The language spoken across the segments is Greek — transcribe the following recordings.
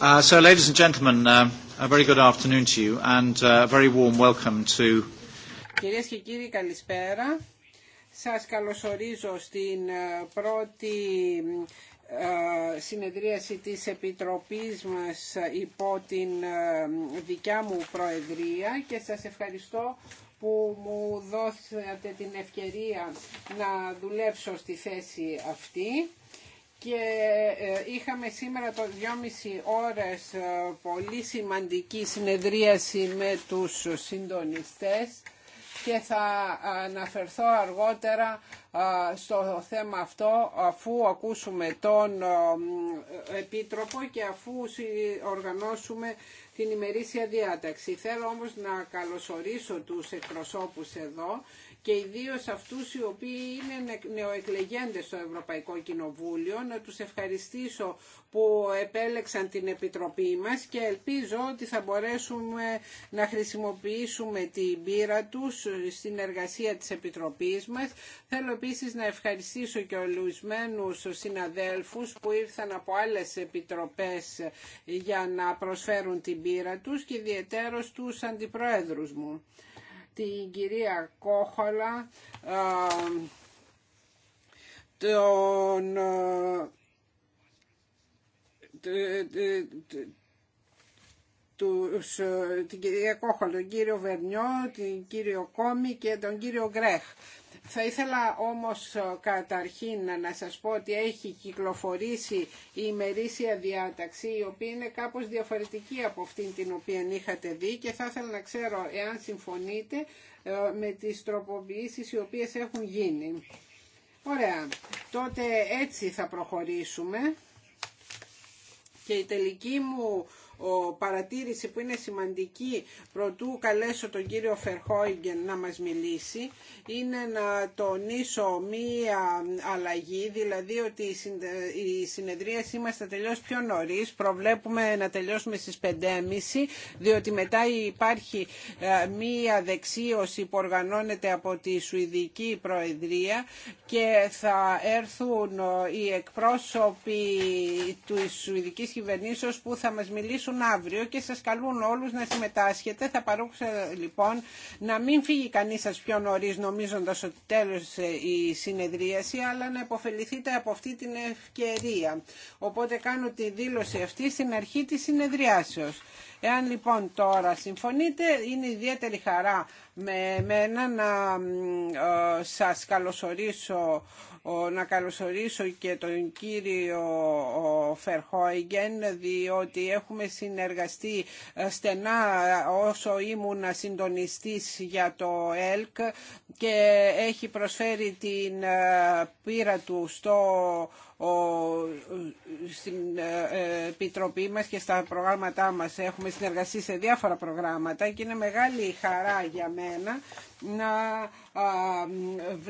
Uh, so, ladies Κυρίες και κύριοι, καλησπέρα. Σας καλωσορίζω στην ε, πρώτη ε, συνεδρίαση της Επιτροπής μας υπό την ε, δικιά μου Προεδρία και σας ευχαριστώ που μου δώσατε την ευκαιρία να δουλέψω στη θέση αυτή και ε, είχαμε σήμερα το 2,5 ώρες ε, πολύ σημαντική συνεδρίαση με τους συντονιστές και θα αναφερθώ αργότερα ε, στο θέμα αυτό αφού ακούσουμε τον Επίτροπο και αφού οργανώσουμε την ημερήσια διάταξη. Θέλω όμως να καλωσορίσω τους εκπροσώπους εδώ και ιδίω αυτού οι οποίοι είναι νεοεκλεγέντες στο Ευρωπαϊκό Κοινοβούλιο να τους ευχαριστήσω που επέλεξαν την Επιτροπή μα και ελπίζω ότι θα μπορέσουμε να χρησιμοποιήσουμε την πείρα του στην εργασία της επιτροπή μα. Θέλω επίση να ευχαριστήσω και ολουσμένους συναδέλφου που ήρθαν από άλλε επιτροπέ για να προσφέρουν την πείρα του και ιδιαίτερω του αντιπροέδρου μου την κυρία Κόχολα, τον, ε, τους, ε, την κυρία Κόχολα, τον κύριο Βερνιό, την κύριο Κόμη και τον κύριο Γκρέχ. Θα ήθελα όμως ε, καταρχήν να σας πω ότι έχει κυκλοφορήσει η ημερήσια διάταξη η οποία είναι κάπως διαφορετική από αυτήν την οποία είχατε δει και θα ήθελα να ξέρω εάν συμφωνείτε ε, με τις τροποποιήσεις οι οποίες έχουν γίνει. Ωραία. Τότε έτσι θα προχωρήσουμε και η τελική μου ο παρατήρηση που είναι σημαντική προτού καλέσω τον κύριο Φερχόιγγεν να μας μιλήσει είναι να τονίσω μία αλλαγή, δηλαδή ότι η συνεδρια μας θα τελειώσει πιο νωρίς, προβλέπουμε να τελειώσουμε στις 5.30 διότι μετά υπάρχει ε, μία δεξίωση που οργανώνεται από τη Σουηδική Προεδρία και θα έρθουν ε, οι εκπρόσωποι του Σουηδικής Κυβερνήσεως που θα μας μιλήσουν αρχίσουν αύριο και σας καλούν όλους να συμμετάσχετε. Θα παρούξω λοιπόν να μην φύγει κανείς σας πιο νωρίς νομίζοντας ότι τέλος ε, η συνεδρίαση αλλά να υποφεληθείτε από αυτή την ευκαιρία. Οπότε κάνω τη δήλωση αυτή στην αρχή της συνεδριάσεως. Εάν λοιπόν τώρα συμφωνείτε, είναι ιδιαίτερη χαρά με εμένα να ε, σας καλωσορίσω να καλωσορίσω και τον κύριο Φερχόιγγεν διότι έχουμε συνεργαστεί ε, στενά όσο ήμουν συντονιστής για το ΕΛΚ και έχει προσφέρει την ε, πείρα του στο στην ε, Επιτροπή μας και στα προγράμματά μας έχουμε συνεργαστεί σε διάφορα προγράμματα και είναι μεγάλη χαρά για μένα να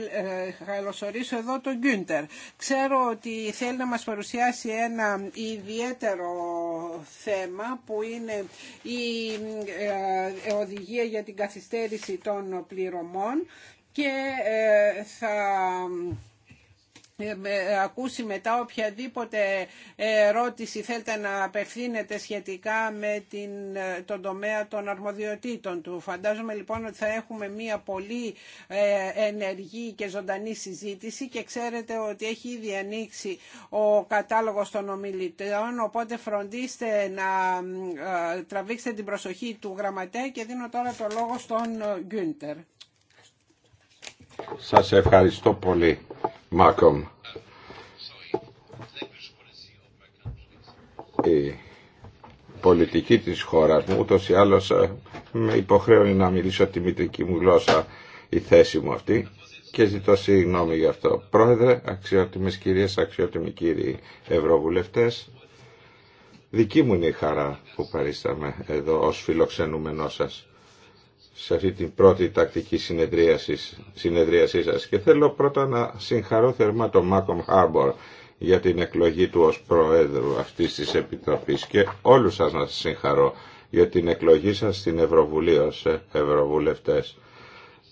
ε, καλωσορίσω εδώ τον Γκίντερ. Ξέρω ότι θέλει να μας παρουσιάσει ένα ιδιαίτερο θέμα που είναι η ε, οδηγία για την καθυστέρηση των πληρωμών και θα ε, ε, ακούσει μετά οποιαδήποτε ερώτηση θέλετε να απευθύνετε σχετικά με την, ε, τον τομέα των αρμοδιοτήτων του. Φαντάζομαι λοιπόν ότι θα έχουμε μια πολύ ενεργή και ζωντανή συζήτηση και ξέρετε ότι έχει ήδη ανοίξει ο κατάλογος των ομιλητών οπότε φροντίστε να τραβήξετε την προσοχή του γραμματέα και δίνω τώρα το λόγο στον Γκίντερ. Σας ευχαριστώ πολύ. Μάκομ. Η πολιτική της χώρας μου ούτως ή άλλως ε, με υποχρέωνε να μιλήσω τη μητρική μου γλώσσα η θέση μου αυτή και ζητώ συγγνώμη γι' αυτό. Πρόεδρε, αξιότιμες κυρίες, αξιότιμοι κύριοι ευρωβουλευτές, δική μου είναι η χαρά που παρίσταμε εδώ ως φιλοξενούμενό σας σε αυτή την πρώτη τακτική συνεδρίασή σας και θέλω πρώτα να συγχαρώ θερμά τον Μάκομ Χάμπορ για την εκλογή του ως Προέδρου αυτής της Επιτροπής και όλους σας να σας συγχαρώ για την εκλογή σας στην Ευρωβουλή ως Ευρωβουλευτές.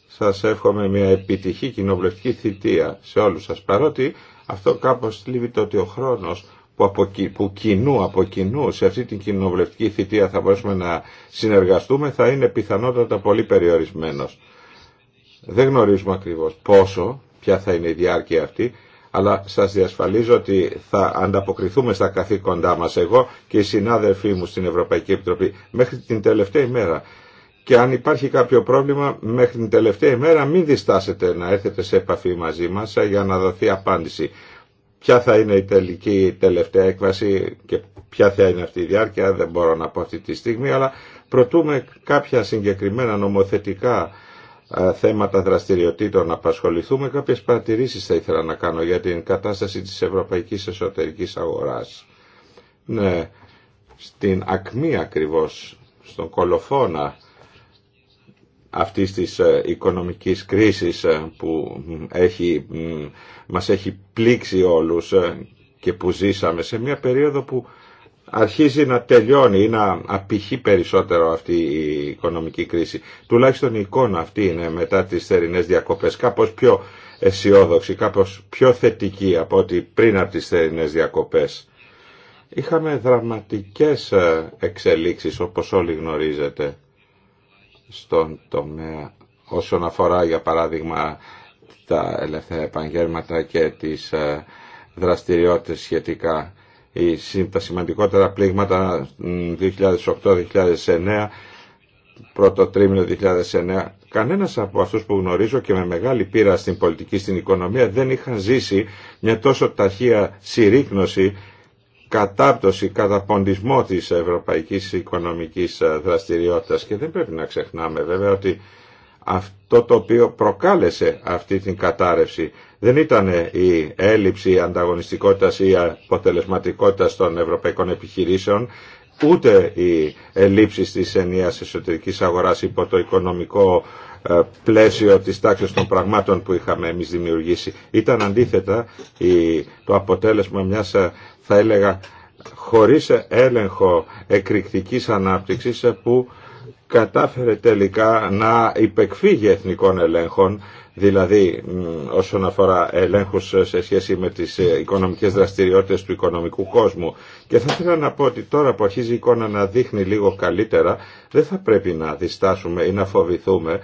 Σας εύχομαι μια επιτυχή κοινοβουλευτική θητεία σε όλους σας παρότι αυτό κάπως θλίβει το ότι ο χρόνος που, από, που κοινού, από κοινού σε αυτή την κοινοβουλευτική θητεία θα μπορέσουμε να συνεργαστούμε θα είναι πιθανότατα πολύ περιορισμένος. Δεν γνωρίζουμε ακριβώς πόσο, ποια θα είναι η διάρκεια αυτή, αλλά σας διασφαλίζω ότι θα ανταποκριθούμε στα καθήκοντά μας εγώ και οι συνάδελφοί μου στην Ευρωπαϊκή Επιτροπή μέχρι την τελευταία ημέρα. Και αν υπάρχει κάποιο πρόβλημα μέχρι την τελευταία ημέρα μην διστάσετε να έρθετε σε επαφή μαζί μας ε, για να δοθεί απάντηση. Ποια θα είναι η τελική τελευταία έκβαση και ποια θα είναι αυτή η διάρκεια δεν μπορώ να πω αυτή τη στιγμή αλλά προτούμε κάποια συγκεκριμένα νομοθετικά θέματα δραστηριοτήτων να απασχοληθούμε. Κάποιες παρατηρήσεις θα ήθελα να κάνω για την κατάσταση της ευρωπαϊκής εσωτερικής αγοράς. Ναι, στην ακμή ακριβώς, στον κολοφόνα αυτής της ε, οικονομικής κρίσης ε, που έχει, μας έχει πλήξει όλους ε, και που ζήσαμε σε μια περίοδο που αρχίζει να τελειώνει ή να απηχεί περισσότερο αυτή η οικονομική κρίση. Τουλάχιστον η εικόνα αυτή είναι μετά τις θερινές διακοπές κάπως πιο αισιόδοξη, κάπως πιο θετική από ό,τι πριν από τις θερινές διακοπές. Είχαμε δραματικές εξελίξεις όπως όλοι γνωρίζετε στον τομέα όσον αφορά για παράδειγμα τα ελεύθερα επαγγέλματα και τις ε, δραστηριότητες σχετικά. Τα σημαντικότερα πλήγματα 2008-2009, πρώτο τρίμηνο 2009, κανένας από αυτούς που γνωρίζω και με μεγάλη πείρα στην πολιτική, στην οικονομία δεν είχαν ζήσει μια τόσο ταχεία συρρήκνωση κατάπτωση, καταποντισμό της ευρωπαϊκής οικονομικής ε, δραστηριότητας και δεν πρέπει να ξεχνάμε βέβαια ότι αυτό το οποίο προκάλεσε αυτή την κατάρρευση δεν ήταν η έλλειψη ανταγωνιστικότητας ή αποτελεσματικότητας των ευρωπαϊκών επιχειρήσεων ούτε η ελλειψη της ενίας εσωτερικής αγοράς υπό το οικονομικό ε, πλαίσιο της τάξης των πραγμάτων που είχαμε εμείς δημιουργήσει. Ήταν αντίθετα το αποτέλεσμα μιας ε, θα έλεγα χωρίς έλεγχο εκρηκτικής ανάπτυξης που κατάφερε τελικά να υπεκφύγει εθνικών ελέγχων, δηλαδή όσον αφορά ελέγχους σε σχέση με τις οικονομικές δραστηριότητες του οικονομικού κόσμου. Και θα ήθελα να πω ότι τώρα που αρχίζει η εικόνα να δείχνει λίγο καλύτερα, δεν θα πρέπει να διστάσουμε ή να φοβηθούμε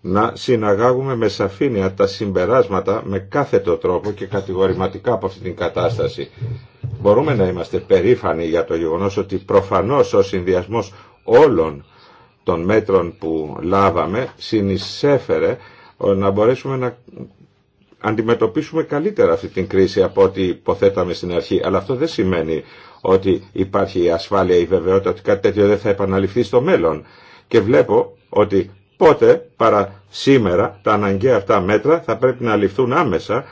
να συναγάγουμε με σαφήνεια τα συμπεράσματα με κάθετο τρόπο και κατηγορηματικά από αυτή την κατάσταση. Μπορούμε να είμαστε περήφανοι για το γεγονός ότι προφανώς ο συνδυασμός όλων των μέτρων που λάβαμε συνεισέφερε ε, να μπορέσουμε να αντιμετωπίσουμε καλύτερα αυτή την κρίση από ό,τι υποθέταμε στην αρχή. Αλλά αυτό δεν σημαίνει ότι υπάρχει η ασφάλεια, η βεβαιότητα ότι κάτι τέτοιο δεν θα επαναληφθεί στο μέλλον. Και βλέπω ότι Πότε παρά σήμερα τα αναγκαία αυτά μέτρα θα πρέπει να ληφθούν άμεσα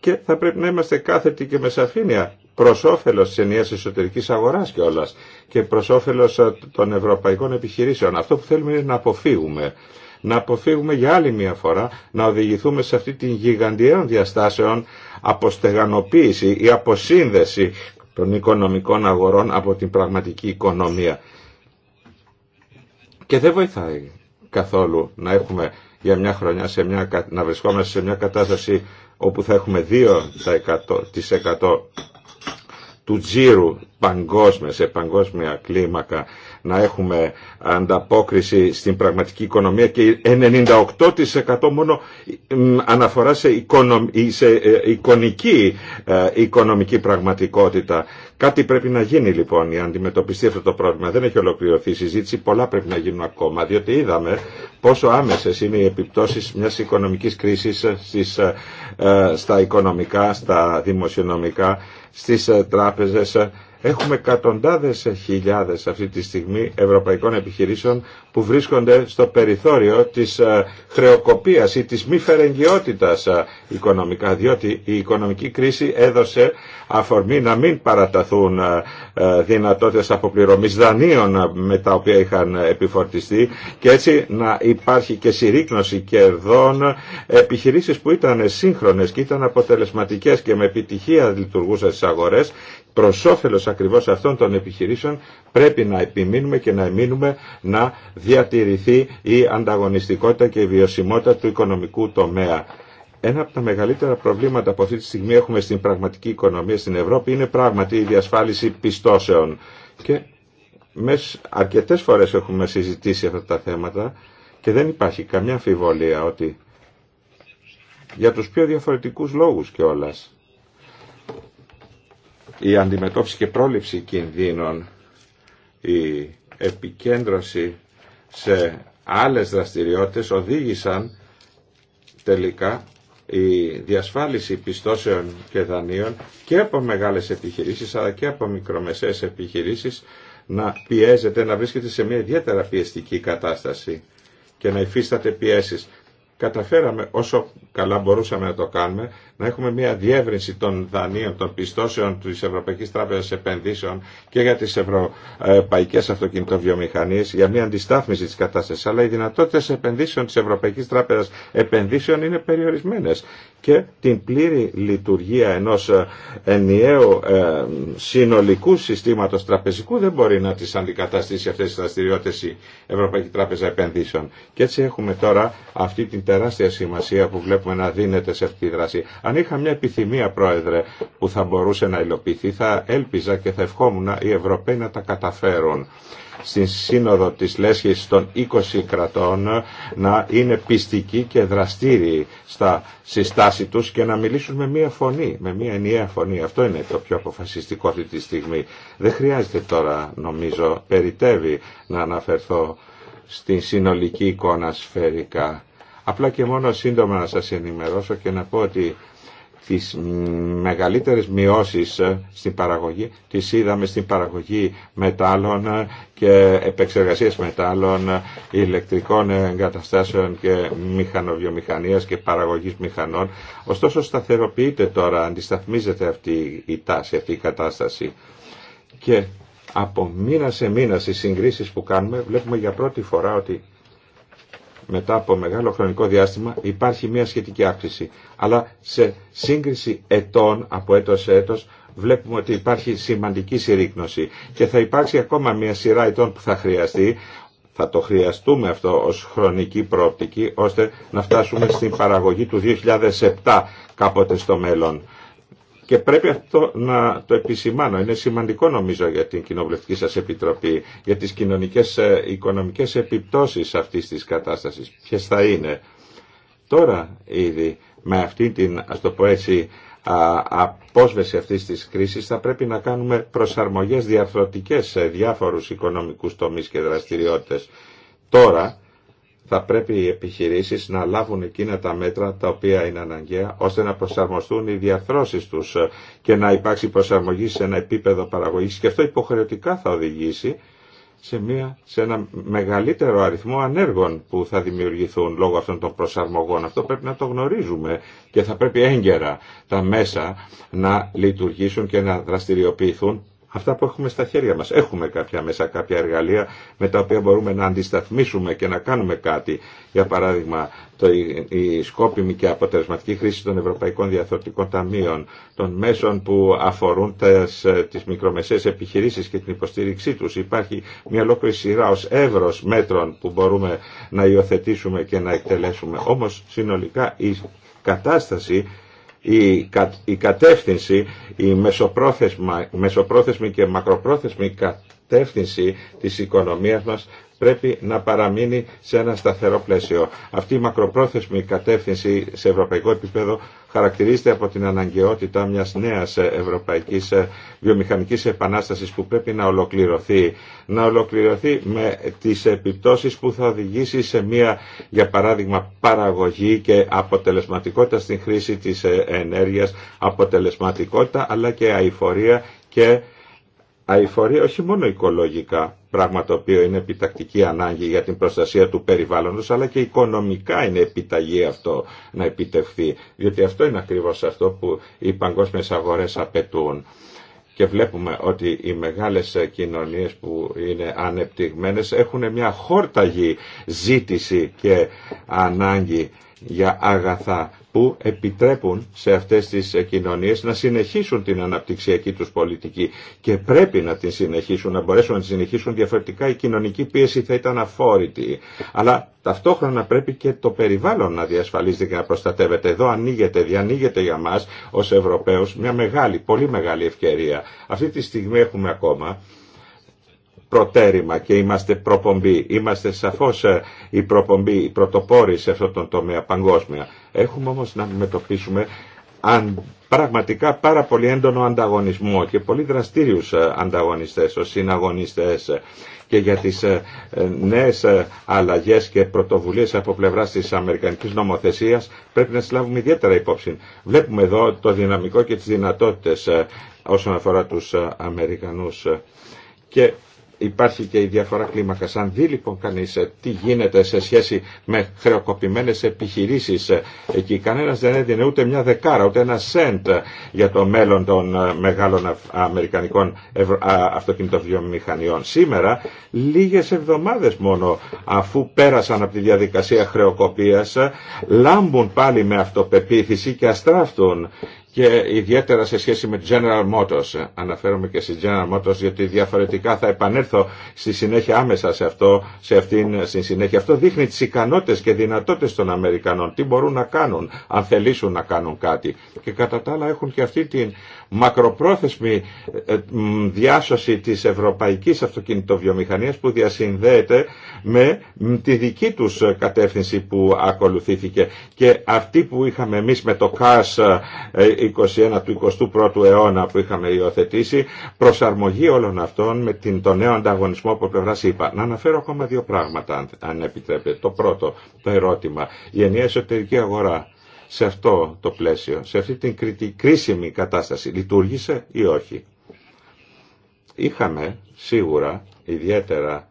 και θα πρέπει να είμαστε κάθετοι και με σαφήνεια προ όφελο τη ενιαία εσωτερική αγορά κιόλα και προ όφελο ε, των ευρωπαϊκών επιχειρήσεων. Αυτό που θέλουμε είναι να αποφύγουμε. Να αποφύγουμε για άλλη μια φορά να οδηγηθούμε σε αυτή την γιγαντιαία διαστάσεων αποστεγανοποίηση ή αποσύνδεση των οικονομικών αγορών από την πραγματική οικονομία. Και δεν βοηθάει καθόλου να έχουμε για μια χρονιά σε μια, να βρισκόμαστε σε μια κατάσταση όπου θα έχουμε 2% του τζίρου παγκόσμια, σε παγκόσμια κλίμακα να έχουμε ανταπόκριση στην πραγματική οικονομία και 98% μόνο αναφορά σε, ε, εικονική ε, οικονομική πραγματικότητα. Κάτι πρέπει να γίνει λοιπόν για να αντιμετωπιστεί αυτό το πρόβλημα. Δεν έχει ολοκληρωθεί η συζήτηση, πολλά πρέπει να γίνουν ακόμα, διότι είδαμε πόσο άμεσες είναι οι επιπτώσεις μιας οικονομικής κρίσης ε, στις, στα οικονομικά, στα δημοσιονομικά, στις τράπεζες, Έχουμε εκατοντάδες χιλιάδες αυτή τη στιγμή ευρωπαϊκών επιχειρήσεων που βρίσκονται στο περιθώριο της ε, χρεοκοπίας ή της μη φερεγγιότητας ε, οικονομικά, διότι η οικονομική κρίση έδωσε αφορμή να μην παραταθούν ε, δυνατότητες αποπληρωμής δανείων με τα οποία είχαν επιφορτιστεί και έτσι να υπάρχει και συρρήκνωση κερδών επιχειρήσεις που ήταν σύγχρονες και ήταν αποτελεσματικές και με επιτυχία λειτουργούσαν στις αγορές Προ όφελο ακριβώ αυτών των επιχειρήσεων πρέπει να επιμείνουμε και να εμείνουμε να διατηρηθεί η ανταγωνιστικότητα και η βιωσιμότητα του οικονομικού τομέα. Ένα από τα μεγαλύτερα προβλήματα που αυτή τη στιγμή έχουμε στην πραγματική οικονομία στην Ευρώπη είναι πράγματι η διασφάλιση πιστώσεων. Και αρκετές φορές έχουμε συζητήσει αυτά τα θέματα και δεν υπάρχει καμιά αμφιβολία ότι για τους πιο διαφορετικούς λόγους και η αντιμετώπιση και πρόληψη κινδύνων, η επικέντρωση σε άλλες δραστηριότητες οδήγησαν τελικά η διασφάλιση πιστώσεων και δανείων και από μεγάλες επιχειρήσεις αλλά και από μικρομεσαίες επιχειρήσεις να πιέζεται, να βρίσκεται σε μια ιδιαίτερα πιεστική κατάσταση και να υφίσταται πιέσεις καταφέραμε όσο καλά μπορούσαμε να το κάνουμε να έχουμε μια διεύρυνση των δανείων, των πιστώσεων τη Ευρωπαϊκής Τράπεζας Επενδύσεων και για τις ευρωπαϊκές αυτοκινητοβιομηχανίες για μια αντιστάθμιση τη κατάσταση. Αλλά οι δυνατότητε επενδύσεων της Ευρωπαϊκής Τράπεζας Επενδύσεων είναι περιορισμένε και την πλήρη λειτουργία ενός ε, ενιαίου ε, συνολικού συστήματος τραπεζικού δεν μπορεί να τις αντικαταστήσει αυτές τις δραστηριότητες η Ευρωπαϊκή Τράπεζα Επενδύσεων. Και έτσι έχουμε τώρα αυτή την τεράστια σημασία που βλέπουμε να δίνεται σε αυτή τη δράση. Αν είχα μια επιθυμία, Πρόεδρε, που θα μπορούσε να υλοποιηθεί, θα έλπιζα και θα ευχόμουν οι Ευρωπαίοι να τα καταφέρουν στην σύνοδο της λέσχης των 20 κρατών να είναι πιστικοί και δραστήριοι στα συστάσεις τους και να μιλήσουν με μία φωνή, με μία ενιαία φωνή. Αυτό είναι το πιο αποφασιστικό αυτή τη στιγμή. Δεν χρειάζεται τώρα νομίζω, περιτεύει να αναφερθώ στην συνολική εικόνα σφαιρικά. Απλά και μόνο σύντομα να σας ενημερώσω και να πω ότι τις μεγαλύτερες μειώσεις ε, στην παραγωγή τις είδαμε στην παραγωγή μετάλλων και επεξεργασίες μετάλλων ηλεκτρικών εγκαταστάσεων και μηχανοβιομηχανίας και παραγωγής μηχανών. Ωστόσο σταθεροποιείται τώρα, αντισταθμίζεται αυτή η τάση, αυτή η κατάσταση. Και από μήνα σε μήνα στις συγκρίσεις που κάνουμε βλέπουμε για πρώτη φορά ότι μετά από μεγάλο χρονικό διάστημα υπάρχει μια σχετική αύξηση. Αλλά σε σύγκριση ετών από έτος σε έτος βλέπουμε ότι υπάρχει σημαντική συρρήκνωση και θα υπάρξει ακόμα μια σειρά ετών που θα χρειαστεί θα το χρειαστούμε αυτό ως χρονική πρόπτικη ώστε να φτάσουμε στην παραγωγή του 2007 κάποτε στο μέλλον. Και πρέπει αυτό να το επισημάνω. Είναι σημαντικό νομίζω για την κοινοβουλευτική σας επιτροπή, για τις κοινωνικές ε, οικονομικές επιπτώσεις αυτής της κατάστασης. Ποιες θα είναι. Τώρα ήδη με αυτή την, ας το πω έτσι, απόσβεση αυτής της κρίσης θα πρέπει να κάνουμε προσαρμογές διαρθρωτικές σε διάφορους οικονομικούς τομείς και δραστηριότητες. Τώρα θα πρέπει οι επιχειρήσεις να λάβουν εκείνα τα μέτρα τα οποία είναι αναγκαία ώστε να προσαρμοστούν οι διαθρώσεις τους και να υπάρξει προσαρμογή σε ένα επίπεδο παραγωγής και αυτό υποχρεωτικά θα οδηγήσει σε, μια, σε ένα μεγαλύτερο αριθμό ανέργων που θα δημιουργηθούν λόγω αυτών των προσαρμογών. Αυτό πρέπει να το γνωρίζουμε και θα πρέπει έγκαιρα τα μέσα να λειτουργήσουν και να δραστηριοποιηθούν αυτά που έχουμε στα χέρια μας. Έχουμε κάποια μέσα, κάποια εργαλεία με τα οποία μπορούμε να αντισταθμίσουμε και να κάνουμε κάτι. Για παράδειγμα, το, η σκόπιμη και αποτελεσματική χρήση των Ευρωπαϊκών Διαθωτικών Ταμείων, των μέσων που αφορούν τις, τις μικρομεσαίες επιχειρήσεις και την υποστήριξή τους. Υπάρχει μια ολόκληρη σειρά ως εύρος μέτρων που μπορούμε να υιοθετήσουμε και να εκτελέσουμε. Όμως συνολικά η κατάσταση η, η κατεύθυνση, η μεσοπρόθεσμη και μακροπρόθεσμη κατεύθυνση της οικονομίας μας πρέπει να παραμείνει σε ένα σταθερό πλαίσιο. Αυτή η μακροπρόθεσμη κατεύθυνση σε ευρωπαϊκό επίπεδο χαρακτηρίζεται από την αναγκαιότητα μιας νέας ευρωπαϊκής βιομηχανικής επανάστασης που πρέπει να ολοκληρωθεί. Να ολοκληρωθεί με τις επιπτώσεις που θα οδηγήσει σε μια, για παράδειγμα, παραγωγή και αποτελεσματικότητα στην χρήση της ενέργειας, αποτελεσματικότητα αλλά και αηφορία και αηφορία όχι μόνο οικολογικά πράγμα το οποίο είναι επιτακτική ανάγκη για την προστασία του περιβάλλοντος, αλλά και οικονομικά είναι επιταγή αυτό να επιτευχθεί, διότι αυτό είναι ακριβώς αυτό που οι παγκόσμιες αγορές απαιτούν. Και βλέπουμε ότι οι μεγάλες κοινωνίες που είναι ανεπτυγμένες έχουν μια χόρταγη ζήτηση και ανάγκη για αγαθά που επιτρέπουν σε αυτές τις κοινωνίες να συνεχίσουν την αναπτυξιακή τους πολιτική και πρέπει να την συνεχίσουν, να μπορέσουν να την συνεχίσουν διαφορετικά η κοινωνική πίεση θα ήταν αφόρητη. Αλλά ταυτόχρονα πρέπει και το περιβάλλον να διασφαλίζεται και να προστατεύεται. Εδώ ανοίγεται, διανοίγεται για μας ως Ευρωπαίους μια μεγάλη, πολύ μεγάλη ευκαιρία. Αυτή τη στιγμή έχουμε ακόμα προτέρημα και είμαστε προπομπή. Είμαστε σαφώς ε, η προπομπή, η πρωτοπόροι σε αυτόν τον τομέα παγκόσμια. Έχουμε όμως να αντιμετωπίσουμε αν πραγματικά πάρα πολύ έντονο ανταγωνισμό και πολύ δραστήριους ε, ανταγωνιστές, ως συναγωνιστές ε, και για τις νέες αλλαγές και πρωτοβουλίες από πλευρά της Αμερικανικής νομοθεσίας πρέπει να συλλάβουμε ιδιαίτερα υπόψη. Βλέπουμε εδώ το δυναμικό και τις δυνατότητες όσον αφορά τους Αμερικανούς και υπάρχει και η διαφορά κλίμακα. Αν δει λοιπόν κανείς ε, τι γίνεται σε σχέση με χρεοκοπημένες επιχειρήσεις ε, εκεί, κανένας δεν έδινε ούτε μια δεκάρα, ούτε ένα σέντ για το μέλλον των ε, μεγάλων αμερικανικών αυτοκινητοβιομηχανιών. Σήμερα, λίγες εβδομάδες μόνο αφού πέρασαν από τη διαδικασία χρεοκοπία λάμπουν πάλι με αυτοπεποίθηση και αστράφτουν και ιδιαίτερα σε σχέση με General Motors. Αναφέρομαι και στη General Motors γιατί διαφορετικά θα επανέλθω στη συνέχεια άμεσα σε αυτό, σε αυτήν, στη συνέχεια. Αυτό δείχνει τις ικανότητες και δυνατότητες των Αμερικανών, τι μπορούν να κάνουν αν θελήσουν να κάνουν κάτι. Και κατά τα άλλα έχουν και αυτή την μακροπρόθεσμη ε, ε, διάσωση της ευρωπαϊκής αυτοκινητοβιομηχανίας που διασυνδέεται με τη δική τους ε, κατεύθυνση που ακολουθήθηκε. Και αυτή που είχαμε εμείς με το ΚΑΣ 21 του 21ου αιώνα που είχαμε υιοθετήσει, προσαρμογή όλων αυτών με την, τον νέο ανταγωνισμό που πλευρά είπα. Να αναφέρω ακόμα δύο πράγματα αν, αν επιτρέπετε. Το πρώτο, το ερώτημα, η ενιαία εσωτερική αγορά σε αυτό το πλαίσιο, σε αυτή την κρίσιμη κατάσταση. Λειτουργήσε ή όχι. Είχαμε σίγουρα, ιδιαίτερα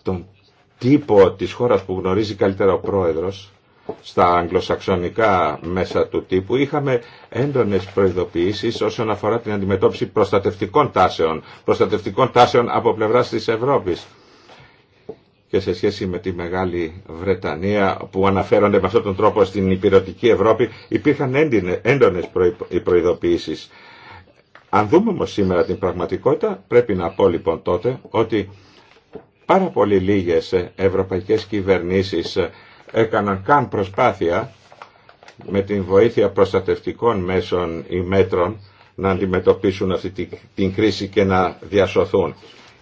στον τύπο της χώρας που γνωρίζει καλύτερα ο πρόεδρος, στα αγγλοσαξονικά μέσα του τύπου είχαμε έντονες προειδοποιήσεις όσον αφορά την αντιμετώπιση προστατευτικών τάσεων, προστατευτικών τάσεων από πλευράς της Ευρώπης και σε σχέση με τη Μεγάλη Βρετανία που αναφέρονται με αυτόν τον τρόπο στην υπηρετική Ευρώπη υπήρχαν έντονες προειδοποιήσεις. Αν δούμε όμως σήμερα την πραγματικότητα πρέπει να πω λοιπόν τότε ότι πάρα πολύ λίγες ευρωπαϊκές κυβερνήσεις έκαναν καν προσπάθεια με την βοήθεια προστατευτικών μέσων ή μέτρων να αντιμετωπίσουν αυτή την κρίση και να διασωθούν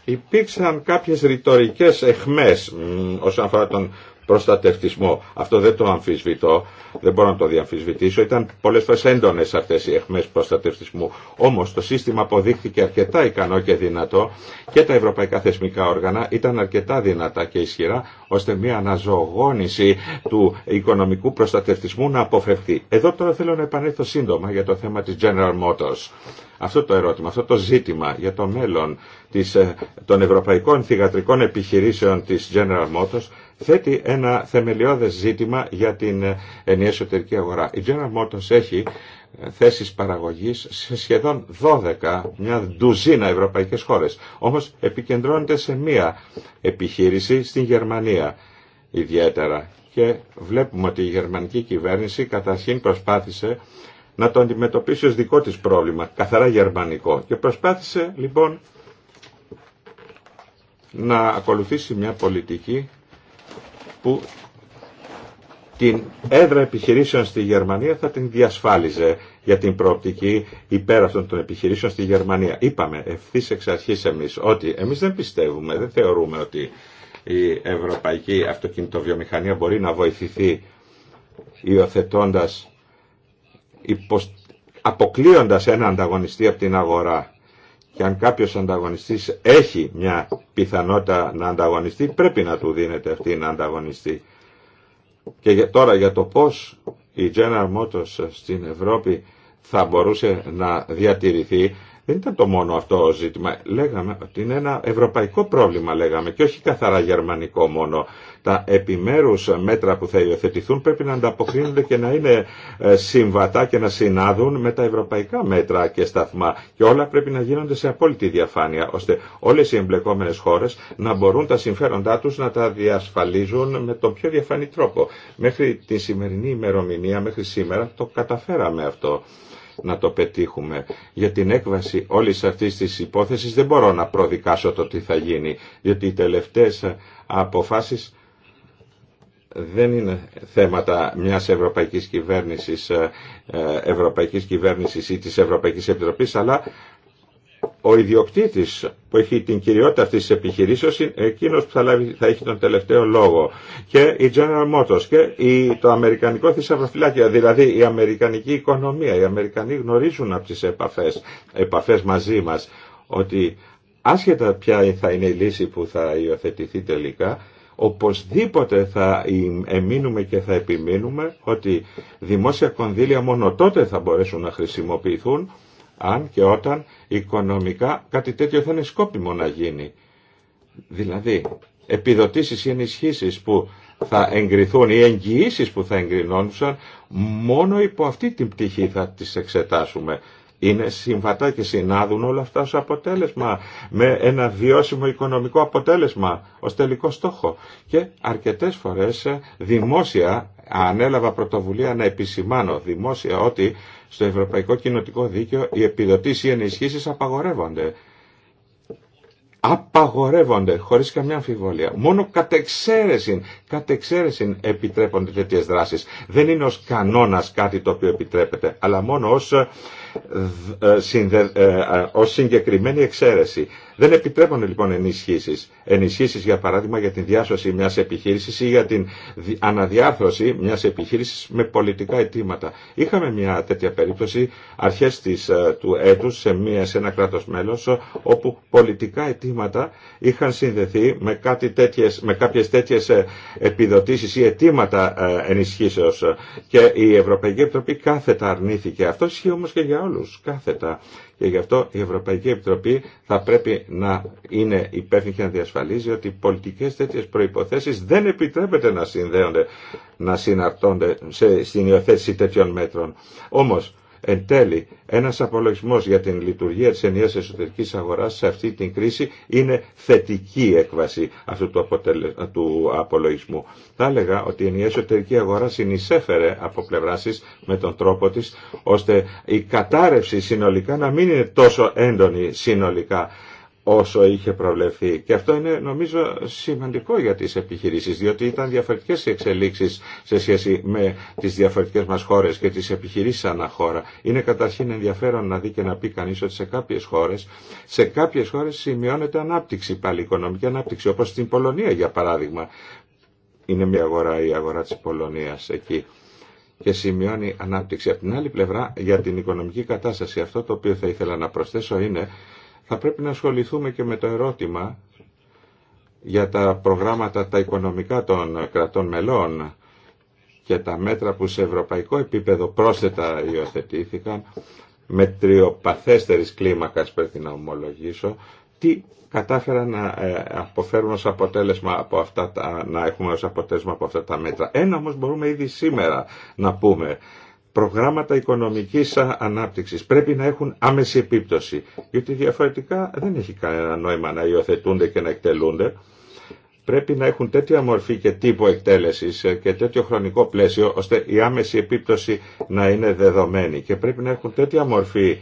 υπήρξαν κάποιες ρητορικές εχμές όσον αφορά τον προστατευτισμό. Αυτό δεν το αμφισβητώ, δεν μπορώ να το διαμφισβητήσω. Ήταν πολλές φορές έντονες αυτές οι αιχμές προστατευτισμού. Όμως το σύστημα αποδείχθηκε αρκετά ικανό και δυνατό και τα ευρωπαϊκά θεσμικά όργανα ήταν αρκετά δυνατά και ισχυρά ώστε μια αναζωογόνηση του οικονομικού προστατευτισμού να αποφευθεί. Εδώ τώρα θέλω να επανέλθω σύντομα για το θέμα της General Motors. Αυτό το ερώτημα, αυτό το ζήτημα για το μέλλον της, ε, των ευρωπαϊκών θηγατρικών επιχειρήσεων της General Motors θέτει ένα θεμελιώδες ζήτημα για την ενιαία εσωτερική αγορά. Η General Motors έχει ε, θέσεις παραγωγής σε σχεδόν 12, μια ντουζίνα ευρωπαϊκές χώρες. Όμως επικεντρώνεται σε μία επιχείρηση στην Γερμανία ιδιαίτερα. Και βλέπουμε ότι η γερμανική κυβέρνηση καταρχήν προσπάθησε να το αντιμετωπίσει ως δικό της πρόβλημα, καθαρά γερμανικό. Και προσπάθησε λοιπόν να ακολουθήσει μια πολιτική που την έδρα επιχειρήσεων στη Γερμανία θα την διασφάλιζε για την προοπτική υπέρ αυτών των επιχειρήσεων στη Γερμανία. Είπαμε ευθύ εξ αρχή εμεί ότι εμεί δεν πιστεύουμε, δεν θεωρούμε ότι η ευρωπαϊκή αυτοκινητοβιομηχανία μπορεί να βοηθηθεί υιοθετώντα, αποκλείοντα έναν ανταγωνιστή από την αγορά και αν κάποιος ανταγωνιστής έχει μια πιθανότητα να ανταγωνιστεί, πρέπει να του δίνεται αυτή να ανταγωνιστεί. Και τώρα για το πώς η General Motors στην Ευρώπη θα μπορούσε να διατηρηθεί, δεν ήταν το μόνο αυτό ζήτημα. Λέγαμε ότι είναι ένα ευρωπαϊκό πρόβλημα, λέγαμε, και όχι καθαρά γερμανικό μόνο. Τα επιμέρους μέτρα που θα υιοθετηθούν πρέπει να ανταποκρίνονται και να είναι ε, συμβατά και να συνάδουν με τα ευρωπαϊκά μέτρα και σταθμά. Και όλα πρέπει να γίνονται σε απόλυτη διαφάνεια, ώστε όλες οι εμπλεκόμενες χώρες να μπορούν τα συμφέροντά τους να τα διασφαλίζουν με τον πιο διαφανή τρόπο. Μέχρι τη σημερινή ημερομηνία, μέχρι σήμερα, το καταφέραμε αυτό να το πετύχουμε. Για την έκβαση όλης αυτής της υπόθεσης δεν μπορώ να προδικάσω το τι θα γίνει, γιατί οι τελευταίες αποφάσεις δεν είναι θέματα μιας ευρωπαϊκής κυβέρνησης, ε, ευρωπαϊκής κυβέρνησης ή της Ευρωπαϊκής Επιτροπής, αλλά ο ιδιοκτήτης που έχει την κυριότητα αυτής της επιχειρήσεως είναι εκείνος που θα, έχει τον τελευταίο λόγο. Και η General Motors και η, το Αμερικανικό θησαυροφυλάκιο, δηλαδή η Αμερικανική οικονομία. Οι Αμερικανοί γνωρίζουν από τις επαφές, επαφές μαζί μας ότι άσχετα ποια θα είναι η λύση που θα υιοθετηθεί τελικά, οπωσδήποτε θα εμείνουμε και θα επιμείνουμε ότι δημόσια κονδύλια μόνο τότε θα μπορέσουν να χρησιμοποιηθούν αν και όταν οικονομικά κάτι τέτοιο θα είναι σκόπιμο να γίνει. Δηλαδή, επιδοτήσεις ή ενισχύσεις που θα εγκριθούν ή εγγυήσει που θα εγκρινόντουσαν, μόνο υπό αυτή την πτυχή θα τις εξετάσουμε. Είναι συμβατά και συνάδουν όλα αυτά ως αποτέλεσμα, με ένα βιώσιμο οικονομικό αποτέλεσμα ως τελικό στόχο. Και αρκετές φορές ε, δημόσια ανέλαβα πρωτοβουλία να επισημάνω δημόσια ότι στο Ευρωπαϊκό Κοινοτικό Δίκαιο οι επιδοτήσει ή ενισχύσει απαγορεύονται. Απαγορεύονται χωρί καμιά αμφιβολία. Μόνο κατ' εξαίρεση, επιτρέπονται τέτοιε δράσει. Δεν είναι ω κανόνα κάτι το οποίο επιτρέπεται, αλλά μόνο ω ε, ε, ε, ως συγκεκριμένη εξαίρεση. Δεν επιτρέπονται λοιπόν ενισχύσεις. Ενισχύσεις για παράδειγμα για την διάσωση μιας επιχείρησης ή για την αναδιάρθρωση μιας επιχείρησης με πολιτικά αιτήματα. Είχαμε μια τέτοια περίπτωση αρχές της, ε, του έτους σε, μια, ένα κράτος μέλος ε, όπου πολιτικά αιτήματα είχαν συνδεθεί με, κάτι τέτοιες, με κάποιες τέτοιες ε, επιδοτήσεις ή αιτήματα ενισχύσεως και η Ευρωπαϊκή Επιτροπή κάθετα αρνήθηκε. Αυτό ισχύει όμως και για όλους κάθετα. Και γι' αυτό η Ευρωπαϊκή Επιτροπή θα πρέπει να είναι υπεύθυνη και να διασφαλίζει ότι οι πολιτικέ τέτοιε δεν επιτρέπεται να συνδέονται, να συναρτώνται σε, στην υιοθέτηση τέτοιων μέτρων. Όμως, Εν τέλει, ένας απολογισμός για την λειτουργία της ενιαίας εσωτερικής αγοράς σε αυτή την κρίση είναι θετική έκβαση αυτού του, του απολογισμού. Θα έλεγα ότι η ενιαία εσωτερική αγορά συνεισέφερε από πλευρά τη με τον τρόπο της, ώστε η κατάρρευση συνολικά να μην είναι τόσο έντονη συνολικά όσο είχε προβλεφθεί. Και αυτό είναι νομίζω σημαντικό για τις επιχειρήσεις, διότι ήταν διαφορετικές οι εξελίξεις σε σχέση με τις διαφορετικές μας χώρες και τις επιχειρήσεις ανά χώρα. Είναι καταρχήν ενδιαφέρον να δει και να πει κανείς ότι σε κάποιες χώρες, σε κάποιες χώρες σημειώνεται ανάπτυξη πάλι, οικονομική ανάπτυξη, όπως στην Πολωνία για παράδειγμα. Είναι μια αγορά, η αγορά της Πολωνίας εκεί και σημειώνει ανάπτυξη. Από την άλλη πλευρά, για την οικονομική κατάσταση, αυτό το οποίο θα ήθελα να προσθέσω είναι θα πρέπει να ασχοληθούμε και με το ερώτημα για τα προγράμματα τα οικονομικά των κρατών μελών και τα μέτρα που σε ευρωπαϊκό επίπεδο πρόσθετα υιοθετήθηκαν με τριοπαθέστερης κλίμακας πρέπει να ομολογήσω τι κατάφεραν να ε, αποφέρουν αποτέλεσμα από αυτά τα, να έχουμε ως αποτέλεσμα από αυτά τα μέτρα. Ένα όμως μπορούμε ήδη σήμερα να πούμε προγράμματα οικονομικής ανάπτυξης πρέπει να έχουν άμεση επίπτωση, γιατί διαφορετικά δεν έχει κανένα νόημα να υιοθετούνται και να εκτελούνται. Πρέπει να έχουν τέτοια μορφή και τύπο εκτέλεσης ε, και τέτοιο χρονικό πλαίσιο, ώστε η άμεση επίπτωση να είναι δεδομένη και πρέπει να έχουν τέτοια μορφή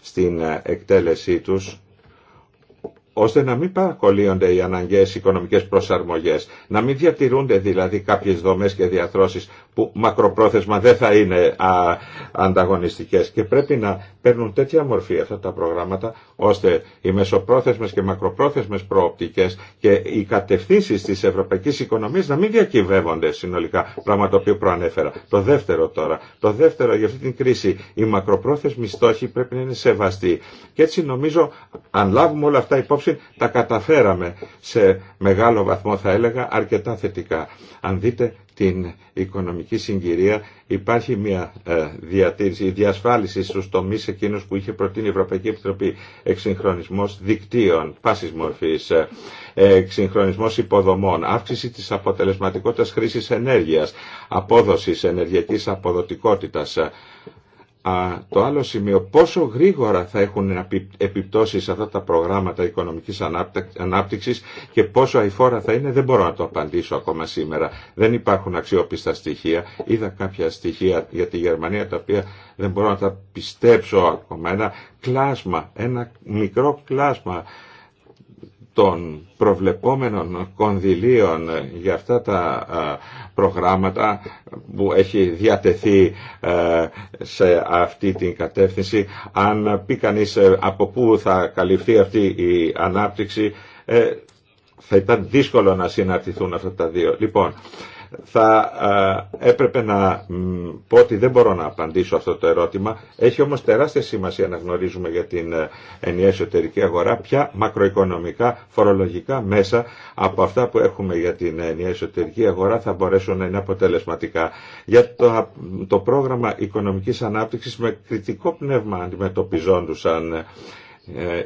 στην ε, εκτέλεσή τους, ώστε να μην παρακολύονται οι αναγκαίες οικονομικές προσαρμογές, να μην διατηρούνται δηλαδή κάποιες δομές και διαθρώσεις που μακροπρόθεσμα δεν θα είναι α, ανταγωνιστικές και πρέπει να παίρνουν τέτοια μορφή αυτά τα προγράμματα ώστε οι μεσοπρόθεσμες και μακροπρόθεσμες προοπτικές και οι κατευθύνσεις της ευρωπαϊκής οικονομίας να μην διακυβεύονται συνολικά, πράγμα το οποίο προανέφερα. Το δεύτερο τώρα, το δεύτερο για αυτή την κρίση, οι μακροπρόθεσμοι στόχοι πρέπει να είναι σεβαστοί. Και έτσι νομίζω αν λάβουμε όλα αυτά υπόψη τα καταφέραμε σε μεγάλο βαθμό θα έλεγα αρκετά θετικά. Αν δείτε την οικονομική συγκυρία υπάρχει μια ε, διατήρηση, διασφάλιση στους τομείς εκείνους που είχε προτείνει η Ευρωπαϊκή Επιτροπή εξυγχρονισμός δικτύων, πάσης μορφής, ε, εξυγχρονισμός υποδομών, αύξηση της αποτελεσματικότητας χρήσης ενέργειας, απόδοσης ενεργειακής αποδοτικότητας, ε, το άλλο σημείο, πόσο γρήγορα θα έχουν επιπτώσεις αυτά τα προγράμματα οικονομικής ανάπτυξης και πόσο αηφόρα θα είναι, δεν μπορώ να το απαντήσω ακόμα σήμερα. Δεν υπάρχουν αξιόπιστα στοιχεία. Είδα κάποια στοιχεία για τη Γερμανία τα οποία δεν μπορώ να τα πιστέψω ακόμα. Ένα κλάσμα, ένα μικρό κλάσμα των προβλεπόμενων κονδυλίων για αυτά τα προγράμματα που έχει διατεθεί σε αυτή την κατεύθυνση αν πει κανείς ε, από πού θα καλυφθεί αυτή η ανάπτυξη ε, θα ήταν δύσκολο να συναρτηθούν αυτά τα δύο. Λοιπόν, θα έπρεπε να πω ότι δεν μπορώ να απαντήσω αυτό το ερώτημα. Έχει όμως τεράστια σημασία να γνωρίζουμε για την ε, ενιαία εσωτερική αγορά πια μακροοικονομικά φορολογικά μέσα από αυτά που έχουμε για την ενιαία εσωτερική αγορά θα μπορέσουν να είναι αποτελεσματικά. Για το, το πρόγραμμα οικονομικής ανάπτυξης με κριτικό πνεύμα αντιμετωπιζόντουσαν ε,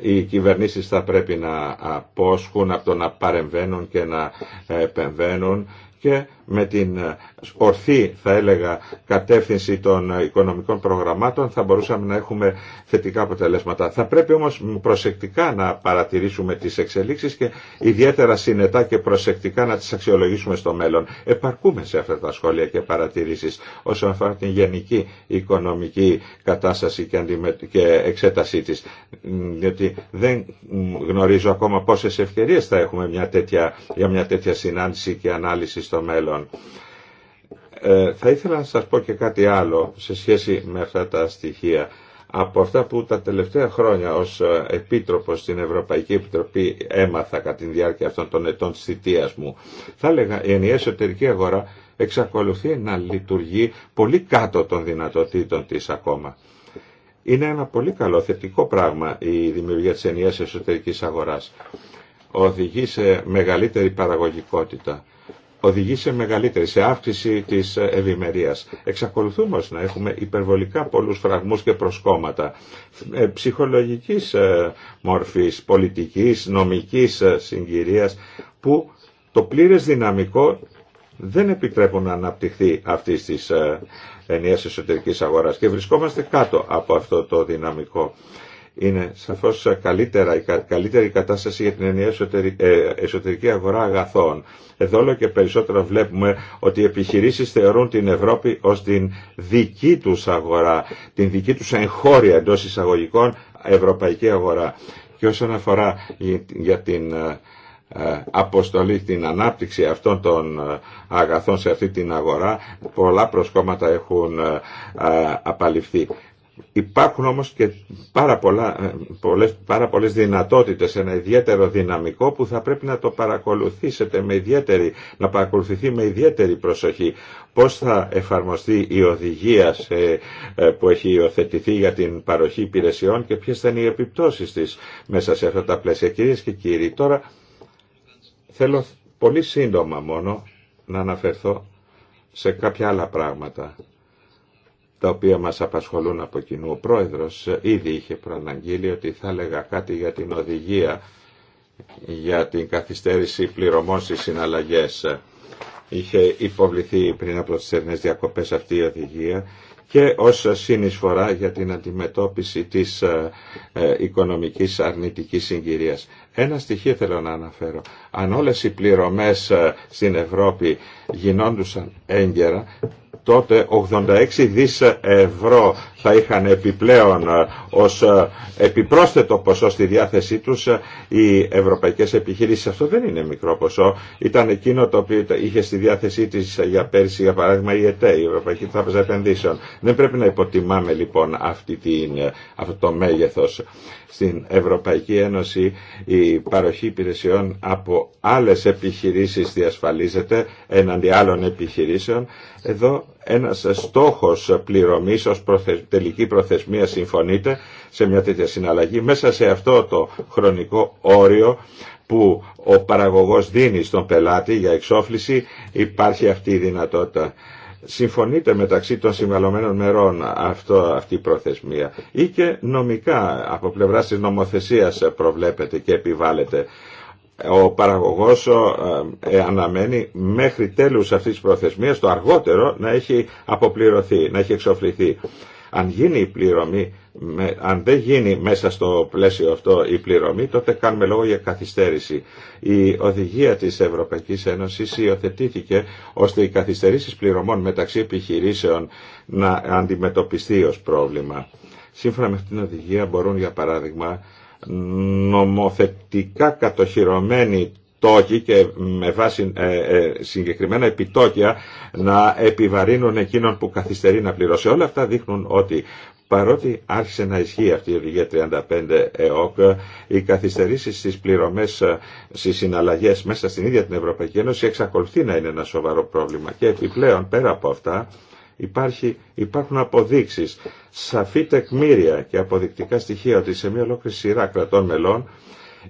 οι κυβερνήσεις θα πρέπει να απόσχουν από το να παρεμβαίνουν και να ε, επεμβαίνουν με την ε, ορθή θα έλεγα κατεύθυνση των οικονομικών προγραμμάτων θα μπορούσαμε να έχουμε θετικά αποτελέσματα. Θα πρέπει όμως προσεκτικά να παρατηρήσουμε τις εξελίξεις και ιδιαίτερα συνετά και προσεκτικά να τις αξιολογήσουμε στο μέλλον. Επαρκούμε σε αυτά τα σχόλια και παρατηρήσεις όσον αφορά την γενική οικονομική κατάσταση και εξέτασή της. Διότι δεν γνωρίζω ακόμα πόσες ευκαιρίες θα έχουμε μια τέτοια, για μια τέτοια συνάντηση και ανάλυση στο μέλλον. Ε, θα ήθελα να σας πω και κάτι άλλο σε σχέση με αυτά τα στοιχεία. Από αυτά που τα τελευταία χρόνια ως ε, επίτροπος στην Ευρωπαϊκή Επιτροπή έμαθα κατά τη διάρκεια αυτών των ετών της θητείας μου, θα έλεγα η ενιαία εσωτερική αγορά εξακολουθεί να λειτουργεί πολύ κάτω των δυνατοτήτων της ακόμα. Είναι ένα πολύ καλό θετικό πράγμα η δημιουργία της ενιαίας εσωτερικής αγοράς. Οδηγεί σε μεγαλύτερη παραγωγικότητα οδηγεί σε μεγαλύτερη, σε αύξηση της ευημερίας. Εξακολουθούμε να έχουμε υπερβολικά πολλούς φραγμούς και προσκόμματα ε, ψυχολογικής ε, μορφής, πολιτικής, νομικής ε, συγκυρίας που το πλήρες δυναμικό δεν επιτρέπουν να αναπτυχθεί αυτή τη ενιαία εσωτερική αγορά και βρισκόμαστε κάτω από αυτό το δυναμικό είναι σαφώς καλύτερα, καλύτερη κατάσταση για την ενιαία ε, εσωτερική αγορά αγαθών. Εδώ όλο και περισσότερο βλέπουμε ότι οι επιχειρήσεις θεωρούν την Ευρώπη ως την δική τους αγορά, την δική τους εγχώρια εντό εισαγωγικών ευρωπαϊκή αγορά. Και όσον αφορά για την ε, ε, αποστολή την ανάπτυξη αυτών των αγαθών σε αυτή την αγορά πολλά προσκόμματα έχουν απαλληφθεί. Υπάρχουν όμως και πάρα, πολλά, ε, πολλές, πάρα δυνατότητες, ένα ιδιαίτερο δυναμικό που θα πρέπει να το παρακολουθήσετε με ιδιαίτερη, να παρακολουθηθεί με ιδιαίτερη προσοχή. Πώς θα εφαρμοστεί η οδηγία σε, ε, που έχει υιοθετηθεί για την παροχή υπηρεσιών και ποιες θα είναι οι επιπτώσεις της μέσα σε αυτά τα πλαίσια. Κυρίες και κύριοι, τώρα θέλω πολύ σύντομα μόνο να αναφερθώ σε κάποια άλλα πράγματα τα οποία μας απασχολούν από κοινού. Ο πρόεδρος ήδη είχε προαναγγείλει ότι θα έλεγα κάτι για την οδηγία για την καθυστέρηση πληρωμών στις συναλλαγές. Είχε υποβληθεί πριν από τις θερινές διακοπές αυτή η οδηγία και ως συνεισφορά για την αντιμετώπιση της ε, ε, οικονομικής αρνητικής συγκυρίας. Ένα στοιχείο θέλω να αναφέρω. Αν όλες οι πληρωμές ε, στην Ευρώπη γινόντουσαν έγκαιρα, τότε 86 δις ευρώ θα είχαν επιπλέον ε, ως ε, επιπρόσθετο ποσό στη διάθεσή τους ε, οι ευρωπαϊκές επιχειρήσεις. Αυτό δεν είναι μικρό ποσό. Ήταν εκείνο το οποίο είχε στη διάθεσή της για πέρσι, για παράδειγμα, η ΕΤΕ, η Ευρωπαϊκή Τράπεζα Επενδύσεων. Δεν πρέπει να υποτιμάμε λοιπόν αυτή την, αυτό το μέγεθος. Στην Ευρωπαϊκή Ένωση η παροχή υπηρεσιών από άλλες επιχειρήσεις διασφαλίζεται εναντί άλλων επιχειρήσεων. Εδώ ένας στόχος πληρωμής ως τελική προθεσμία συμφωνείται σε μια τέτοια συναλλαγή μέσα σε αυτό το χρονικό όριο που ο παραγωγός δίνει στον πελάτη για εξόφληση υπάρχει αυτή η δυνατότητα. Συμφωνείται μεταξύ των συμβαλωμένων μερών αυτό, αυτή η προθεσμία ή και νομικά από πλευράς της νομοθεσίας προβλέπεται και επιβάλλεται ο παραγωγός ε, ε, αναμένει μέχρι τέλους αυτής της προθεσμίας το αργότερο να έχει αποπληρωθεί, να έχει εξοφληθεί. Αν γίνει η πληρωμή, αν δεν γίνει μέσα στο πλαίσιο αυτό η πληρωμή, τότε κάνουμε λόγο για καθυστέρηση. Η οδηγία της Ευρωπαϊκής Ένωσης υιοθετήθηκε ώστε οι καθυστερήσεις πληρωμών μεταξύ επιχειρήσεων να αντιμετωπιστεί ως πρόβλημα. Σύμφωνα με αυτήν την οδηγία μπορούν για παράδειγμα νομοθετικά κατοχυρωμένοι τόκοι και με βάση ε, ε, συγκεκριμένα επιτόκια να επιβαρύνουν εκείνον που καθυστερεί να πληρώσει. Όλα αυτά δείχνουν ότι παρότι άρχισε να ισχύει αυτή η οδηγία 35 ΕΟΚ, οι καθυστερήσεις στις πληρωμές, ε, στις συναλλαγές μέσα στην ίδια την Ευρωπαϊκή Ένωση εξακολουθεί να είναι ένα σοβαρό πρόβλημα. Και επιπλέον πέρα από αυτά, Υπάρχει, υπάρχουν αποδείξεις, σαφή τεκμήρια και αποδεικτικά στοιχεία ότι σε μια ολόκληρη σειρά κρατών μελών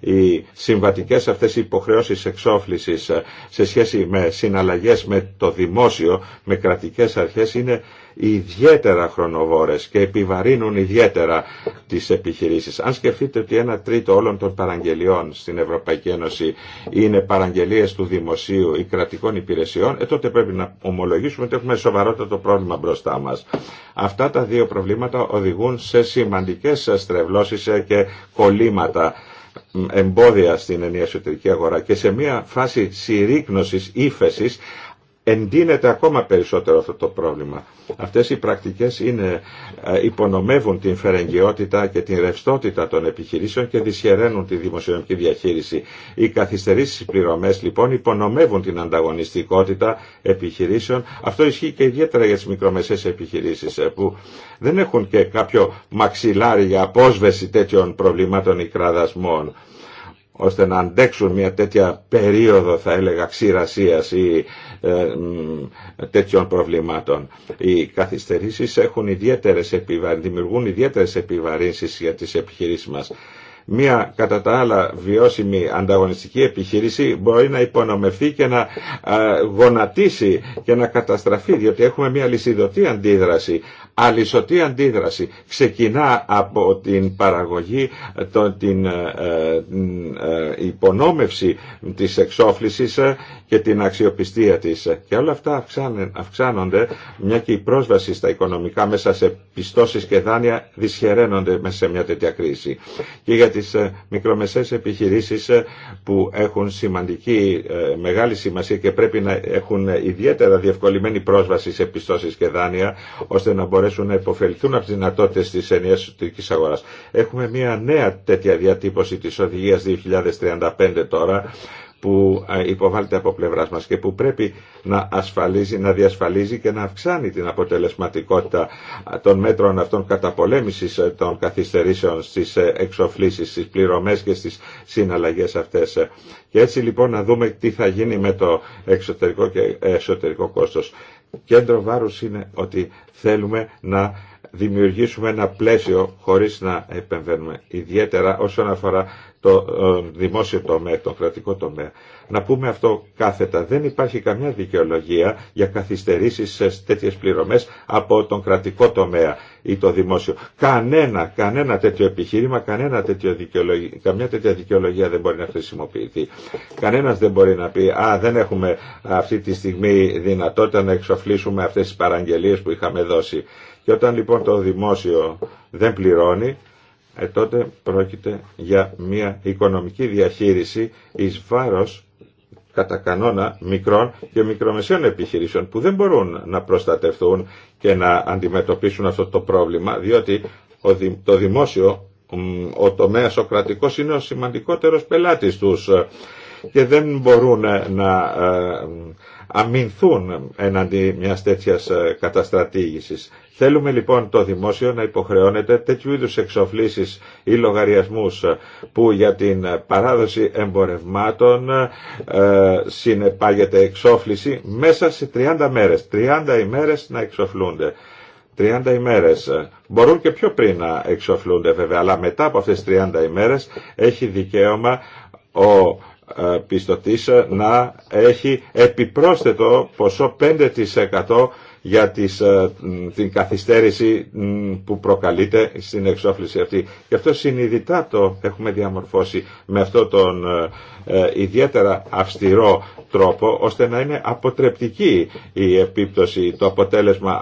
οι συμβατικές αυτές οι υποχρεώσεις εξόφλησης ε, σε σχέση με συναλλαγές με το δημόσιο, με κρατικές αρχές είναι ιδιαίτερα χρονοβόρες και επιβαρύνουν ιδιαίτερα τις επιχειρήσεις. Αν σκεφτείτε ότι ένα τρίτο όλων των παραγγελιών στην Ευρωπαϊκή Ένωση είναι παραγγελίες του δημοσίου ή κρατικών υπηρεσιών, ε, τότε πρέπει να ομολογήσουμε ότι έχουμε σοβαρότατο πρόβλημα μπροστά μας. Αυτά τα δύο προβλήματα οδηγούν σε σημαντικές στρεβλώσεις και κολλήματα εμπόδια στην ενιαία αγορά και σε μια φάση συρρήκνωσης ύφεση εντείνεται ακόμα περισσότερο αυτό το πρόβλημα. Αυτές οι πρακτικές είναι, ε, υπονομεύουν την φερεγγιότητα και την ρευστότητα των επιχειρήσεων και δυσχεραίνουν τη δημοσιονομική διαχείριση. Οι καθυστερήσεις πληρωμές λοιπόν υπονομεύουν την ανταγωνιστικότητα επιχειρήσεων. Αυτό ισχύει και ιδιαίτερα για τις μικρομεσαίες επιχειρήσεις ε, που δεν έχουν και κάποιο μαξιλάρι για απόσβεση τέτοιων προβλημάτων ή κραδασμών ώστε να αντέξουν μια τέτοια περίοδο θα έλεγα ξηρασίας ή ε, τέτοιων προβλημάτων. Οι καθυστερήσεις έχουν ιδιαίτερες δημιουργούν ιδιαίτερες επιβαρύνσεις για τις επιχειρήσεις μας μια κατά τα άλλα βιώσιμη ανταγωνιστική επιχείρηση μπορεί να υπονομευθεί και να γονατίσει και να καταστραφεί διότι έχουμε μια λυσιδωτή αντίδραση αλυσωτή αντίδραση ξεκινά από την παραγωγή το, την ε, ε, υπονόμευση της εξόφλησης ε, και την αξιοπιστία της και όλα αυτά αυξάνονται μια και η πρόσβαση στα οικονομικά μέσα σε πιστώσεις και δάνεια δυσχεραίνονται μέσα σε μια τέτοια κρίση τις ε, μικρομεσαίες επιχειρήσεις ε, που έχουν σημαντική, ε, μεγάλη σημασία και πρέπει να έχουν ιδιαίτερα διευκολυμένη πρόσβαση σε πιστώσεις και δάνεια ώστε να μπορέσουν να υποφεληθούν από τις δυνατότητες της ενιαίας εσωτερικής αγοράς. Έχουμε μια νέα τέτοια διατύπωση της οδηγίας 2035 τώρα που ε, υποβάλλεται από πλευράς μας και που πρέπει να ασφαλίζει, να διασφαλίζει και να αυξάνει την αποτελεσματικότητα ε, των μέτρων αυτών καταπολέμησης ε, των καθυστερήσεων στις εξοφλήσεις, στις πληρωμές και στις συναλλαγές αυτές. Και έτσι λοιπόν να δούμε τι θα γίνει με το εξωτερικό και εσωτερικό κόστος. Κέντρο βάρους είναι ότι θέλουμε να δημιουργήσουμε ένα πλαίσιο χωρίς να επεμβαίνουμε. Ιδιαίτερα όσον αφορά το ε, δημόσιο τομέα, τον κρατικό τομέα. Να πούμε αυτό κάθετα. Δεν υπάρχει καμιά δικαιολογία για καθυστερήσει σε τέτοιε πληρωμέ από τον κρατικό τομέα ή το δημόσιο. Κανένα, κανένα τέτοιο επιχείρημα, κανένα τέτοιο καμιά τέτοια δικαιολογία δεν μπορεί να χρησιμοποιηθεί. Κανένα δεν μπορεί να πει Α, δεν έχουμε αυτή τη στιγμή δυνατότητα να εξοφλήσουμε αυτέ τι παραγγελίε που είχαμε δώσει. Και όταν λοιπόν το δημόσιο δεν πληρώνει, ε, τότε πρόκειται για μια οικονομική διαχείριση εις βάρος κατά κανόνα μικρών και μικρομεσαίων επιχειρήσεων που δεν μπορούν να προστατευτούν και να αντιμετωπίσουν αυτό το πρόβλημα διότι το δημόσιο, ο τομέας ο κρατικός είναι ο σημαντικότερος πελάτης τους και δεν μπορούν να ε, αμυνθούν εναντί μιας τέτοιας ε, καταστρατήγησης. Θέλουμε λοιπόν το δημόσιο να υποχρεώνεται τέτοιου είδους εξοφλήσεις ή λογαριασμούς που για την παράδοση εμπορευμάτων ε, συνεπάγεται εξόφληση μέσα σε 30 μέρες. 30 ημέρες να εξοφλούνται. 30 ημέρες. Μπορούν και πιο πριν να εξοφλούνται βέβαια, αλλά μετά από αυτές 30 ημέρες έχει δικαίωμα ο ε, πιστωτής να έχει επιπρόσθετο ποσό 5% για τις, ε, την καθυστέρηση που προκαλείται στην εξόφληση αυτή. Γι' αυτό συνειδητά το έχουμε διαμορφώσει με αυτό τον ε, ε, ιδιαίτερα αυστηρό τρόπο ώστε να είναι αποτρεπτική η επίπτωση, το αποτέλεσμα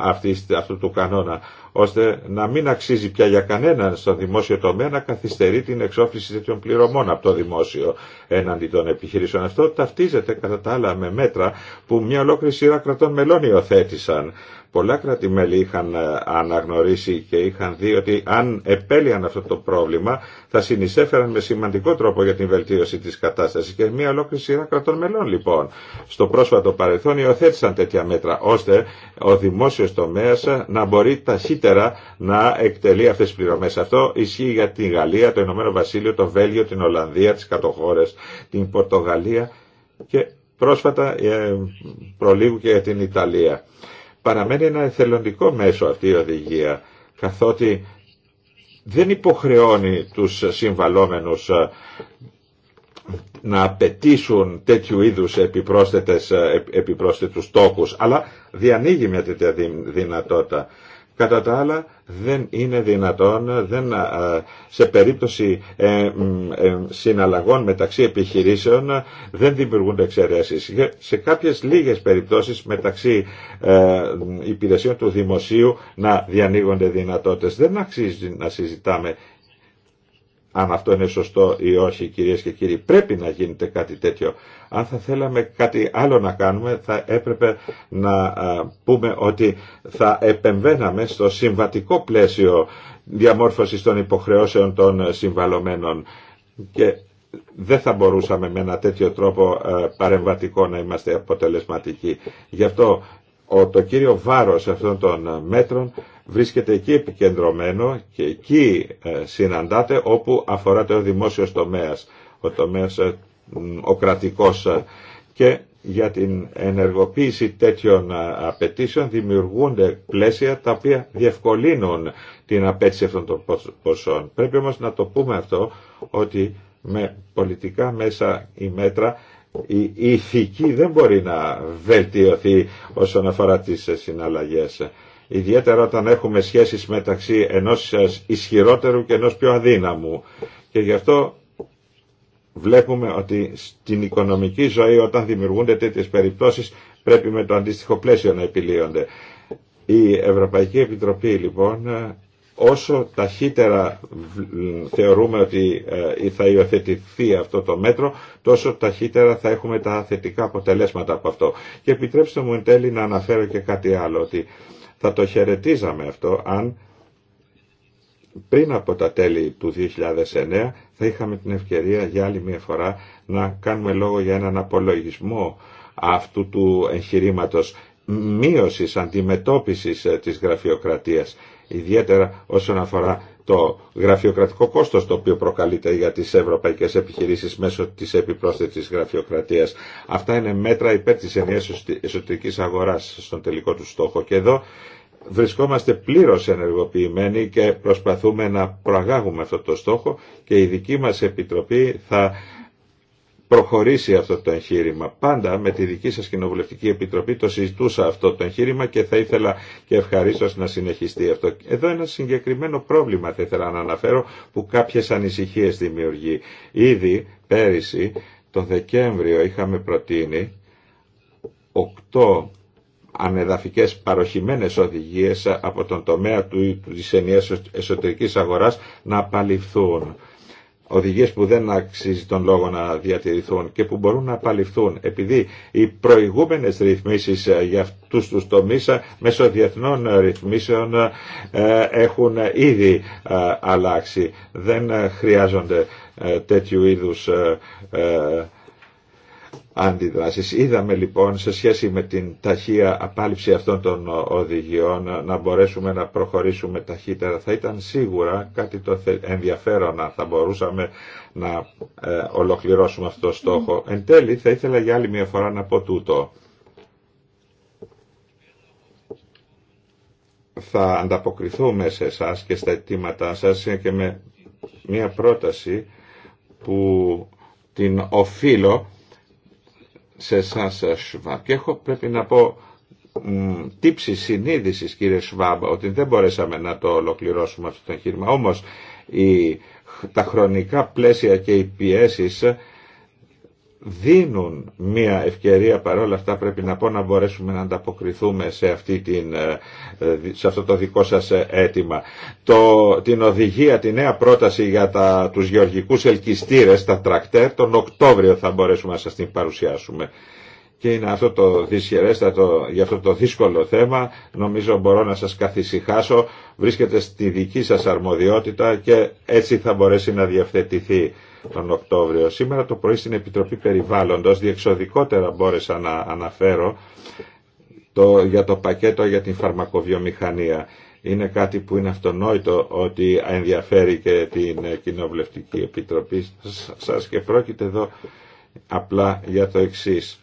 αυτού του κανόνα ώστε να μην αξίζει πια για κανέναν στο δημόσιο τομέα να καθυστερεί την εξόφληση τέτοιων πληρωμών από το δημόσιο έναντι των επιχειρήσεων. Αυτό ταυτίζεται κατά τα άλλα με μέτρα που μια ολόκληρη σειρά κρατών μελών υιοθέτησαν πολλά κράτη-μέλη είχαν ε, αναγνωρίσει και είχαν δει ότι αν επέλυαν αυτό το πρόβλημα θα συνεισέφεραν με σημαντικό τρόπο για την βελτίωση της κατάστασης και μια ολόκληρη σειρά κρατών μελών λοιπόν. Στο πρόσφατο παρελθόν υιοθέτησαν τέτοια μέτρα ώστε ο δημόσιος τομέας να μπορεί ταχύτερα να εκτελεί αυτές τις πληρωμές. Αυτό ισχύει για την Γαλλία, το Ηνωμένο Βασίλειο, το Βέλγιο, την Ολλανδία, τις κατοχώρες, την Πορτογαλία και πρόσφατα ε, προλίγου και για την Ιταλία παραμένει ένα εθελοντικό μέσο αυτή η οδηγία, καθότι δεν υποχρεώνει τους συμβαλόμενους ε, να απαιτήσουν τέτοιου είδους επιπρόσθετες, ε, επιπρόσθετους τόκους, αλλά διανοίγει μια τέτοια δυνατότητα. Κατά τα άλλα δεν είναι δυνατόν δεν, σε περίπτωση ε, ε, συναλλαγών μεταξύ επιχειρήσεων δεν δημιουργούνται εξαιρέσεις. Σε κάποιες λίγες περιπτώσεις μεταξύ ε, υπηρεσιών του δημοσίου να διανοίγονται δυνατότητες. Δεν αξίζει να συζητάμε αν αυτό είναι σωστό ή όχι κυρίες και κύριοι. Πρέπει να γίνεται κάτι τέτοιο. Αν θα θέλαμε κάτι άλλο να κάνουμε θα έπρεπε να πούμε ότι θα επεμβαίναμε στο συμβατικό πλαίσιο διαμόρφωσης των υποχρεώσεων των συμβαλωμένων και δεν θα μπορούσαμε με ένα τέτοιο τρόπο παρεμβατικό να είμαστε αποτελεσματικοί. Γι' αυτό ο το κύριο βάρος αυτών των ε, μέτρων βρίσκεται εκεί επικεντρωμένο και εκεί ε, συναντάται όπου αφορά το δημόσιο τομέα, ο τομέας ε, ο κρατικός και για την ενεργοποίηση τέτοιων απαιτήσεων δημιουργούνται πλαίσια τα οποία διευκολύνουν την απέτηση αυτών των ποσών. Πρέπει όμως να το πούμε αυτό ότι με πολιτικά μέσα ή μέτρα η ηθική δεν μπορεί να βελτιωθεί όσον αφορά τις ε, συναλλαγές. Ιδιαίτερα όταν έχουμε σχέσεις μεταξύ ενός ε, ισχυρότερου και ενός πιο αδύναμου. Και γι' αυτό βλέπουμε ότι στην οικονομική ζωή όταν δημιουργούνται τέτοιες περιπτώσεις πρέπει με το αντίστοιχο πλαίσιο να επιλύονται. Η Ευρωπαϊκή Επιτροπή λοιπόν όσο ταχύτερα θεωρούμε ότι ε, θα υιοθετηθεί αυτό το μέτρο, τόσο ταχύτερα θα έχουμε τα θετικά αποτελέσματα από αυτό. Και επιτρέψτε μου εν τέλει να αναφέρω και κάτι άλλο, ότι θα το χαιρετίζαμε αυτό αν πριν από τα τέλη του 2009 θα είχαμε την ευκαιρία για άλλη μια φορά να κάνουμε λόγο για έναν απολογισμό αυτού του εγχειρήματος μείωσης αντιμετώπισης ε, της γραφειοκρατίας ιδιαίτερα όσον αφορά το γραφειοκρατικό κόστος το οποίο προκαλείται για τις ευρωπαϊκές επιχειρήσεις μέσω της επιπρόσθετης γραφειοκρατίας. Αυτά είναι μέτρα υπέρ της ενιαίας εσωτερικής αγοράς στον τελικό του στόχο. Και εδώ βρισκόμαστε πλήρως ενεργοποιημένοι και προσπαθούμε να προαγάγουμε αυτό το στόχο και η δική μας Επιτροπή θα προχωρήσει αυτό το εγχείρημα. Πάντα με τη δική σας Κοινοβουλευτική Επιτροπή το συζητούσα αυτό το εγχείρημα και θα ήθελα και ευχαρίστω να συνεχιστεί αυτό. Εδώ ένα συγκεκριμένο πρόβλημα θα ήθελα να αναφέρω που κάποιες ανησυχίες δημιουργεί. Ήδη πέρυσι το Δεκέμβριο είχαμε προτείνει οκτώ ανεδαφικές παροχημένες οδηγίες από τον τομέα του, της ενιαίας εσωτερικής αγοράς να απαλληφθούν οδηγίες που δεν αξίζει τον λόγο να διατηρηθούν και που μπορούν να απαλληφθούν επειδή οι προηγούμενες ρυθμίσεις ε, για αυτούς τους τομείς ε, μέσω διεθνών ε, ρυθμίσεων έχουν ήδη αλλάξει. Δεν χρειάζονται τέτοιου είδους αντιδράσεις. Είδαμε λοιπόν σε σχέση με την ταχεία απάλληψη αυτών των οδηγιών να μπορέσουμε να προχωρήσουμε ταχύτερα. Θα ήταν σίγουρα κάτι το ενδιαφέρον να θα μπορούσαμε να ε, ολοκληρώσουμε αυτό το στόχο. Εν τέλει θα ήθελα για άλλη μια φορά να πω τούτο. Θα ανταποκριθούμε σε εσά και στα αιτήματά σας και με μια πρόταση που την οφείλω σε εσά ε, Σβάμπ. Και έχω πρέπει να πω τύψη συνείδηση, κύριε Σβάμπ ότι δεν μπορέσαμε να το ολοκληρώσουμε αυτό το εγχείρημα. Όμως τα χρονικά πλαίσια και οι πιέσει δίνουν μια ευκαιρία παρόλα αυτά πρέπει να πω να μπορέσουμε να ανταποκριθούμε σε, αυτή την, ε, σε αυτό το δικό σας ε, αίτημα. Το, την οδηγία, τη νέα πρόταση για τα, τους γεωργικούς ελκυστήρες, τα τρακτέρ, τον Οκτώβριο θα μπορέσουμε να σας την παρουσιάσουμε. Και είναι αυτό το δυσχερέστατο, για αυτό το δύσκολο θέμα, νομίζω μπορώ να σας καθησυχάσω, βρίσκεται στη δική σας αρμοδιότητα και έτσι θα μπορέσει να διευθετηθεί τον Οκτώβριο. Σήμερα το πρωί στην Επιτροπή Περιβάλλοντος διεξοδικότερα μπόρεσα να αναφέρω το, για το πακέτο για την φαρμακοβιομηχανία. Είναι κάτι που είναι αυτονόητο ότι ενδιαφέρει και την Κοινοβουλευτική Επιτροπή σας και πρόκειται εδώ απλά για το εξής.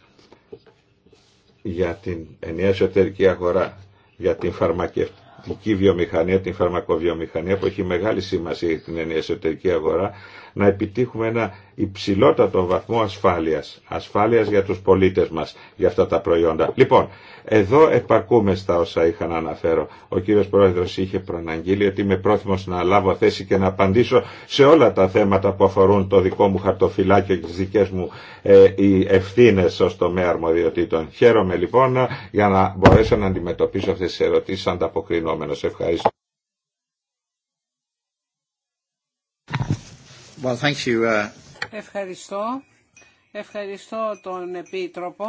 Για την ενιαία εσωτερική αγορά, για την φαρμακευτική βιομηχανία, την φαρμακοβιομηχανία που έχει μεγάλη σημασία για την ενιαία εσωτερική αγορά να επιτύχουμε ένα υψηλότατο βαθμό ασφάλειας, ασφάλειας για τους πολίτες μας για αυτά τα προϊόντα. Λοιπόν, εδώ επακούμε στα όσα είχα να αναφέρω. Ο κύριος Πρόεδρος είχε προαναγγείλει ότι είμαι πρόθυμος να λάβω θέση και να απαντήσω σε όλα τα θέματα που αφορούν το δικό μου χαρτοφυλάκιο και τις δικές μου ε, οι ευθύνες ως τομέα αρμοδιοτήτων. Χαίρομαι λοιπόν για να μπορέσω να αντιμετωπίσω αυτές τις ερωτήσεις ανταποκρινόμενος. Ευχαριστώ. Uh, Ευχαριστώ. Ευχαριστώ τον Επίτροπο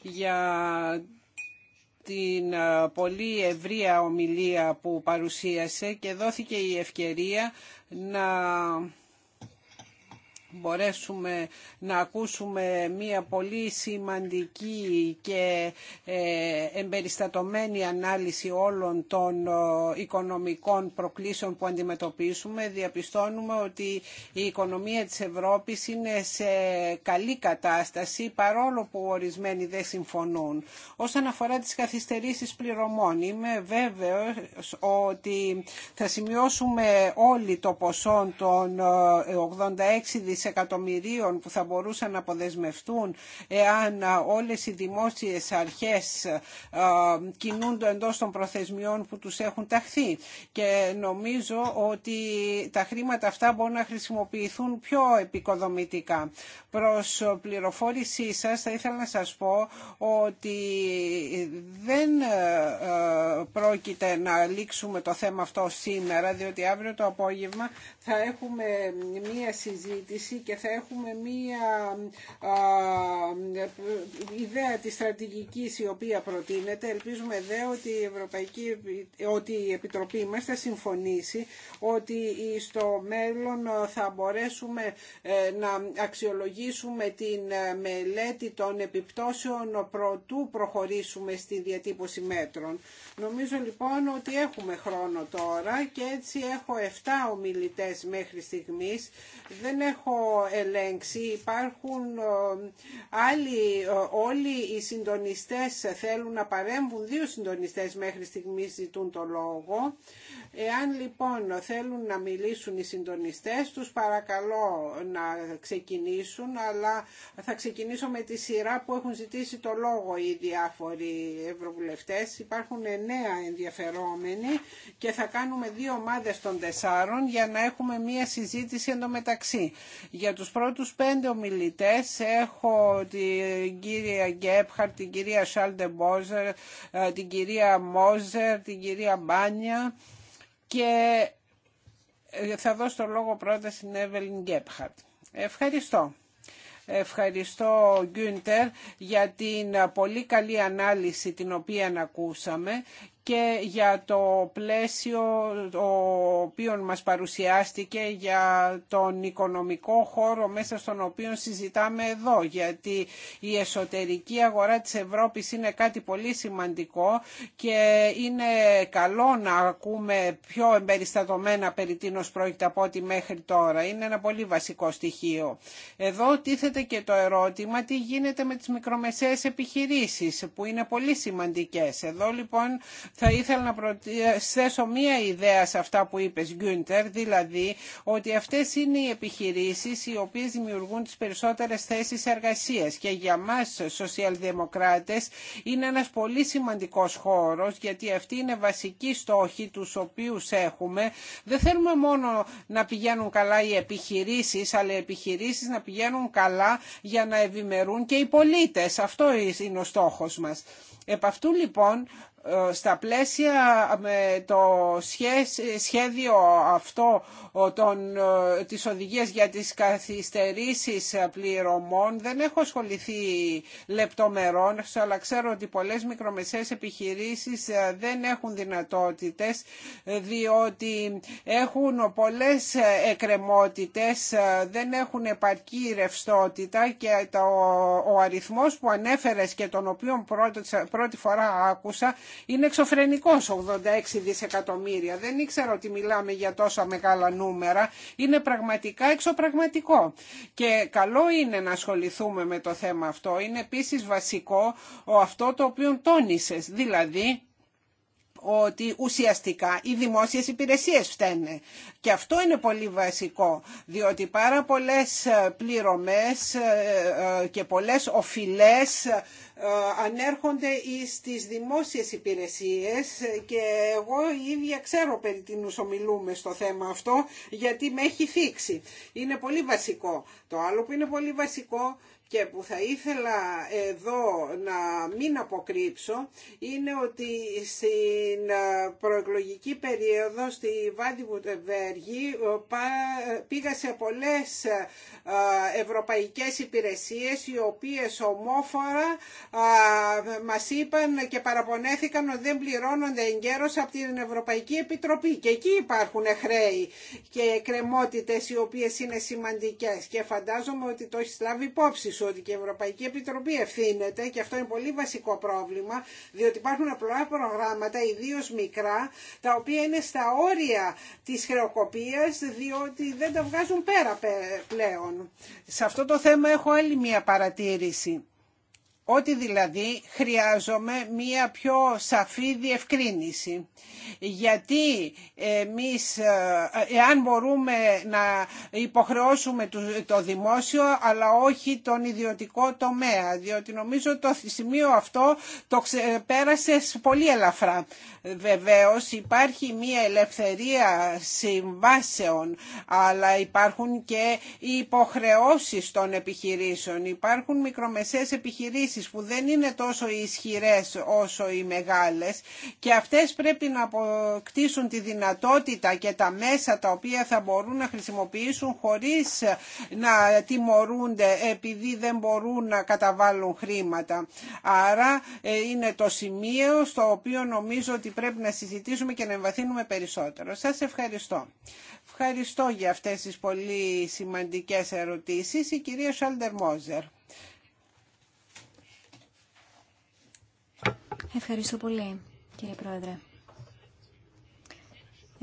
για την ε, πολύ ευρία ομιλία που παρουσίασε και δόθηκε η ευκαιρία να μπορέσουμε να ακούσουμε μία πολύ σημαντική και ε, εμπεριστατωμένη ανάλυση όλων των ε, οικονομικών προκλήσεων που αντιμετωπίσουμε, διαπιστώνουμε ότι η οικονομία της Ευρώπης είναι σε καλή κατάσταση, παρόλο που ορισμένοι δεν συμφωνούν. Όσον αφορά τις καθυστερήσεις πληρωμών, είμαι βέβαιος ότι θα σημειώσουμε όλοι το ποσό των 86 ε, δισεκατομμύρων δισεκατομμυρίων που θα μπορούσαν να αποδεσμευτούν εάν όλες οι δημόσιες αρχές κινούνται εντός των προθεσμιών που τους έχουν ταχθεί. Και νομίζω ότι τα χρήματα αυτά μπορούν να χρησιμοποιηθούν πιο επικοδομητικά. Προς πληροφόρησή σας θα ήθελα να σας πω ότι δεν πρόκειται να λήξουμε το θέμα αυτό σήμερα, διότι αύριο το απόγευμα θα έχουμε μία συζήτηση και θα έχουμε μία ιδέα της στρατηγικής η οποία προτείνεται. Ελπίζουμε δε ότι η, Ευρωπαϊκή, ότι η Επιτροπή μας θα συμφωνήσει ότι στο μέλλον θα μπορέσουμε ε, να αξιολογήσουμε την ε, μελέτη των επιπτώσεων προτού προχωρήσουμε στη διατύπωση μέτρων. Νομίζω λοιπόν ότι έχουμε χρόνο τώρα και έτσι έχω 7 ομιλητές μέχρι στιγμής. Δεν έχω ελέγξει. Υπάρχουν ε, άλλοι, ε, όλοι οι συντονιστές θέλουν να παρέμβουν, δύο συντονιστές μέχρι στιγμής ζητούν το λόγο. Εάν λοιπόν θέλουν να μιλήσουν οι συντονιστές, τους παρακαλώ να ξεκινήσουν, αλλά θα ξεκινήσω με τη σειρά που έχουν ζητήσει το λόγο οι διάφοροι ευρωβουλευτές. Υπάρχουν εννέα ενδιαφερόμενοι και θα κάνουμε δύο ομάδες των τεσσάρων για να έχουμε μία συζήτηση εντωμεταξύ. Για τους πρώτους πέντε ομιλητές έχω την κυρία Γκέπχαρτ, την κυρία Σάλντε Μπόζερ, ε, την κυρία Μόζερ, την κυρία Μπάνια και ε, θα δώσω το λόγο πρώτα στην Εύελιν Γκέπχαρτ. Ευχαριστώ. Ευχαριστώ Γκούντερ για την πολύ καλή ανάλυση την οποία ακούσαμε και για το πλαίσιο το οποίο μας παρουσιάστηκε για τον οικονομικό χώρο μέσα στον οποίο συζητάμε εδώ γιατί η εσωτερική αγορά της Ευρώπης είναι κάτι πολύ σημαντικό και είναι καλό να ακούμε πιο εμπεριστατωμένα περί τίνος πρόκειται από ό,τι μέχρι τώρα. Είναι ένα πολύ βασικό στοιχείο. Εδώ τίθεται και το ερώτημα τι γίνεται με τις μικρομεσαίες επιχειρήσεις που είναι πολύ σημαντικές. Εδώ λοιπόν θα ήθελα να προσθέσω μία ιδέα σε αυτά που είπες Γκούντερ, δηλαδή ότι αυτές είναι οι επιχειρήσεις οι οποίες δημιουργούν τις περισσότερες θέσεις εργασίας και για μας σοσιαλδημοκράτες είναι ένας πολύ σημαντικός χώρος γιατί αυτή είναι βασική στόχη τους οποίους έχουμε. Δεν θέλουμε μόνο να πηγαίνουν καλά οι επιχειρήσεις αλλά οι επιχειρήσεις να πηγαίνουν καλά για να ευημερούν και οι πολίτες. Αυτό είναι ο στόχος μας. Επ' αυτού λοιπόν ε, στα πλαίσια ε, με το σχέδιο αυτό των, ε, της οδηγίας για τις καθυστερήσεις πληρωμών δεν έχω ασχοληθεί λεπτομερών αλλά ξέρω ότι πολλές μικρομεσαίες επιχειρήσεις δεν έχουν δυνατότητες διότι έχουν πολλές εκκρεμότητες δεν έχουν επαρκή ρευστότητα και το, ο αριθμός που ανέφερες και τον οποίο πρώτη φορά άκουσα είναι εξωφρενικός 86 δισεκατομμύρια. Δεν ήξερα ότι μιλάμε για τόσα μεγάλα νούμερα. Είναι πραγματικά εξωπραγματικό. Και καλό είναι να ασχοληθούμε με το θέμα αυτό. Είναι επίσης βασικό αυτό το οποίο τόνισες. Δηλαδή ότι ουσιαστικά οι δημόσιες υπηρεσίες φταίνε. Και αυτό είναι πολύ βασικό, διότι πάρα πολλές ε, πληρωμές ε, ε, και πολλές οφειλές ανέρχονται στις δημόσιες υπηρεσίες και εγώ ίδια ξέρω περί την ομιλούμε στο θέμα αυτό γιατί με έχει θίξει. Είναι πολύ βασικό. Το άλλο που είναι πολύ βασικό και που θα ήθελα εδώ να μην αποκρύψω είναι ότι στην ε, προεκλογική περίοδο στη Βάντι Βουτεβέργη ε, πήγα σε πολλές ε, ευρωπαϊκές υπηρεσίες οι οποίες ομόφορα μας είπαν και παραπονέθηκαν ότι δεν πληρώνονται εγκαίρως από την Ευρωπαϊκή Επιτροπή και εκεί υπάρχουν χρέη και κρεμότητες οι οποίες είναι σημαντικές και φαντάζομαι ότι το έχει λάβει υπόψη ότι και η Ευρωπαϊκή Επιτροπή ευθύνεται και αυτό είναι πολύ βασικό πρόβλημα, διότι υπάρχουν απλά προγράμματα, ιδίω μικρά, τα οποία είναι στα όρια της χρεοκοπία, διότι δεν τα βγάζουν πέρα πλέον. Σε αυτό το θέμα έχω άλλη μία παρατήρηση. Ότι δηλαδή χρειάζομαι μία πιο σαφή διευκρίνηση. Γιατί εμείς, ε, εάν μπορούμε να υποχρεώσουμε το δημόσιο αλλά όχι τον ιδιωτικό τομέα, διότι νομίζω το σημείο αυτό το πέρασε πολύ ελαφρά. Βεβαίως υπάρχει μία ελευθερία συμβάσεων, αλλά υπάρχουν και υποχρεώσεις των επιχειρήσεων. Υπάρχουν μικρομεσαίες επιχειρήσεις που δεν είναι τόσο ισχυρές όσο οι μεγάλες και αυτές πρέπει να αποκτήσουν τη δυνατότητα και τα μέσα τα οποία θα μπορούν να χρησιμοποιήσουν χωρίς να τιμωρούνται επειδή δεν μπορούν να καταβάλουν χρήματα. Άρα ε, είναι το σημείο στο οποίο νομίζω ότι πρέπει να συζητήσουμε και να εμβαθύνουμε περισσότερο. Σας ευχαριστώ. Ευχαριστώ για αυτές τις πολύ σημαντικές ερωτήσεις. Η κυρία Σάλντερ Μόζερ. Ευχαριστώ πολύ, κύριε Πρόεδρε.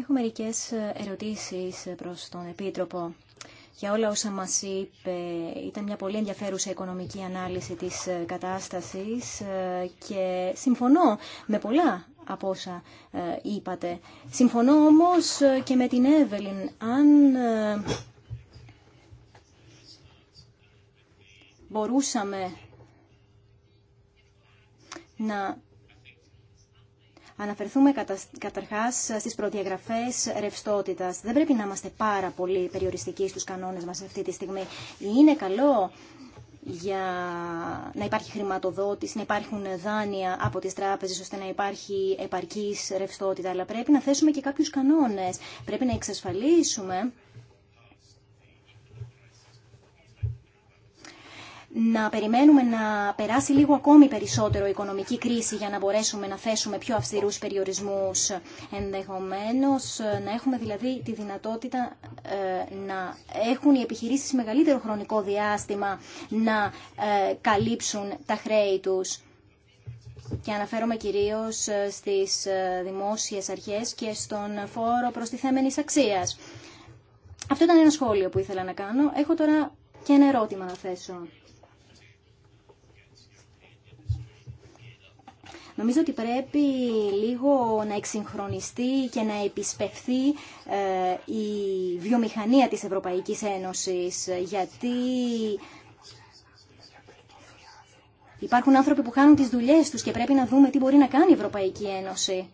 Έχω μερικές ερωτήσεις προς τον Επίτροπο. Για όλα όσα μας είπε, ήταν μια πολύ ενδιαφέρουσα οικονομική ανάλυση της κατάστασης ε, και συμφωνώ με πολλά από όσα ε, είπατε. Συμφωνώ όμως ε, και με την Εύελιν. Αν μπορούσαμε να αναφερθούμε καταρχάς στις προδιαγραφές ρευστότητας. Δεν πρέπει να είμαστε πάρα πολύ περιοριστικοί στους κανόνες μας αυτή τη στιγμή. Είναι καλό για να υπάρχει χρηματοδότηση, να υπάρχουν δάνεια από τις τράπεζες ώστε να υπάρχει επαρκής ρευστότητα. Αλλά πρέπει να θέσουμε και κάποιους κανόνες. Πρέπει να εξασφαλίσουμε να περιμένουμε να περάσει λίγο ακόμη περισσότερο η οικονομική κρίση για να μπορέσουμε να θέσουμε πιο αυστηρούς περιορισμούς. Ενδεχομένως ε, να έχουμε δηλαδή τη δυνατότητα ε, να έχουν οι επιχειρήσεις μεγαλύτερο χρονικό διάστημα να ε, καλύψουν τα χρέη τους. Και αναφέρομαι κυρίως στις δημόσιες αρχές και στον φόρο προστιθέμενης αξίας. Αυτό ήταν ένα σχόλιο που ήθελα να κάνω. Έχω τώρα και ένα ερώτημα να θέσω. Νομίζω ότι πρέπει λίγο να εξυγχρονιστεί και να επισπευθεί ε, η βιομηχανία της Ευρωπαϊκής Ένωσης, γιατί υπάρχουν άνθρωποι που χάνουν τις δουλειές τους και πρέπει να δούμε τι μπορεί να κάνει η Ευρωπαϊκή Ένωση.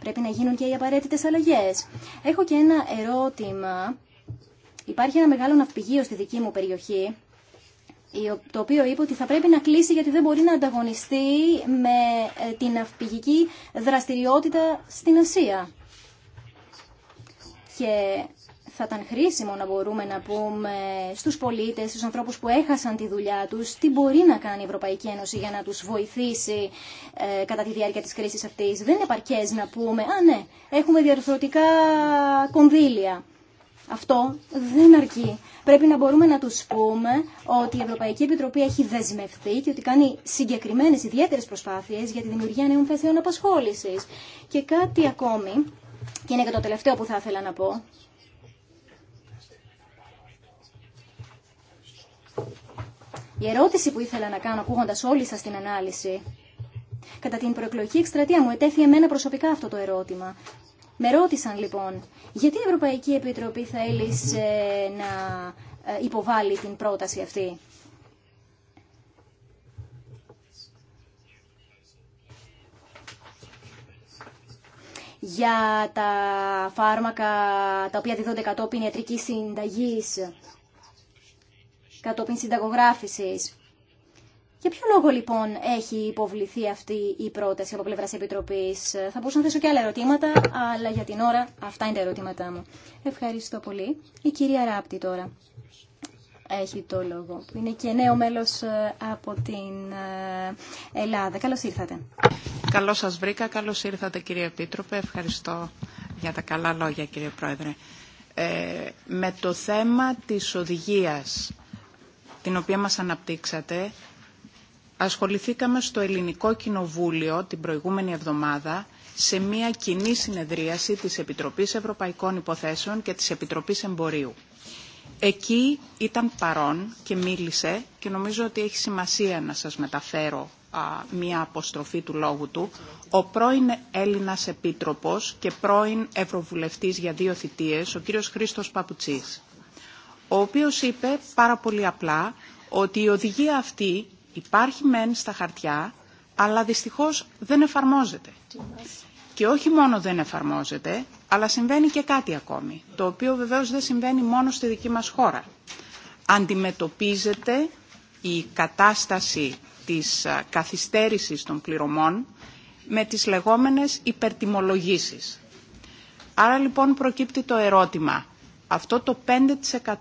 Πρέπει να γίνουν και οι απαραίτητες αλλαγές. Έχω και ένα ερώτημα. Υπάρχει ένα μεγάλο ναυπηγείο στη δική μου περιοχή, το οποίο είπε ότι θα πρέπει να κλείσει γιατί δεν μπορεί να ανταγωνιστεί με ε, την αυπηγική δραστηριότητα στην Ασία. Και θα ήταν χρήσιμο να μπορούμε να πούμε στους πολίτες, στους ανθρώπους που έχασαν τη δουλειά τους, τι μπορεί να κάνει η Ευρωπαϊκή Ένωση για να τους βοηθήσει ε, κατά τη διάρκεια της κρίσης αυτής. Δεν είναι παρκές να πούμε, α ναι, έχουμε διαρθρωτικά κονδύλια. Αυτό δεν αρκεί. Πρέπει να μπορούμε να τους πούμε ότι η Ευρωπαϊκή Επιτροπή έχει δεσμευτεί και ότι κάνει συγκεκριμένες ιδιαίτερες προσπάθειες για τη δημιουργία νέων θέσεων απασχόλησης. Και κάτι ακόμη, και είναι και το τελευταίο που θα ήθελα να πω, Η ερώτηση που ήθελα να κάνω ακούγοντα όλοι σα την ανάλυση. Κατά την προεκλογική εκστρατεία μου ετέθη εμένα προσωπικά αυτό το ερώτημα. Με ρώτησαν λοιπόν, γιατί η Ευρωπαϊκή Επιτροπή θέλει να ε, υποβάλει την πρόταση αυτή. για τα φάρμακα τα οποία διδόνται κατόπιν ιατρικής συνταγής, κατόπιν συνταγογράφησης. Για ποιο λόγο λοιπόν έχει υποβληθεί αυτή η πρόταση από πλευρά Επιτροπή. Θα μπορούσα να θέσω και άλλα ερωτήματα, αλλά για την ώρα αυτά είναι τα ερωτήματά μου. Ευχαριστώ πολύ. Η κυρία Ράπτη τώρα έχει το λόγο, που είναι και νέο μέλος ε, από την ε, Ελλάδα. Καλώς ήρθατε. Καλώς σας βρήκα. Καλώς ήρθατε κύριε Επίτροπε. Ευχαριστώ για τα καλά λόγια κύριε Πρόεδρε. Ε, με το θέμα της οδηγίας, την οποία μας αναπτύξατε, ασχοληθήκαμε στο Ελληνικό Κοινοβούλιο την προηγούμενη εβδομάδα σε μια κοινή συνεδρίαση της Επιτροπής Ευρωπαϊκών Υποθέσεων και της Επιτροπής Εμπορίου. Εκεί ήταν παρόν και μίλησε και νομίζω ότι έχει σημασία να σας μεταφέρω μια αποστροφή του λόγου του. Ο πρώην Έλληνας Επίτροπος και πρώην Ευρωβουλευτής για δύο θητείες, ο κύριος Χρήστος Παπουτσής, ο οποίος είπε πάρα πολύ απλά ότι η οδηγία αυτή υπάρχει μεν στα χαρτιά, αλλά δυστυχώς δεν εφαρμόζεται. Και όχι μόνο δεν εφαρμόζεται, αλλά συμβαίνει και κάτι ακόμη, το οποίο βεβαίως δεν συμβαίνει μόνο στη δική μας χώρα. Αντιμετωπίζεται η κατάσταση της καθυστέρησης των πληρωμών με τις λεγόμενες υπερτιμολογήσεις. Άρα λοιπόν προκύπτει το ερώτημα, αυτό το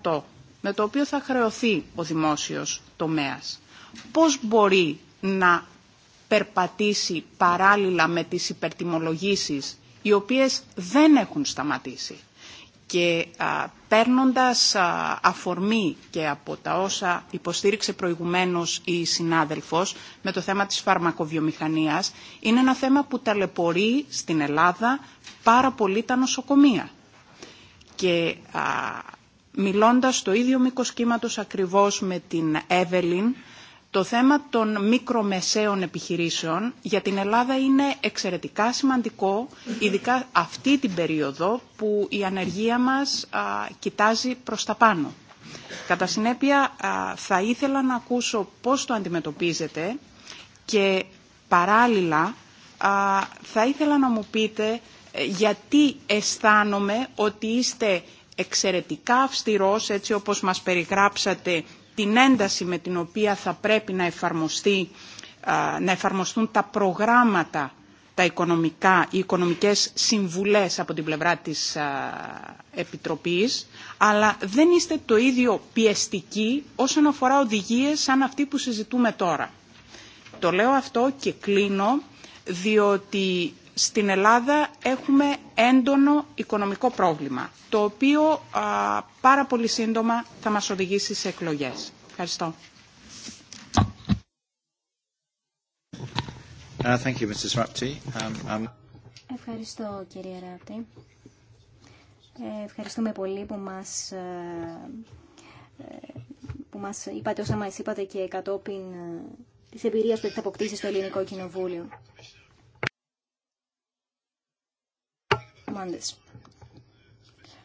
5% με το οποίο θα χρεωθεί ο δημόσιος τομέας πώς μπορεί να περπατήσει παράλληλα με τις υπερτιμολογήσεις οι οποίες δεν έχουν σταματήσει. Και α, παίρνοντας αφορμή και από τα όσα υποστήριξε προηγουμένως η συνάδελφος με το θέμα της φαρμακοβιομηχανίας, είναι ένα θέμα που ταλαιπωρεί στην Ελλάδα πάρα πολύ τα νοσοκομεία. Και α, μιλώντας το ίδιο μήκο κύματος ακριβώς με την Εύελιν, το θέμα των μικρομεσαίων επιχειρήσεων για την Ελλάδα είναι εξαιρετικά σημαντικό, ειδικά αυτή την περίοδο που η ανεργία μας κοιτάζει προς τα πάνω. Κατά συνέπεια, θα ήθελα να ακούσω πώς το αντιμετωπίζετε και παράλληλα θα ήθελα να μου πείτε ε, γιατί αισθάνομαι ότι είστε εξαιρετικά αυστηρός, έτσι όπως μας περιγράψατε την ένταση με την οποία θα πρέπει να, εφαρμοστεί, να εφαρμοστούν τα προγράμματα, τα οικονομικά, οι οικονομικές συμβουλές από την πλευρά της Επιτροπής, αλλά δεν είστε το ίδιο πιεστικοί όσον αφορά οδηγίες σαν αυτή που συζητούμε τώρα. Το λέω αυτό και κλείνω, διότι στην Ελλάδα έχουμε έντονο οικονομικό πρόβλημα, το οποίο πάρα πολύ σύντομα θα μας οδηγήσει σε εκλογές. Ευχαριστώ. Uh, thank you, Um, um... Ευχαριστώ, κύριε Ράπτη. Ε, ευχαριστούμε πολύ που μας, ε, ε, που μας είπατε όσα μας είπατε και κατόπιν της εμπειρίας που έχετε αποκτήσει στο Ελληνικό Κοινοβούλιο.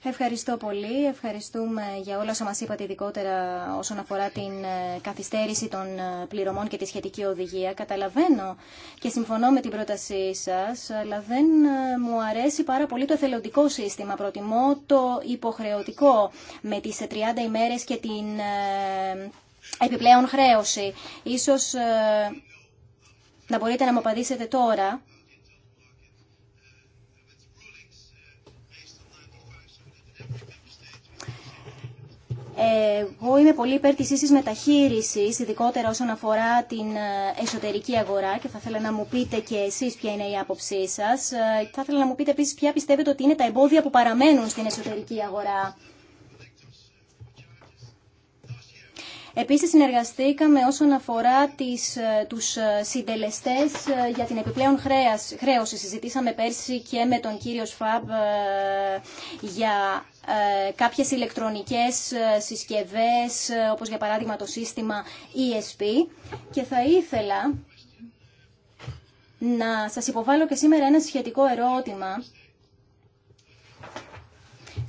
Ευχαριστώ πολύ. Ευχαριστούμε για όλα όσα μα είπατε ειδικότερα όσον αφορά την ε, καθυστέρηση των ε, πληρωμών και τη σχετική οδηγία. Καταλαβαίνω και συμφωνώ με την πρότασή σας, αλλά δεν ε, μου αρέσει πάρα πολύ το εθελοντικό σύστημα. Προτιμώ το υποχρεωτικό με τις 30 ημέρες και την επιπλέον χρέωση. Ίσως να μπορείτε να μου απαντήσετε τώρα Εγώ είμαι πολύ υπέρ της ίσης μεταχείρισης, ειδικότερα όσον αφορά την ε, εσωτερική αγορά και θα ήθελα να μου πείτε και εσείς ποια είναι η άποψή σας. Ε, θα ήθελα να μου πείτε επίσης ποια πιστεύετε ότι είναι τα εμπόδια που παραμένουν στην εσωτερική αγορά. Επίσης συνεργαστήκαμε όσον αφορά τις, ε, τους συντελεστές για την επιπλέον χρέωση. Συζητήσαμε πέρσι και με τον κύριο Σφαμπ για ε, κάποιες ηλεκτρονικές ε, συσκευές, ε, όπως για παράδειγμα το σύστημα ESP. Και θα ήθελα να σας υποβάλω και σήμερα ένα σχετικό ερώτημα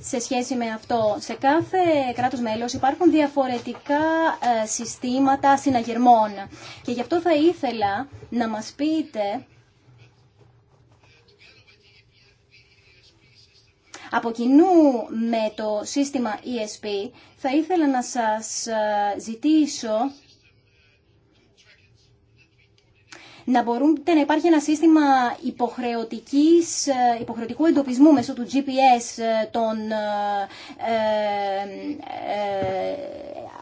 σε σχέση με αυτό. Σε κάθε κράτος μέλος υπάρχουν διαφορετικά συστήματα συναγερμών και γι' αυτό θα ήθελα να μας πείτε από κοινού με το σύστημα ESP, θα ήθελα να σας ε, ζητήσω να μπορούν να υπάρχει ένα σύστημα υποχρεωτικής, ε, υποχρεωτικού εντοπισμού μέσω του GPS ε, των ε,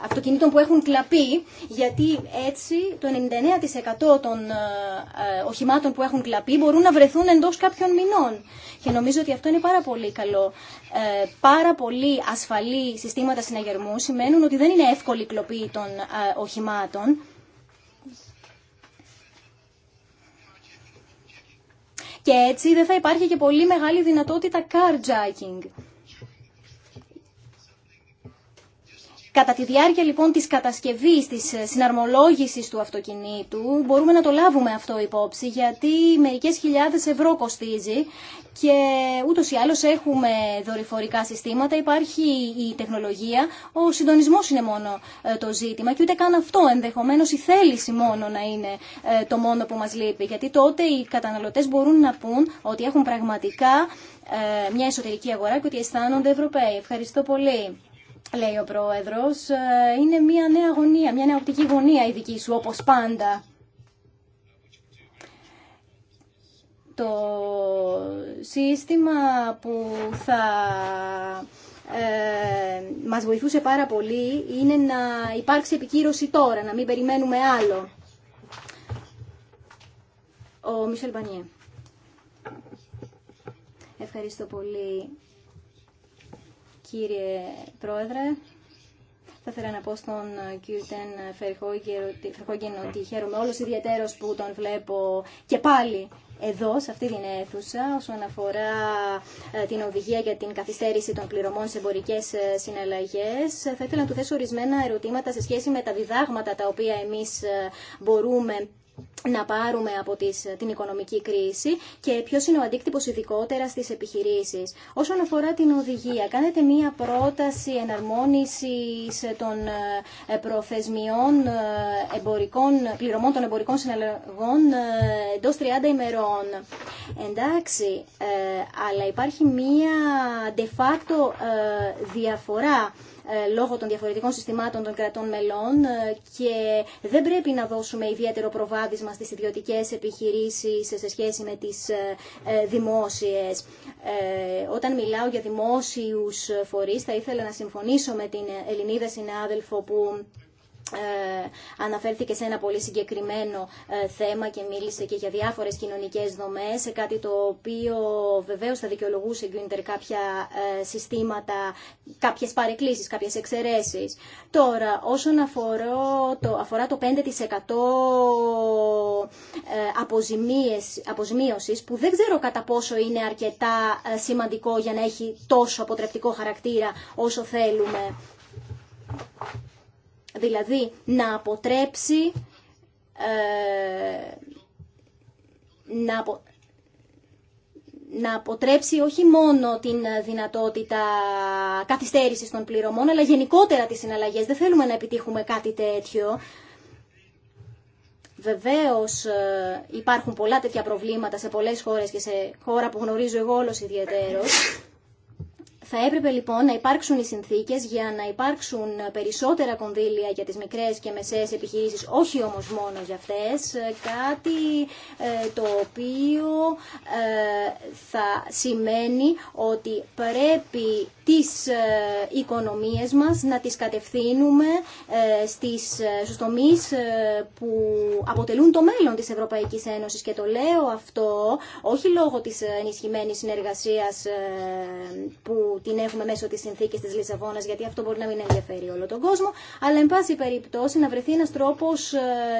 αυτοκινήτων που έχουν κλαπεί, γιατί έτσι το 99% των οχημάτων που έχουν κλαπεί μπορούν να βρεθούν εντός κάποιων μηνών. Και νομίζω ότι αυτό είναι πάρα πολύ καλό. πάρα πολύ ασφαλή συστήματα συναγερμού σημαίνουν ότι δεν είναι εύκολη κλοπή των οχημάτων. και έτσι δεν θα υπάρχει και πολύ μεγάλη δυνατότητα carjacking. Κατά τη διάρκεια λοιπόν της κατασκευής, της ε, συναρμολόγησης του αυτοκινήτου μπορούμε να το λάβουμε αυτό υπόψη γιατί μερικές χιλιάδες ευρώ κοστίζει και ούτως ή άλλως έχουμε δορυφορικά συστήματα, υπάρχει η τεχνολογία, ο συντονισμός είναι μόνο ε, το ζήτημα και ούτε καν αυτό ενδεχομένως η θέληση μόνο να είναι ε, το μόνο που μας λείπει γιατί τότε οι καταναλωτές μπορούν να πούν ότι έχουν πραγματικά μια εσωτερική αγορά και ότι αισθάνονται Ευρωπαίοι. Ευχαριστώ πολύ λέει ο Πρόεδρος, ε, είναι μια νέα γωνία, μια νέα οπτική γωνία η δική σου, όπως πάντα. Το σύστημα που θα ε, μας βοηθούσε πάρα πολύ είναι να υπάρξει επικύρωση τώρα, να μην περιμένουμε άλλο. Ο Μισελ Μπανιέ Ευχαριστώ πολύ κύριε Πρόεδρε. Θα ήθελα να πω στον κύριο Τεν Φερχόγγεν ότι χαίρομαι όλος ιδιαίτερος που τον βλέπω και πάλι εδώ, σε αυτή την αίθουσα, όσον αφορά ε, την οδηγία για την καθυστέρηση των πληρωμών σε εμπορικέ ε, συναλλαγέ. Θα ήθελα να του θέσω ορισμένα ερωτήματα σε σχέση με τα διδάγματα τα οποία εμεί ε, μπορούμε να πάρουμε από την οικονομική κρίση και ποιο είναι ο αντίκτυπο ειδικότερα στι επιχειρήσει. Όσον αφορά την οδηγία, κάνετε μία πρόταση εναρμόνιση των ε, προθεσμιών ε, εμπορικών, πληρωμών των εμπορικών συναλλαγών ε, εντό 30 ημερών. Εντάξει, αλλά υπάρχει μία de facto διαφορά ε, λόγω των διαφορετικών συστημάτων των κρατών μελών ε, και δεν πρέπει να δώσουμε ιδιαίτερο προβάδισμα στις ιδιωτικές επιχειρήσεις σε σχέση με τις ε, δημόσιες. Όταν μιλάω για δημόσιους φορείς θα ήθελα να συμφωνήσω με την Ελληνίδα συνάδελφο που ε, αναφέρθηκε σε ένα πολύ συγκεκριμένο ε, θέμα και μίλησε και για διάφορες κοινωνικές δομές, κάτι το οποίο βεβαίως θα δικαιολογούσε Γκίντερ κάποια ε, συστήματα, κάποιες παρεκκλήσεις, κάποιες εξαιρέσεις. Τώρα, όσον αφορά το, αφορά το 5% αποζημίωσης, που δεν ξέρω κατά πόσο είναι αρκετά σημαντικό για να έχει τόσο αποτρεπτικό χαρακτήρα όσο θέλουμε δηλαδή να αποτρέψει ε, να, απο, να αποτρέψει όχι μόνο την δυνατότητα καθυστέρησης των πληρωμών, αλλά γενικότερα τις συναλλαγές. Δεν θέλουμε να επιτύχουμε κάτι τέτοιο. Βεβαίως ε, υπάρχουν πολλά τέτοια προβλήματα σε πολλές χώρες και σε χώρα που γνωρίζω εγώ όλος ιδιαίτερος. Θα έπρεπε λοιπόν να υπάρξουν οι συνθήκε για να υπάρξουν περισσότερα κονδύλια για τι μικρέ και μεσαίε επιχειρήσει, όχι όμω μόνο για αυτέ. Κάτι ε, το οποίο ε, θα σημαίνει ότι πρέπει τις ε, οικονομίες μας, να τις κατευθύνουμε ε, στις, ε, στους τομείς που αποτελούν το μέλλον της Ευρωπαϊκής Ένωσης. Και το λέω αυτό όχι λόγω της ενισχυμένης συνεργασίας που την έχουμε μέσω της συνθήκης της Λισαβόνας, γιατί αυτό μπορεί να μην ενδιαφέρει όλο τον κόσμο, αλλά εν πάση περιπτώσει να βρεθεί ένας τρόπος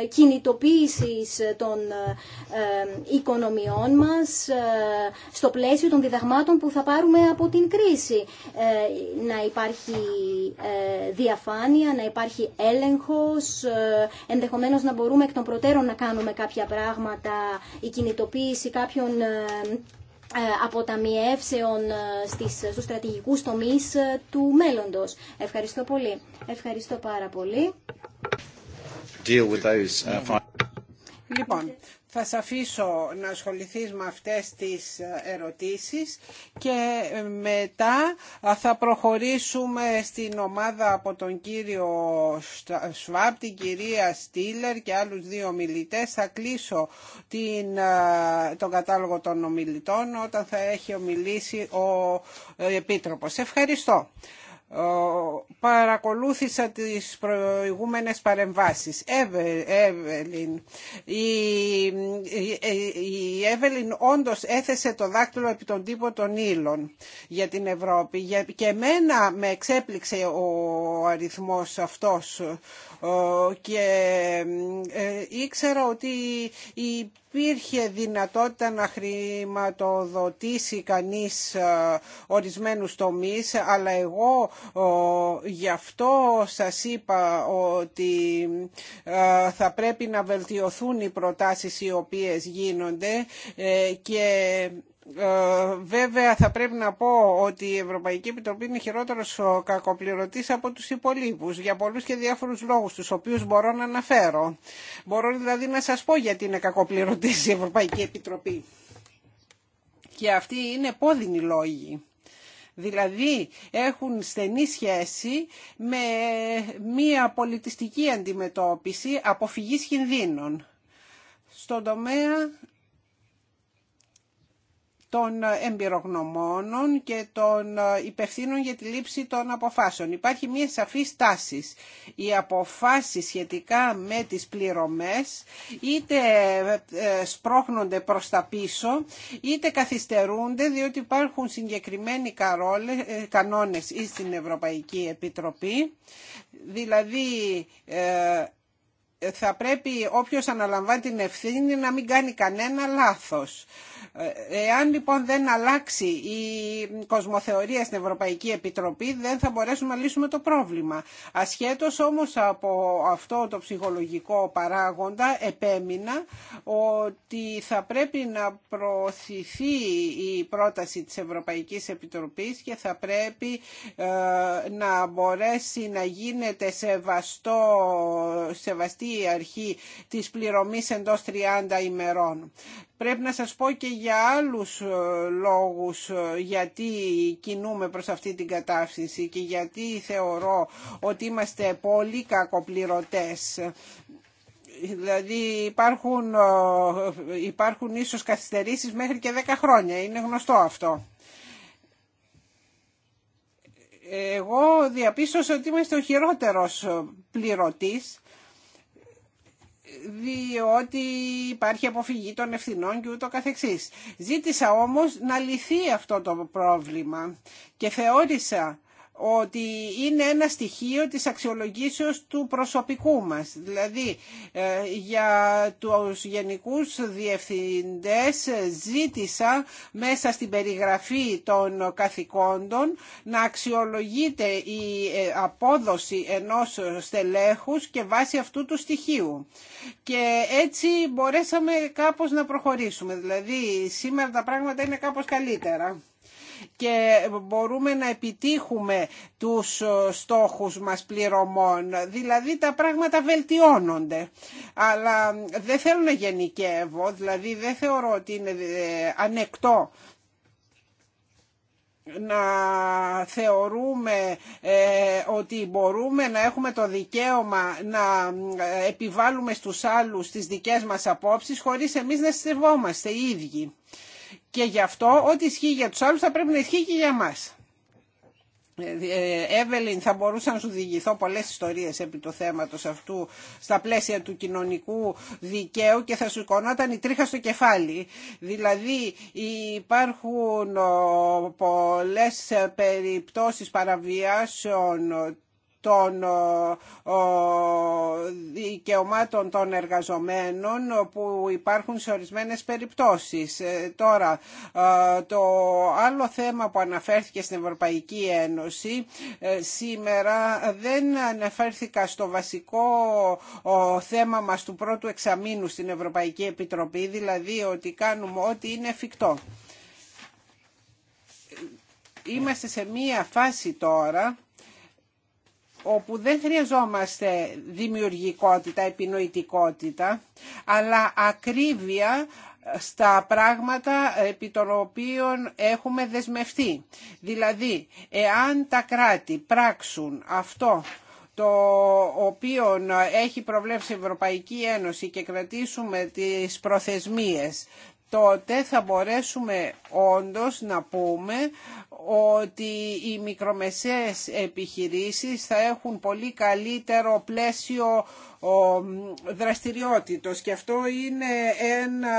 κινητοποίησης των οικονομιών μας στο πλαίσιο των διδαγμάτων που θα πάρουμε από την κρίση. Ε, να υπάρχει ε, διαφάνεια, να υπάρχει έλεγχος, ε, ενδεχομένως να μπορούμε εκ των προτέρων να κάνουμε κάποια πράγματα, η κινητοποίηση κάποιων αποταμιεύσεων στις, στους στρατηγικούς τομείς του μέλλοντος. Ευχαριστώ πολύ. Ευχαριστώ πάρα πολύ. Uh, λοιπόν, θα σε αφήσω να ασχοληθεί με αυτές τις ε, ερωτήσεις και ε, μετά θα προχωρήσουμε στην ομάδα από τον κύριο Σβάπ, την κυρία Στήλερ και άλλους δύο ομιλητές. Θα κλείσω την, ε, τον κατάλογο των ομιλητών όταν θα έχει ομιλήσει ο Επίτροπος. Ευχαριστώ. Ε, παρακολούθησα τις προηγούμενες παρεμβάσεις. Εύελιν, η Εύελιν όντως έθεσε το δάκτυλο επί τον τύπο των ήλων για την Ευρώπη και εμένα με εξέπληξε ο αριθμός αυτός και ε, ε, ήξερα ότι υπήρχε δυνατότητα να χρηματοδοτήσει κανείς ε, ορισμένους τομείς αλλά εγώ γι' αυτό σας είπα ότι θα πρέπει να βελτιωθούν οι προτάσεις οι οποίες γίνονται και ε, βέβαια θα πρέπει να πω ότι η Ευρωπαϊκή Επιτροπή είναι χειρότερος κακοπληρωτής από τους υπολείπους για πολλούς και διάφορους λόγους τους οποίους μπορώ να αναφέρω. Μπορώ δηλαδή να σας πω γιατί είναι κακοπληρωτής η Ευρωπαϊκή Επιτροπή. Και αυτοί είναι πόδινοι λόγοι. Δηλαδή έχουν στενή σχέση με μία πολιτιστική αντιμετώπιση αποφυγής κινδύνων. Στον τομέα των εμπειρογνωμόνων και των υπευθύνων για τη λήψη των αποφάσεων. Υπάρχει μια σαφή στάση. Οι αποφάσεις σχετικά με τις πληρωμές είτε ε, σπρώχνονται προς τα πίσω είτε καθυστερούνται διότι υπάρχουν συγκεκριμένοι ε, κανόνες στην Ευρωπαϊκή Επιτροπή δηλαδή ε, θα πρέπει όποιος αναλαμβάνει την ευθύνη να μην κάνει κανένα λάθος. Ε, εάν λοιπόν δεν αλλάξει η κοσμοθεωρία στην Ευρωπαϊκή Επιτροπή δεν θα μπορέσουμε να λύσουμε το πρόβλημα. Ασχέτως όμως από αυτό το ψυχολογικό παράγοντα επέμεινα ότι θα πρέπει να προωθηθεί η πρόταση της Ευρωπαϊκής Επιτροπής και θα πρέπει ε, να μπορέσει να γίνεται σεβαστό, σεβαστή η αρχή της πληρωμής εντός 30 ημερών. Πρέπει να σας πω και για άλλους ε, λόγους ε, γιατί κινούμε προς αυτή την κατάφυση και γιατί θεωρώ ότι είμαστε πολύ κακοπληρωτές δηλαδή υπάρχουν, ε, υπάρχουν ίσως καθυστερήσεις μέχρι και 10 χρόνια, είναι γνωστό αυτό. Εγώ διαπίστωσα ότι είμαστε ο χειρότερος πληρωτής διότι υπάρχει αποφυγή των ευθυνών και ούτω καθεξής. Ζήτησα όμως να λυθεί αυτό το πρόβλημα και θεώρησα ότι είναι ένα στοιχείο της αξιολογήσεως του προσωπικού μας. Δηλαδή ε, για τους γενικούς διευθυντές ζήτησα μέσα στην περιγραφή των καθηκόντων να αξιολογείται η ε, απόδοση ενός στελέχους και βάσει αυτού του στοιχείου. Και έτσι μπορέσαμε κάπως να προχωρήσουμε. Δηλαδή σήμερα τα πράγματα είναι κάπως καλύτερα και μπορούμε να επιτύχουμε τους ε, στόχους μας πληρωμών. Δηλαδή τα πράγματα βελτιώνονται. Αλλά δεν θέλω να γενικεύω, δηλαδή δεν θεωρώ ότι είναι ε, ανεκτό να θεωρούμε ε, ότι μπορούμε να έχουμε το δικαίωμα να επιβάλλουμε στους άλλους τις δικές μας απόψεις χωρίς εμείς να σεβόμαστε οι ίδιοι. Και γι' αυτό ό,τι ισχύει για τους άλλους θα πρέπει να ισχύει και για μας. Ε, ε, Εύελιν, θα μπορούσα να σου διηγηθώ πολλές ιστορίες επί του θέματος αυτού στα πλαίσια του κοινωνικού δικαίου και θα σου εικονόταν η τρίχα στο κεφάλι. Δηλαδή υπάρχουν ε, πολλές περιπτώσεις παραβιάσεων των ε, ε, δικαιωμάτων των εργαζομένων που υπάρχουν σε ορισμένες περιπτώσεις. Ε, τώρα, το άλλο θέμα που αναφέρθηκε στην Ευρωπαϊκή Ένωση σήμερα δεν αναφέρθηκα στο βασικό θέμα μας του πρώτου εξαμήνου στην Ευρωπαϊκή Επιτροπή, δηλαδή ότι κάνουμε ό,τι είναι εφικτό. Είμαστε σε μία φάση τώρα όπου δεν χρειαζόμαστε δημιουργικότητα, επινοητικότητα, αλλά ακρίβεια στα πράγματα επί των οποίων έχουμε δεσμευτεί. Δηλαδή, εάν τα κράτη πράξουν αυτό το οποίο έχει προβλέψει η Ευρωπαϊκή Ένωση και κρατήσουμε τις προθεσμίες τότε θα μπορέσουμε όντως να πούμε ότι οι μικρομεσαίες επιχειρήσεις θα έχουν πολύ καλύτερο πλαίσιο δραστηριότητος και αυτό είναι ένα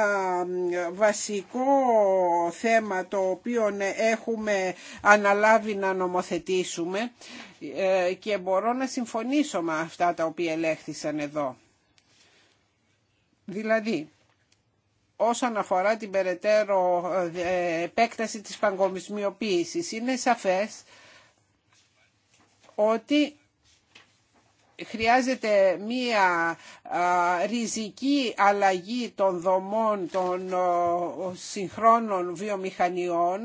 βασικό θέμα το οποίο έχουμε αναλάβει να νομοθετήσουμε ε, και μπορώ να συμφωνήσω με αυτά τα οποία ελέγχθησαν εδώ. Δηλαδή, όσον αφορά την περαιτέρω ε, επέκταση της παγκομισμιοποίησης. Είναι σαφές ότι χρειάζεται μία ριζική αλλαγή των δομών των συγχρόνων βιομηχανιών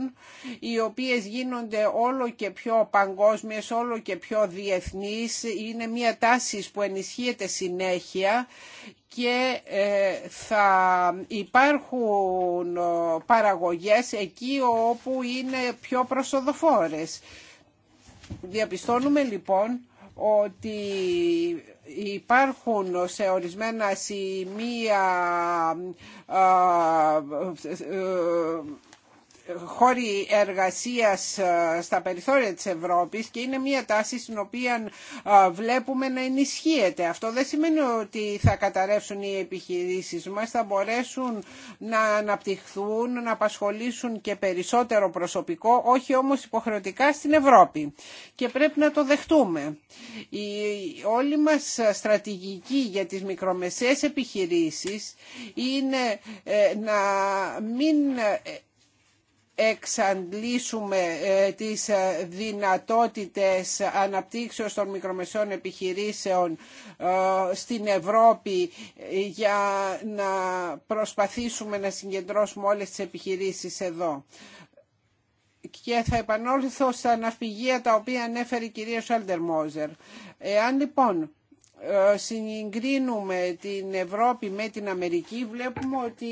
οι οποίες γίνονται όλο και πιο παγκόσμιες, όλο και πιο διεθνείς. Είναι μία τάση που ενισχύεται συνέχεια και ε, θα υπάρχουν παραγωγές εκεί όπου είναι πιο προσοδοφόρες. Διαπιστώνουμε λοιπόν ότι υπάρχουν σε ορισμένα σημεία χώροι εργασίας ε, στα περιθώρια της Ευρώπης και είναι μια τάση στην οποία ε, βλέπουμε να ενισχύεται. Αυτό δεν σημαίνει ότι θα καταρρεύσουν οι επιχειρήσεις μας, θα μπορέσουν να αναπτυχθούν, να απασχολήσουν και περισσότερο προσωπικό, όχι όμως υποχρεωτικά στην Ευρώπη. Και πρέπει να το δεχτούμε. Η όλη μας στρατηγική για τις μικρομεσαίες επιχειρήσεις είναι ε, να μην εξαντλήσουμε ε, τις ε, δυνατότητες αναπτύξεως των μικρομεσαίων επιχειρήσεων ε, στην Ευρώπη για να προσπαθήσουμε να συγκεντρώσουμε όλες τις επιχειρήσεις εδώ και θα επανόλθω στα αναφυγεία τα οποία ανέφερε η κυρία Σάλτερ Μόζερ. Εάν λοιπόν ε, συγκρίνουμε την Ευρώπη με την Αμερική βλέπουμε ότι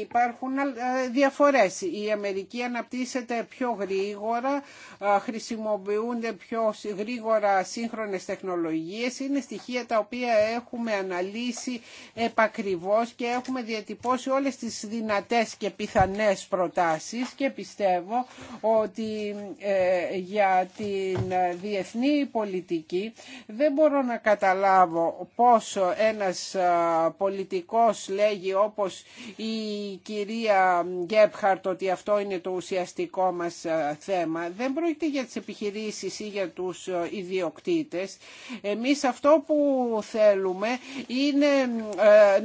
υπάρχουν ε, διαφορές. Η Αμερική αναπτύσσεται πιο γρήγορα, ε, χρησιμοποιούνται πιο γρήγορα σύγχρονες τεχνολογίες. Είναι στοιχεία τα οποία έχουμε αναλύσει επακριβώς και έχουμε διατυπώσει όλες τις δυνατές και πιθανές προτάσεις και πιστεύω ότι για την διεθνή πολιτική δεν μπορώ να καταλάβω Πώ πως ένας πολιτικός λέγει όπως η κυρία Γκέπχαρτ ότι αυτό είναι το ουσιαστικό μας θέμα. Δεν πρόκειται για τις επιχειρήσεις ή για τους ιδιοκτήτες. Εμείς αυτό που θέλουμε είναι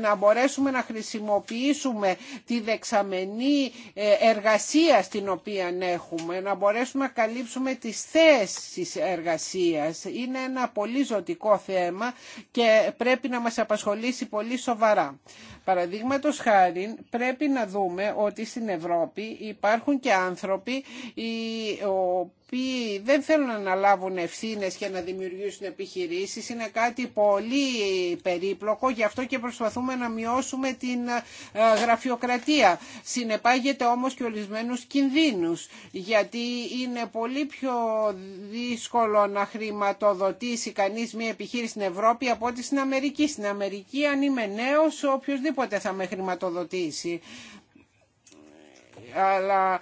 να μπορέσουμε να χρησιμοποιήσουμε τη δεξαμενή ε, εργασία στην οποία έχουμε, να μπορέσουμε να καλύψουμε τις θέσεις εργασίας. Είναι ένα πολύ ζωτικό θέμα και πρέπει να μας απασχολήσει πολύ σοβαρά. Παραδείγματος χάρη πρέπει να δούμε ότι στην Ευρώπη υπάρχουν και άνθρωποι οι οποίοι δεν θέλουν να λάβουν ευθύνες και να δημιουργήσουν επιχειρήσεις. Είναι κάτι πολύ περίπλοκο, γι' αυτό και προσπαθούμε να μειώσουμε την ε, γραφειοκρατία. Συνεπάγεται όμως και ορισμένους κινδύνους, γιατί είναι πολύ πιο δύσκολο να χρηματοδοτήσει κανείς μια επιχείρηση στην Ευρώπη από ότι στην Αμερική. Στην Αμερική αν είμαι νέος, Οπότε θα με χρηματοδοτήσει αλλά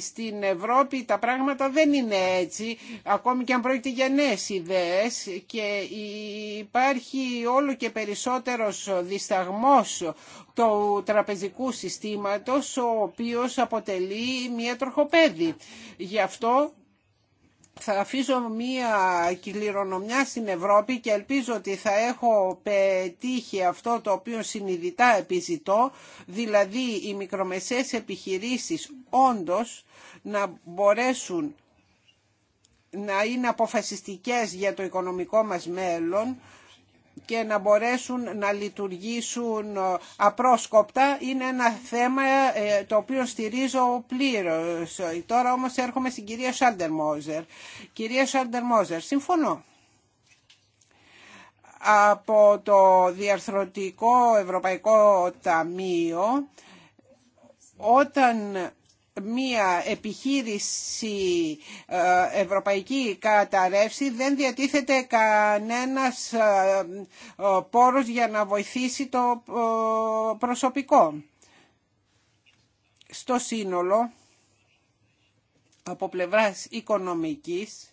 στην Ευρώπη τα πράγματα δεν είναι έτσι ακόμη και αν πρόκειται για νέες ιδέες και υπάρχει όλο και περισσότερος δισταγμός του τραπεζικού συστήματος ο οποίος αποτελεί μια τροχοπέδη. Γι' αυτό θα αφήσω μία κληρονομιά στην Ευρώπη και ελπίζω ότι θα έχω πετύχει αυτό το οποίο συνειδητά επιζητώ, δηλαδή οι μικρομεσαίες επιχειρήσεις όντως να μπορέσουν να είναι αποφασιστικές για το οικονομικό μας μέλλον και να μπορέσουν να λειτουργήσουν ε, απρόσκοπτα είναι ένα θέμα ε, το οποίο στηρίζω πλήρως. Ε, τώρα όμως έρχομαι στην κυρία Σάντερμόζερ. Κυρία Σάντερμόζερ, συμφωνώ από το Διαρθρωτικό Ευρωπαϊκό Ταμείο όταν μία επιχείρηση ε, ευρωπαϊκή καταρρεύσει δεν διατίθεται κανένας ε, ε, πόρος για να βοηθήσει το προσωπικό. Στο σύνολο, από πλευράς οικονομικής,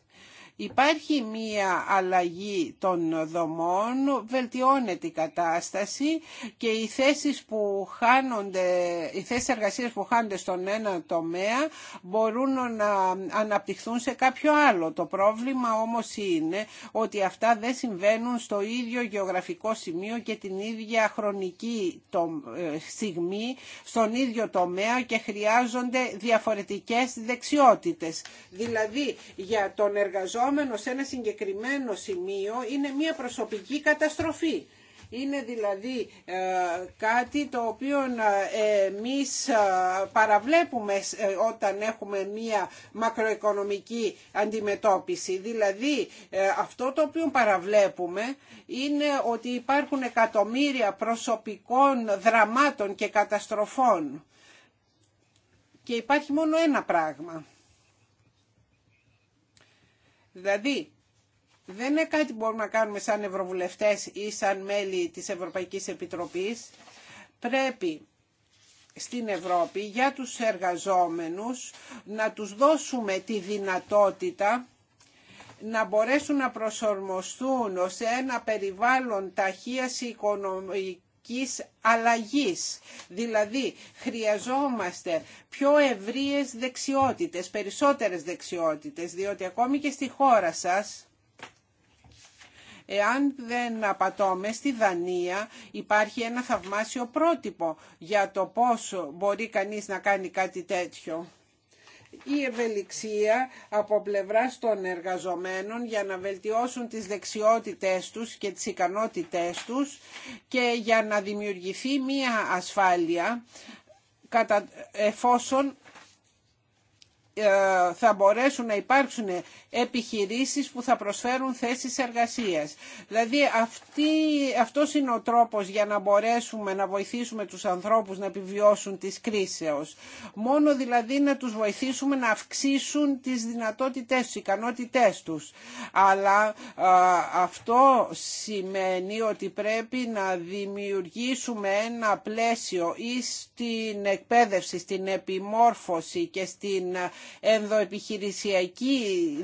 Υπάρχει μία αλλαγή των δομών, βελτιώνεται η κατάσταση και οι θέσεις, που χάνονται, οι θέσεις εργασίας που χάνονται στον ένα τομέα μπορούν να αναπτυχθούν σε κάποιο άλλο. Το πρόβλημα όμως είναι ότι αυτά δεν συμβαίνουν στο ίδιο γεωγραφικό σημείο και την ίδια χρονική ε, στιγμή, στον ίδιο τομέα και χρειάζονται διαφορετικές δεξιότητες. Δηλαδή για τον εργαζόμενο σε ένα συγκεκριμένο σημείο είναι μια προσωπική καταστροφή. Είναι δηλαδή ε, κάτι το οποίο ε, εμείς ε, παραβλέπουμε όταν έχουμε μία μακροοικονομική αντιμετώπιση. Δηλαδή αυτό το οποίο παραβλέπουμε είναι ότι υπάρχουν εκατομμύρια προσωπικών δραμάτων και καταστροφών και υπάρχει μόνο ένα πράγμα Δηλαδή, δεν είναι κάτι που μπορούμε να κάνουμε σαν ευρωβουλευτές ή σαν μέλη της Ευρωπαϊκής Επιτροπής. Πρέπει στην Ευρώπη για τους εργαζόμενους να τους δώσουμε τη δυνατότητα να μπορέσουν να προσαρμοστούν σε ένα περιβάλλον ταχείας οικονομικής αλλαγής. Δηλαδή χρειαζόμαστε πιο ευρείες δεξιότητες, περισσότερες δεξιότητες, διότι ακόμη και στη χώρα σας Εάν δεν απατώμε, στη Δανία υπάρχει ένα θαυμάσιο πρότυπο για το πώς μπορεί κανείς να κάνει κάτι τέτοιο η ευελιξία από πλευράς των εργαζομένων για να βελτιώσουν τις δεξιότητές τους και τις ικανότητές τους και για να δημιουργηθεί μία ασφάλεια κατά, εφόσον ε, θα μπορέσουν να υπάρξουν επιχειρήσεις που θα προσφέρουν θέσεις εργασίας. Δηλαδή αυτή, αυτός είναι ο τρόπος για να μπορέσουμε να βοηθήσουμε τους ανθρώπους να επιβιώσουν της κρίσεως. Μόνο δηλαδή να τους βοηθήσουμε να αυξήσουν τις δυνατότητές, τις ικανότητές τους. Αλλά ε, αυτό σημαίνει ότι πρέπει να δημιουργήσουμε ένα πλαίσιο ή στην εκπαίδευση, στην επιμόρφωση και στην ενδοεπιχειρησιακή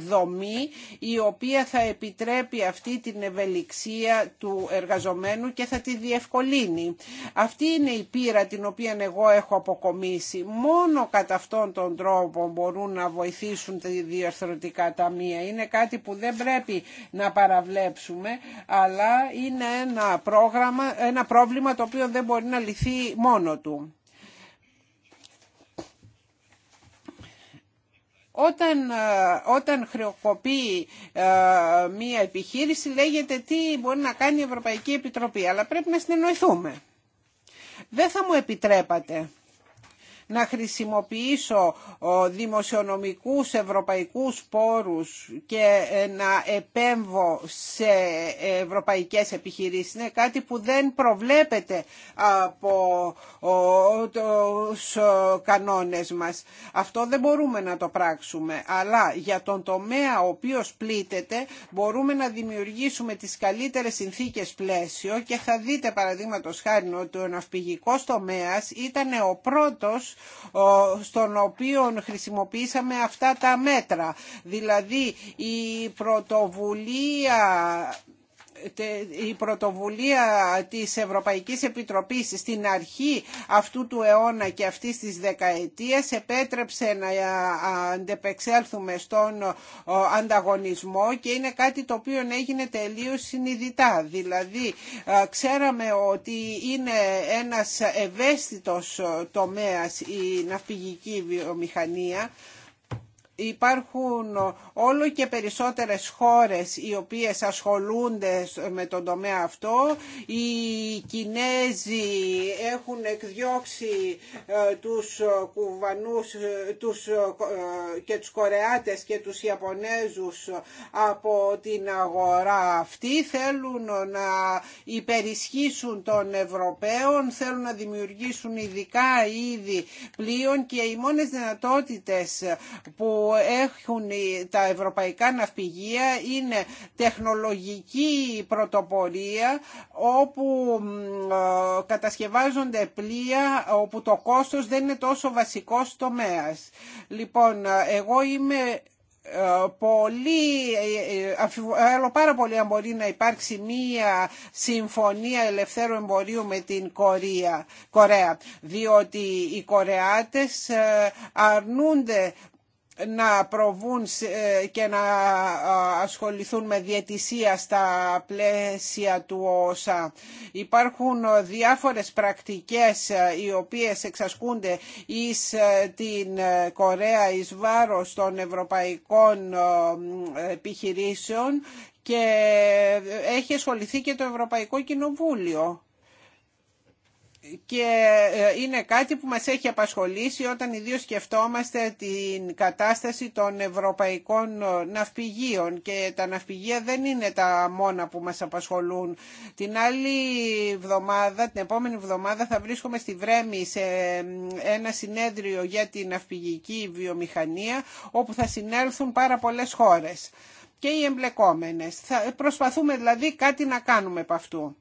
δομή η οποία θα επιτρέπει αυτή την ευελιξία του εργαζομένου και θα τη διευκολύνει. Αυτή είναι η πείρα την οποία εγώ έχω αποκομίσει. Μόνο κατά αυτόν τον τρόπο μπορούν να βοηθήσουν τα ιδιορθρωτικά ταμεία. Είναι κάτι που δεν πρέπει να παραβλέψουμε, αλλά είναι ένα, πρόγραμμα, ένα πρόβλημα το οποίο δεν μπορεί να λυθεί μόνο του. Όταν, ε, όταν χρεοκοπεί ε, μία επιχείρηση λέγεται τι μπορεί να κάνει η Ευρωπαϊκή Επιτροπή, αλλά πρέπει να συνεννοηθούμε. Δεν θα μου επιτρέπατε να χρησιμοποιήσω δημοσιονομικούς ευρωπαϊκούς πόρους και ε, να επέμβω σε ευρωπαϊκές επιχειρήσεις. Είναι κάτι που δεν προβλέπεται από τους κανόνες μας. Αυτό δεν μπορούμε να το πράξουμε, αλλά για τον τομέα ο οποίος πλήττεται μπορούμε να δημιουργήσουμε τις καλύτερες συνθήκες πλαίσιο και θα δείτε παραδείγματος χάρη ότι ο ναυπηγικός τομέας ήταν ο πρώτος στον οποίο χρησιμοποίησαμε αυτά τα μέτρα. Δηλαδή η πρωτοβουλία η πρωτοβουλία της Ευρωπαϊκής Επιτροπής στην αρχή αυτού του αιώνα και αυτής της δεκαετίας επέτρεψε να αντεπεξέλθουμε στον ανταγωνισμό και είναι κάτι το οποίο έγινε τελείως συνειδητά. Δηλαδή ξέραμε ότι είναι ένας ευαίσθητος τομέας η ναυπηγική βιομηχανία υπάρχουν όλο και περισσότερες χώρες οι οποίες ασχολούνται με τον τομέα αυτό. Οι Κινέζοι έχουν εκδιώξει ε, τους Κουβανούς ε, τους, ε, και τους Κορεάτες και τους Ιαπωνέζους από την αγορά αυτή. Θέλουν να υπερισχύσουν των Ευρωπαίων, θέλουν να δημιουργήσουν ειδικά είδη πλοίων και οι μόνες δυνατότητες που έχουν τα ευρωπαϊκά ναυπηγεία είναι τεχνολογική πρωτοπορία όπου ε, κατασκευάζονται πλοία όπου το κόστος δεν είναι τόσο βασικός τομέας. Λοιπόν, ε, εγώ είμαι ε, πολύ, αφιβάλλω πάρα πολύ αν μπορεί να υπάρξει μία συμφωνία ελευθέρου εμπορίου με την Κορέα διότι οι Κορεάτες αρνούνται να προβούν ε, και να ε, ασχοληθούν με διαιτησία στα πλαίσια του ΟΣΑ. Υπάρχουν ε, διάφορες πρακτικές οι οποίες εξασκούνται εις την Κορέα εις βάρος των ευρωπαϊκών επιχειρήσεων και έχει ασχοληθεί και το Ευρωπαϊκό Κοινοβούλιο και ε, είναι κάτι που μας έχει απασχολήσει όταν ιδίως σκεφτόμαστε την κατάσταση των ευρωπαϊκών ε, ναυπηγείων και τα ναυπηγεία δεν είναι τα μόνα που μας απασχολούν. Την άλλη εβδομάδα, την επόμενη εβδομάδα θα βρίσκομαι στη Βρέμη σε ένα συνέδριο για την ναυπηγική βιομηχανία όπου θα συνέλθουν πάρα πολλές χώρες και οι εμπλεκόμενες. Θα προσπαθούμε δηλαδή κάτι να κάνουμε από αυτού.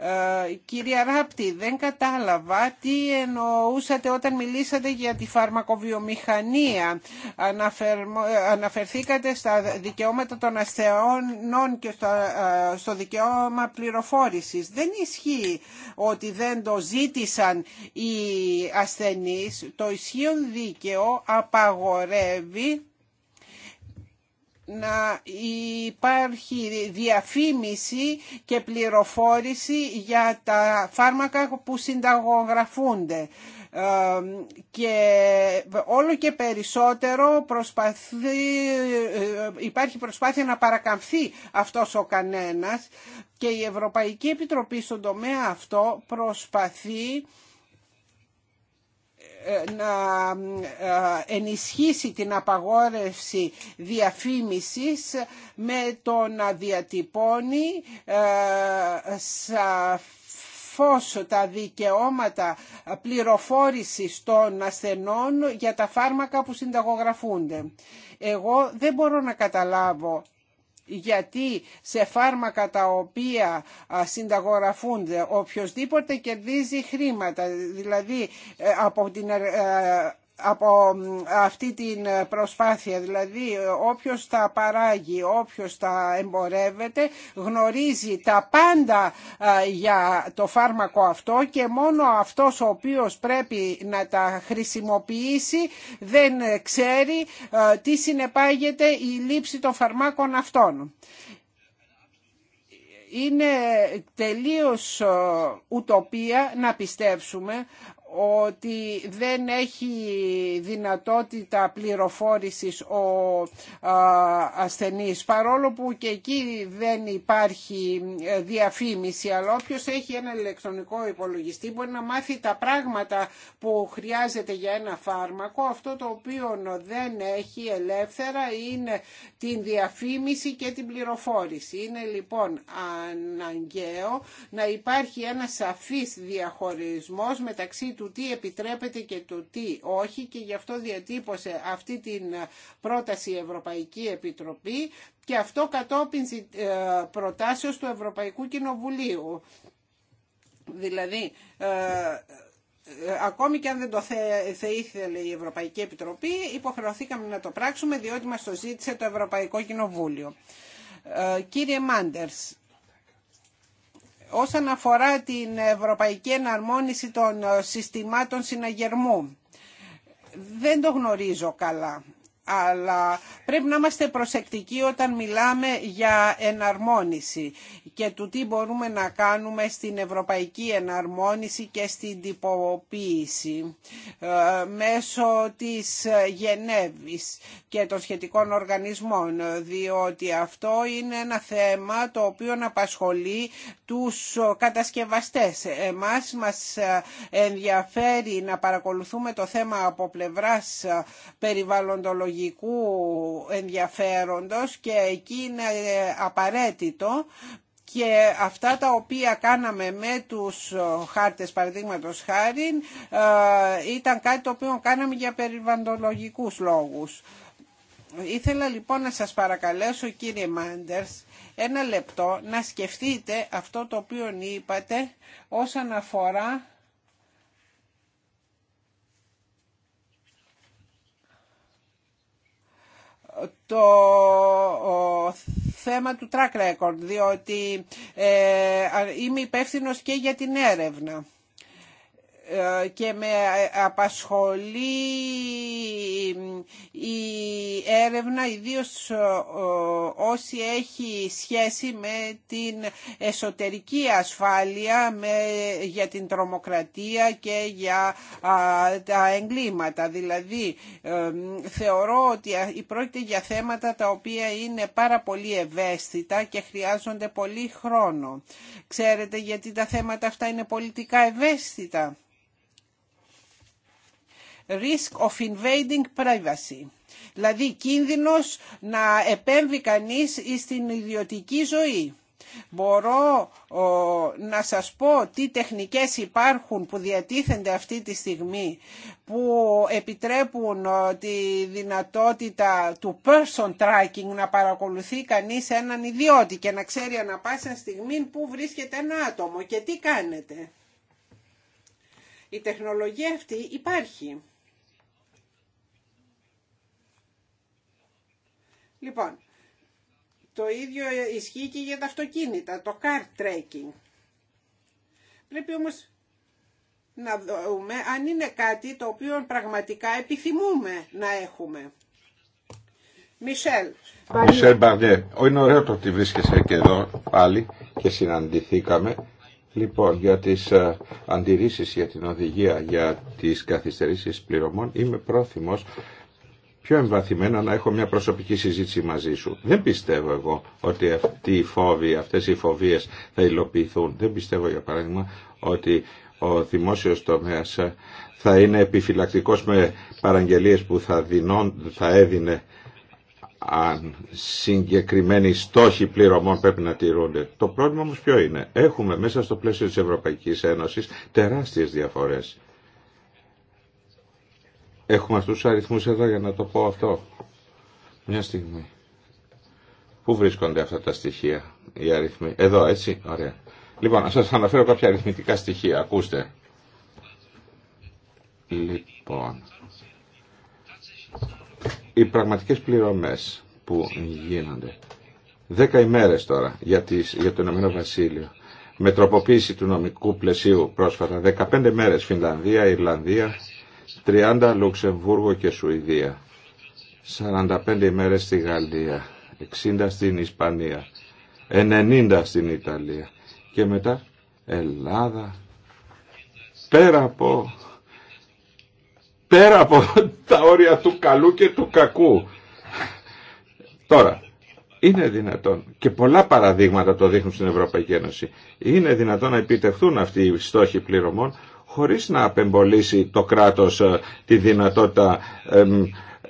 Ε, Κυρία Ράπτη, δεν κατάλαβα τι εννοούσατε όταν μιλήσατε για τη φαρμακοβιομηχανία. Ε, αναφερθήκατε στα δικαιώματα των ασθενών και ε, στο δικαιώμα πληροφόρησης. Δεν ισχύει ότι δεν το ζήτησαν οι ασθενείς. Το ισχύον δίκαιο απαγορεύει να υπάρχει διαφήμιση και πληροφόρηση για τα φάρμακα που συνταγογραφούνται και όλο και περισσότερο προσπαθεί, ε, υπάρχει προσπάθεια να παρακαμφθεί αυτός ο κανένας και η Ευρωπαϊκή Επιτροπή στον τομέα αυτό προσπαθεί να ε, ενισχύσει την απαγόρευση διαφήμισης με το να διατυπώνει ε, σαφώς τα δικαιώματα πληροφόρησης των ασθενών για τα φάρμακα που συνταγογραφούνται. Εγώ δεν μπορώ να καταλάβω γιατί σε φάρμακα τα οποία συνταγογραφούνται οποιοδήποτε κερδίζει χρήματα δηλαδή ε, από την ε, από αυτή την προσπάθεια. Δηλαδή όποιος τα παράγει, όποιος τα εμπορεύεται γνωρίζει τα πάντα για το φάρμακο αυτό και μόνο αυτός ο οποίος πρέπει να τα χρησιμοποιήσει δεν ξέρει τι συνεπάγεται η λήψη των φαρμάκων αυτών είναι τελείως ουτοπία να πιστέψουμε ότι δεν έχει δυνατότητα πληροφόρησης ο ασθενής παρόλο που και εκεί δεν υπάρχει ε, διαφήμιση αλλά όποιος έχει ένα ηλεκτρονικό υπολογιστή μπορεί να μάθει τα πράγματα που χρειάζεται για ένα φάρμακο αυτό το οποίο δεν έχει ελεύθερα είναι την διαφήμιση και την πληροφόρηση είναι λοιπόν αναγκαίο να υπάρχει ένα σαφής διαχωρισμός μεταξύ του τι επιτρέπεται και του τι όχι και γι' αυτό διατύπωσε αυτή την ε, πρόταση η Ευρωπαϊκή Επιτροπή και αυτό κατόπιν ε, προτάσεως του Ευρωπαϊκού Κοινοβουλίου. Δηλαδή, ε, ακόμη και αν δεν το θε ήθελε η Ευρωπαϊκή Επιτροπή, υποχρεωθήκαμε να το πράξουμε διότι μας το ζήτησε το Ευρωπαϊκό Κοινοβούλιο. Κύριε Μάντερς, όσον αφορά την ευρωπαϊκή εναρμόνιση των συστημάτων συναγερμού. Δεν το γνωρίζω καλά αλλά πρέπει να είμαστε προσεκτικοί όταν μιλάμε για εναρμόνιση και του τι μπορούμε να κάνουμε στην ευρωπαϊκή εναρμόνιση και στην τυποποίηση ε, μέσω της Γενέβης και των σχετικών οργανισμών διότι αυτό είναι ένα θέμα το οποίο απασχολεί τους κατασκευαστές. Εμάς μας ενδιαφέρει να παρακολουθούμε το θέμα από πλευράς περιβαλλοντολογικής ενδιαφέροντος και εκεί είναι ε, απαραίτητο και αυτά τα οποία κάναμε με τους ε, χάρτες παραδείγματο χάρη ε, ήταν κάτι το οποίο κάναμε για περιβαντολογικούς λόγους. Ήθελα λοιπόν να σας παρακαλέσω κύριε Μάντερς ένα λεπτό να σκεφτείτε αυτό το οποίο είπατε όσον αφορά το θέμα του track record, διότι ε, είμαι υπεύθυνος και για την έρευνα και με απασχολεί η έρευνα ιδίως όσοι έχει σχέση με την εσωτερική ασφάλεια με, για την τρομοκρατία και για τα εγκλήματα. Δηλαδή θεωρώ ότι πρόκειται για θέματα τα οποία είναι πάρα πολύ ευαίσθητα και χρειάζονται πολύ χρόνο. Ξέρετε γιατί τα θέματα αυτά είναι πολιτικά ευαίσθητα risk of invading privacy. Δηλαδή κίνδυνος να επέμβει κανείς στην ιδιωτική ζωή. Μπορώ να σας πω τι τεχνικές υπάρχουν που διατίθενται αυτή τη στιγμή που επιτρέπουν τη δυνατότητα του person tracking να παρακολουθεί κανείς έναν ιδιώτη και να ξέρει ανα πάσα στιγμή που βρίσκεται ένα άτομο και τι κάνετε. Η τεχνολογία αυτή υπάρχει. Λοιπόν, το ίδιο ισχύει και για τα αυτοκίνητα, το car tracking. Πρέπει όμως να δούμε αν είναι κάτι το οποίο πραγματικά επιθυμούμε να έχουμε. Μισελ. Μισελ Μπαρνιέ, είναι ωραίο το ότι βρίσκεσαι και εδώ πάλι και συναντηθήκαμε. Λοιπόν, για τις ε, αντιρρήσεις για την οδηγία για τις καθυστερήσεις πληρωμών είμαι πρόθυμος πιο εμβαθυμένα να έχω μια προσωπική συζήτηση μαζί σου. Δεν πιστεύω εγώ ότι αυτοί οι φόβοι, αυτές οι φοβίες θα υλοποιηθούν. Δεν πιστεύω για παράδειγμα ότι ο δημόσιος τομέας θα είναι επιφυλακτικός με παραγγελίες που θα, δινών, θα έδινε αν συγκεκριμένοι στόχοι πληρωμών πρέπει να τηρούνται. Το πρόβλημα όμως ποιο είναι. Έχουμε μέσα στο πλαίσιο της Ευρωπαϊκής Ένωσης τεράστιες διαφορές Έχουμε αυτού του αριθμούς εδώ για να το πω αυτό. Μια στιγμή. Πού βρίσκονται αυτά τα στοιχεία, οι αριθμοί. Εδώ, έτσι, ωραία. Λοιπόν, να σα αναφέρω κάποια αριθμητικά στοιχεία. Ακούστε. Λοιπόν, οι πραγματικές πληρωμές που γίνονται. Δέκα ημέρες τώρα για, τις, για το Ηνωμένο Βασίλειο. Με τροποποίηση του νομικού πλαισίου πρόσφατα. 15 μέρες Φινλανδία, Ιρλανδία, 30 Λουξεμβούργο και Σουηδία, 45 ημέρες στη Γαλλία, 60 στην Ισπανία, 90 στην Ιταλία και μετά Ελλάδα, πέρα από, πέρα από τα όρια του καλού και του κακού. Τώρα, είναι δυνατόν και πολλά παραδείγματα το δείχνουν στην Ευρωπαϊκή Ένωση. Είναι δυνατόν να επιτευχθούν αυτοί οι στόχοι πληρωμών χωρίς να απεμπολίσει το κράτος ε, τη δυνατότητα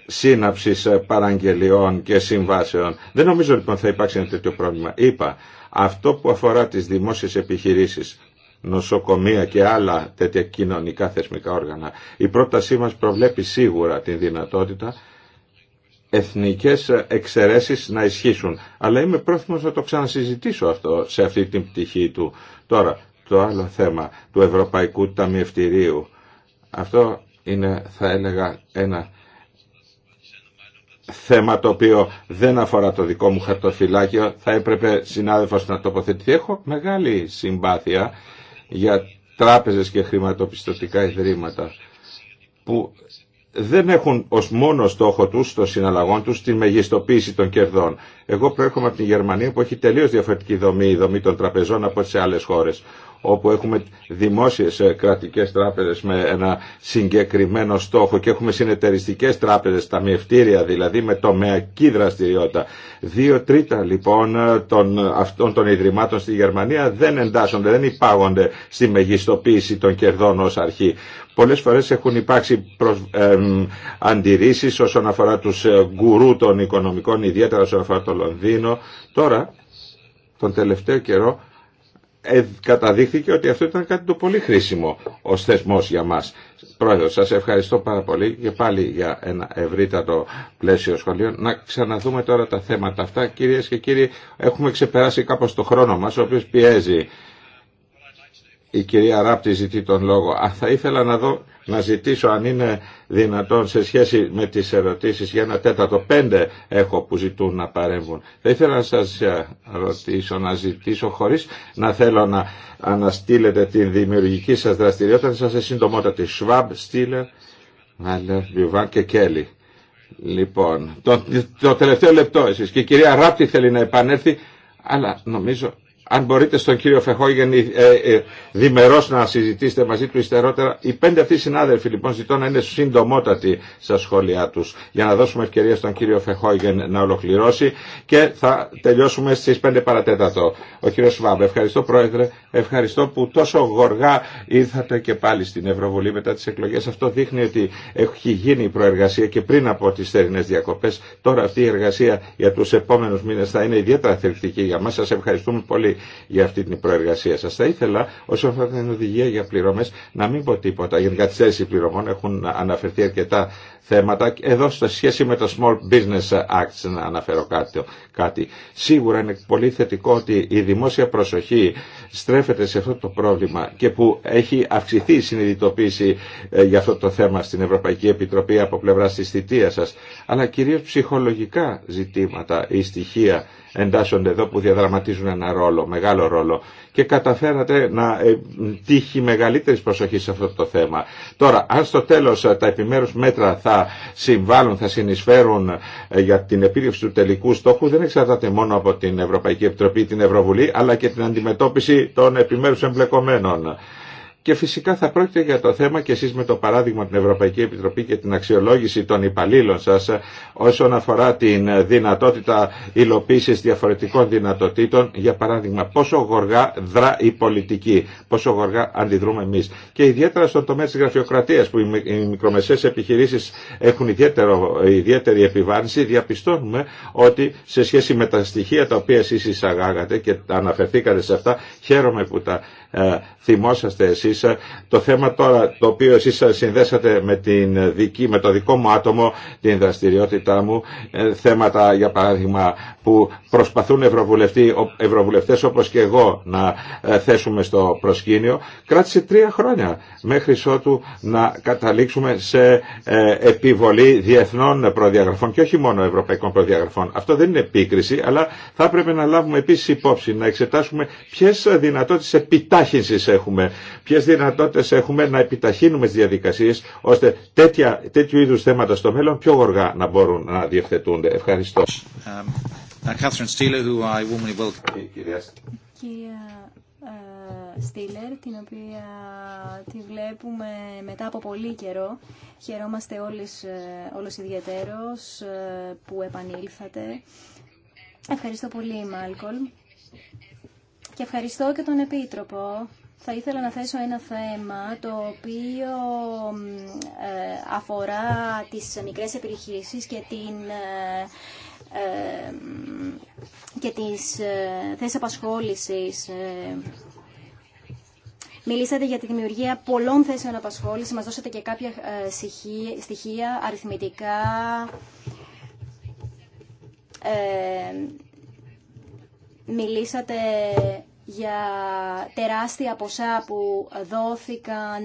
σύναψης ε, παραγγελιών και συμβάσεων. Δεν νομίζω λοιπόν θα υπάρξει ένα τέτοιο πρόβλημα. Είπα, αυτό που αφορά τις δημόσιες επιχειρήσεις, νοσοκομεία και άλλα τέτοια κοινωνικά θεσμικά όργανα, η πρότασή μας προβλέπει σίγουρα την δυνατότητα εθνικές ε, εξαιρέσεις να ισχύσουν. Αλλά είμαι πρόθυμος να το ξανασυζητήσω αυτό σε αυτή την πτυχή του. Τώρα, το άλλο θέμα του Ευρωπαϊκού Ταμιευτηρίου. Αυτό είναι, θα έλεγα, ένα θέμα το οποίο δεν αφορά το δικό μου χαρτοφυλάκιο. Θα έπρεπε, συνάδελφος, να τοποθετηθεί. Έχω μεγάλη συμπάθεια για τράπεζες και χρηματοπιστωτικά ιδρύματα που δεν έχουν ως μόνο στόχο τους των συναλλαγών τους τη μεγιστοποίηση των κερδών. Εγώ προέρχομαι από την Γερμανία που έχει τελείως διαφορετική δομή η δομή των τραπεζών από τις άλλες χώρες όπου έχουμε δημόσιες ε, κρατικές τράπεζες με ένα συγκεκριμένο στόχο και έχουμε συνεταιριστικές τράπεζες, ταμιευτήρια δηλαδή με τομεακή δραστηριότητα. Δύο τρίτα λοιπόν ε, ε, αυτών των ιδρυμάτων στη Γερμανία δεν εντάσσονται, δεν υπάγονται στη μεγιστοποίηση των κερδών ως αρχή. Πολλές φορές έχουν υπάρξει αντιρρήσεις όσον αφορά τους γκουρού των οικονομικών, ιδιαίτερα όσον αφορά το Λονδίνο. Τώρα, τον τελευταίο καιρό, ε, καταδείχθηκε ότι αυτό ήταν κάτι το πολύ χρήσιμο ως θεσμός για μας. Πρόεδρο, σας ευχαριστώ πάρα πολύ και πάλι για ένα ευρύτατο πλαίσιο σχολείων. Να ξαναδούμε τώρα τα θέματα αυτά. Κυρίες και κύριοι, έχουμε ξεπεράσει κάπως το χρόνο μας, ο οποίος πιέζει. Η κυρία Ράπτη ζητεί τον λόγο. Α, θα ήθελα να δω να ζητήσω αν είναι δυνατόν σε σχέση με τις ερωτήσεις για ένα τέταρτο. Πέντε έχω που ζητούν να παρέμβουν. Θα ήθελα να σας ε, ρωτήσω, να ζητήσω χωρίς να θέλω να αναστείλετε την δημιουργική σας δραστηριότητα. να σας σε συντομότατη. Σβάμπ, Στήλερ, Μάλερ, Βιουβάν και Κέλλη. Λοιπόν, το, το τελευταίο λεπτό εσείς και η κυρία Ράπτη θέλει να επανέλθει αλλά νομίζω αν μπορείτε στον κύριο Φεχόγεν ε, ε να συζητήσετε μαζί του υστερότερα. Οι πέντε αυτοί συνάδελφοι λοιπόν ζητώ να είναι συντομότατοι στα σχόλιά τους για να δώσουμε ευκαιρία στον κύριο Φεχόγεν να ολοκληρώσει και θα τελειώσουμε στις πέντε παρατέτατο. Ο κύριος Σβάμπ, ευχαριστώ πρόεδρε, ευχαριστώ που τόσο γοργά ήρθατε και πάλι στην Ευρωβουλή μετά τις εκλογές. Αυτό δείχνει ότι έχει γίνει η προεργασία και πριν από τις θερινές διακοπές. Τώρα αυτή η εργασία για τους επόμενους μήνες θα είναι ιδιαίτερα θελκτική για μας. Σας ευχαριστούμε πολύ για αυτή την προεργασία σα. Θα ήθελα όσον αφορά την οδηγία για πληρωμές να μην πω τίποτα. για τις θέσεις πληρωμών έχουν αναφερθεί αρκετά θέματα. Εδώ στο σχέση με το Small Business Act να αναφέρω κάτι. Σίγουρα είναι πολύ θετικό ότι η δημόσια προσοχή στρέφεται σε αυτό το πρόβλημα και που έχει αυξηθεί η συνειδητοποίηση ε, για αυτό το θέμα στην Ευρωπαϊκή Επιτροπή από πλευρά τη θητεία σα, αλλά κυρίω ψυχολογικά ζητήματα ή στοιχεία εντάσσονται εδώ που διαδραματίζουν ένα ρόλο, μεγάλο ρόλο και καταφέρατε να ε, τύχει μεγαλύτερης προσοχής σε αυτό το θέμα. Τώρα, αν στο τέλος ε, τα επιμέρους μέτρα θα συμβάλλουν, θα συνεισφέρουν ε, για την επίρρευση του τελικού στόχου, δεν εξαρτάται μόνο από την Ευρωπαϊκή Επιτροπή, την Ευρωβουλή, αλλά και την αντιμετώπιση των επιμέρους εμπλεκομένων. Και φυσικά θα πρόκειται για το θέμα και εσείς με το παράδειγμα την Ευρωπαϊκή Επιτροπή και την αξιολόγηση των υπαλλήλων σας ε, όσον αφορά την δυνατότητα υλοποίηση διαφορετικών δυνατοτήτων. Για παράδειγμα, πόσο γοργά δρά η πολιτική, πόσο γοργά αντιδρούμε εμείς. Και ιδιαίτερα στον τομέα της γραφειοκρατίας που οι μικρομεσαίες επιχειρήσεις έχουν ιδιαίτερη επιβάρυνση, διαπιστώνουμε ότι σε σχέση με τα στοιχεία τα οποία εσεί εισαγάγατε και αναφερθήκατε σε αυτά, χαίρομαι που τα ε, θυμόσαστε εσείς ε, το θέμα τώρα το οποίο εσείς ε, συνδέσατε με, την δική, με το δικό μου άτομο την δραστηριότητά μου θέματα για παράδειγμα που προσπαθούν ευρωβουλευτέ, ευρωβουλευτές όπως και εγώ να θέσουμε στο προσκήνιο κράτησε τρία χρόνια μέχρι ότου να καταλήξουμε σε επιβολή διεθνών προδιαγραφών και όχι μόνο ευρωπαϊκών προδιαγραφών. Αυτό δεν είναι επίκριση αλλά θα έπρεπε να λάβουμε επίσης υπόψη να εξετάσουμε ποιες δυνατότητες επιτά επιτάχυνση έχουμε, ποιες δυνατότητες έχουμε να επιταχύνουμε τις διαδικασίες ώστε τέτοια, τέτοιου είδους θέματα στο μέλλον πιο γοργά να μπορούν να διευθετούνται. Ευχαριστώ. Um, uh, ε, Στήλερ, την οποία τη βλέπουμε μετά από πολύ καιρό. Χαιρόμαστε όλες, ε, όλος ιδιαίτερος ε, που επανήλθατε. Ευχαριστώ πολύ, Μάλκολ. Και ευχαριστώ και τον Επίτροπο. Θα ήθελα να θέσω ένα θέμα το οποίο ε, αφορά τις μικρές επιχειρήσεις και την ε, ε, και τις θέσεις απασχόλησης. Μιλήσατε για τη δημιουργία πολλών θέσεων απασχόλησης, μας δώσατε και κάποια στοιχεία αριθμητικά Μιλήσατε για τεράστια ποσά που δόθηκαν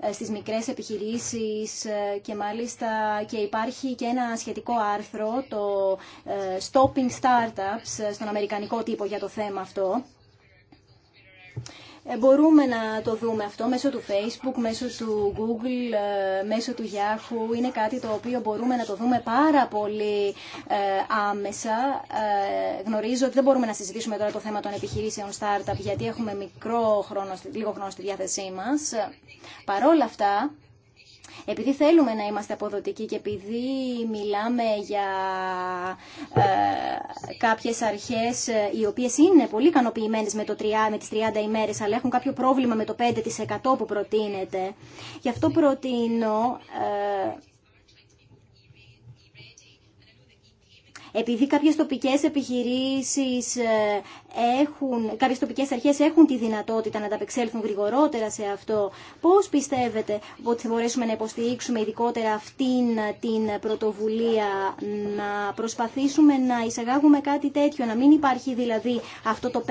ε, στις μικρές επιχειρήσεις ε, και μάλιστα και υπάρχει και ένα σχετικό άρθρο, το ε, Stopping Startups, στον αμερικανικό τύπο για το θέμα αυτό. Ε, μπορούμε να το δούμε αυτό μέσω του Facebook, μέσω του Google, ε, μέσω του Yahoo. Είναι κάτι το οποίο μπορούμε να το δούμε πάρα πολύ ε, άμεσα. Γνωρίζω ότι δεν μπορούμε να συζητήσουμε τώρα το θέμα των επιχειρήσεων startup γιατί έχουμε μικρό χρόνο, λίγο χρόνο στη διάθεσή μας. Παρόλα αυτά, επειδή θέλουμε να είμαστε αποδοτικοί και επειδή μιλάμε για ε, κάποιες αρχές ε, οι οποίες είναι πολύ ικανοποιημένε με, το 30, με τις 30 ημέρες αλλά έχουν κάποιο πρόβλημα με το 5% που προτείνεται. Γι' αυτό προτείνω... Ε, Επειδή κάποιες τοπικές επιχειρήσεις ε, έχουν, κάποιες τοπικές αρχές έχουν τη δυνατότητα να ανταπεξέλθουν γρηγορότερα σε αυτό, πώς πιστεύετε ότι θα μπορέσουμε να υποστηρίξουμε ειδικότερα αυτήν την πρωτοβουλία, να προσπαθήσουμε να εισαγάγουμε κάτι τέτοιο, να μην υπάρχει δηλαδή αυτό το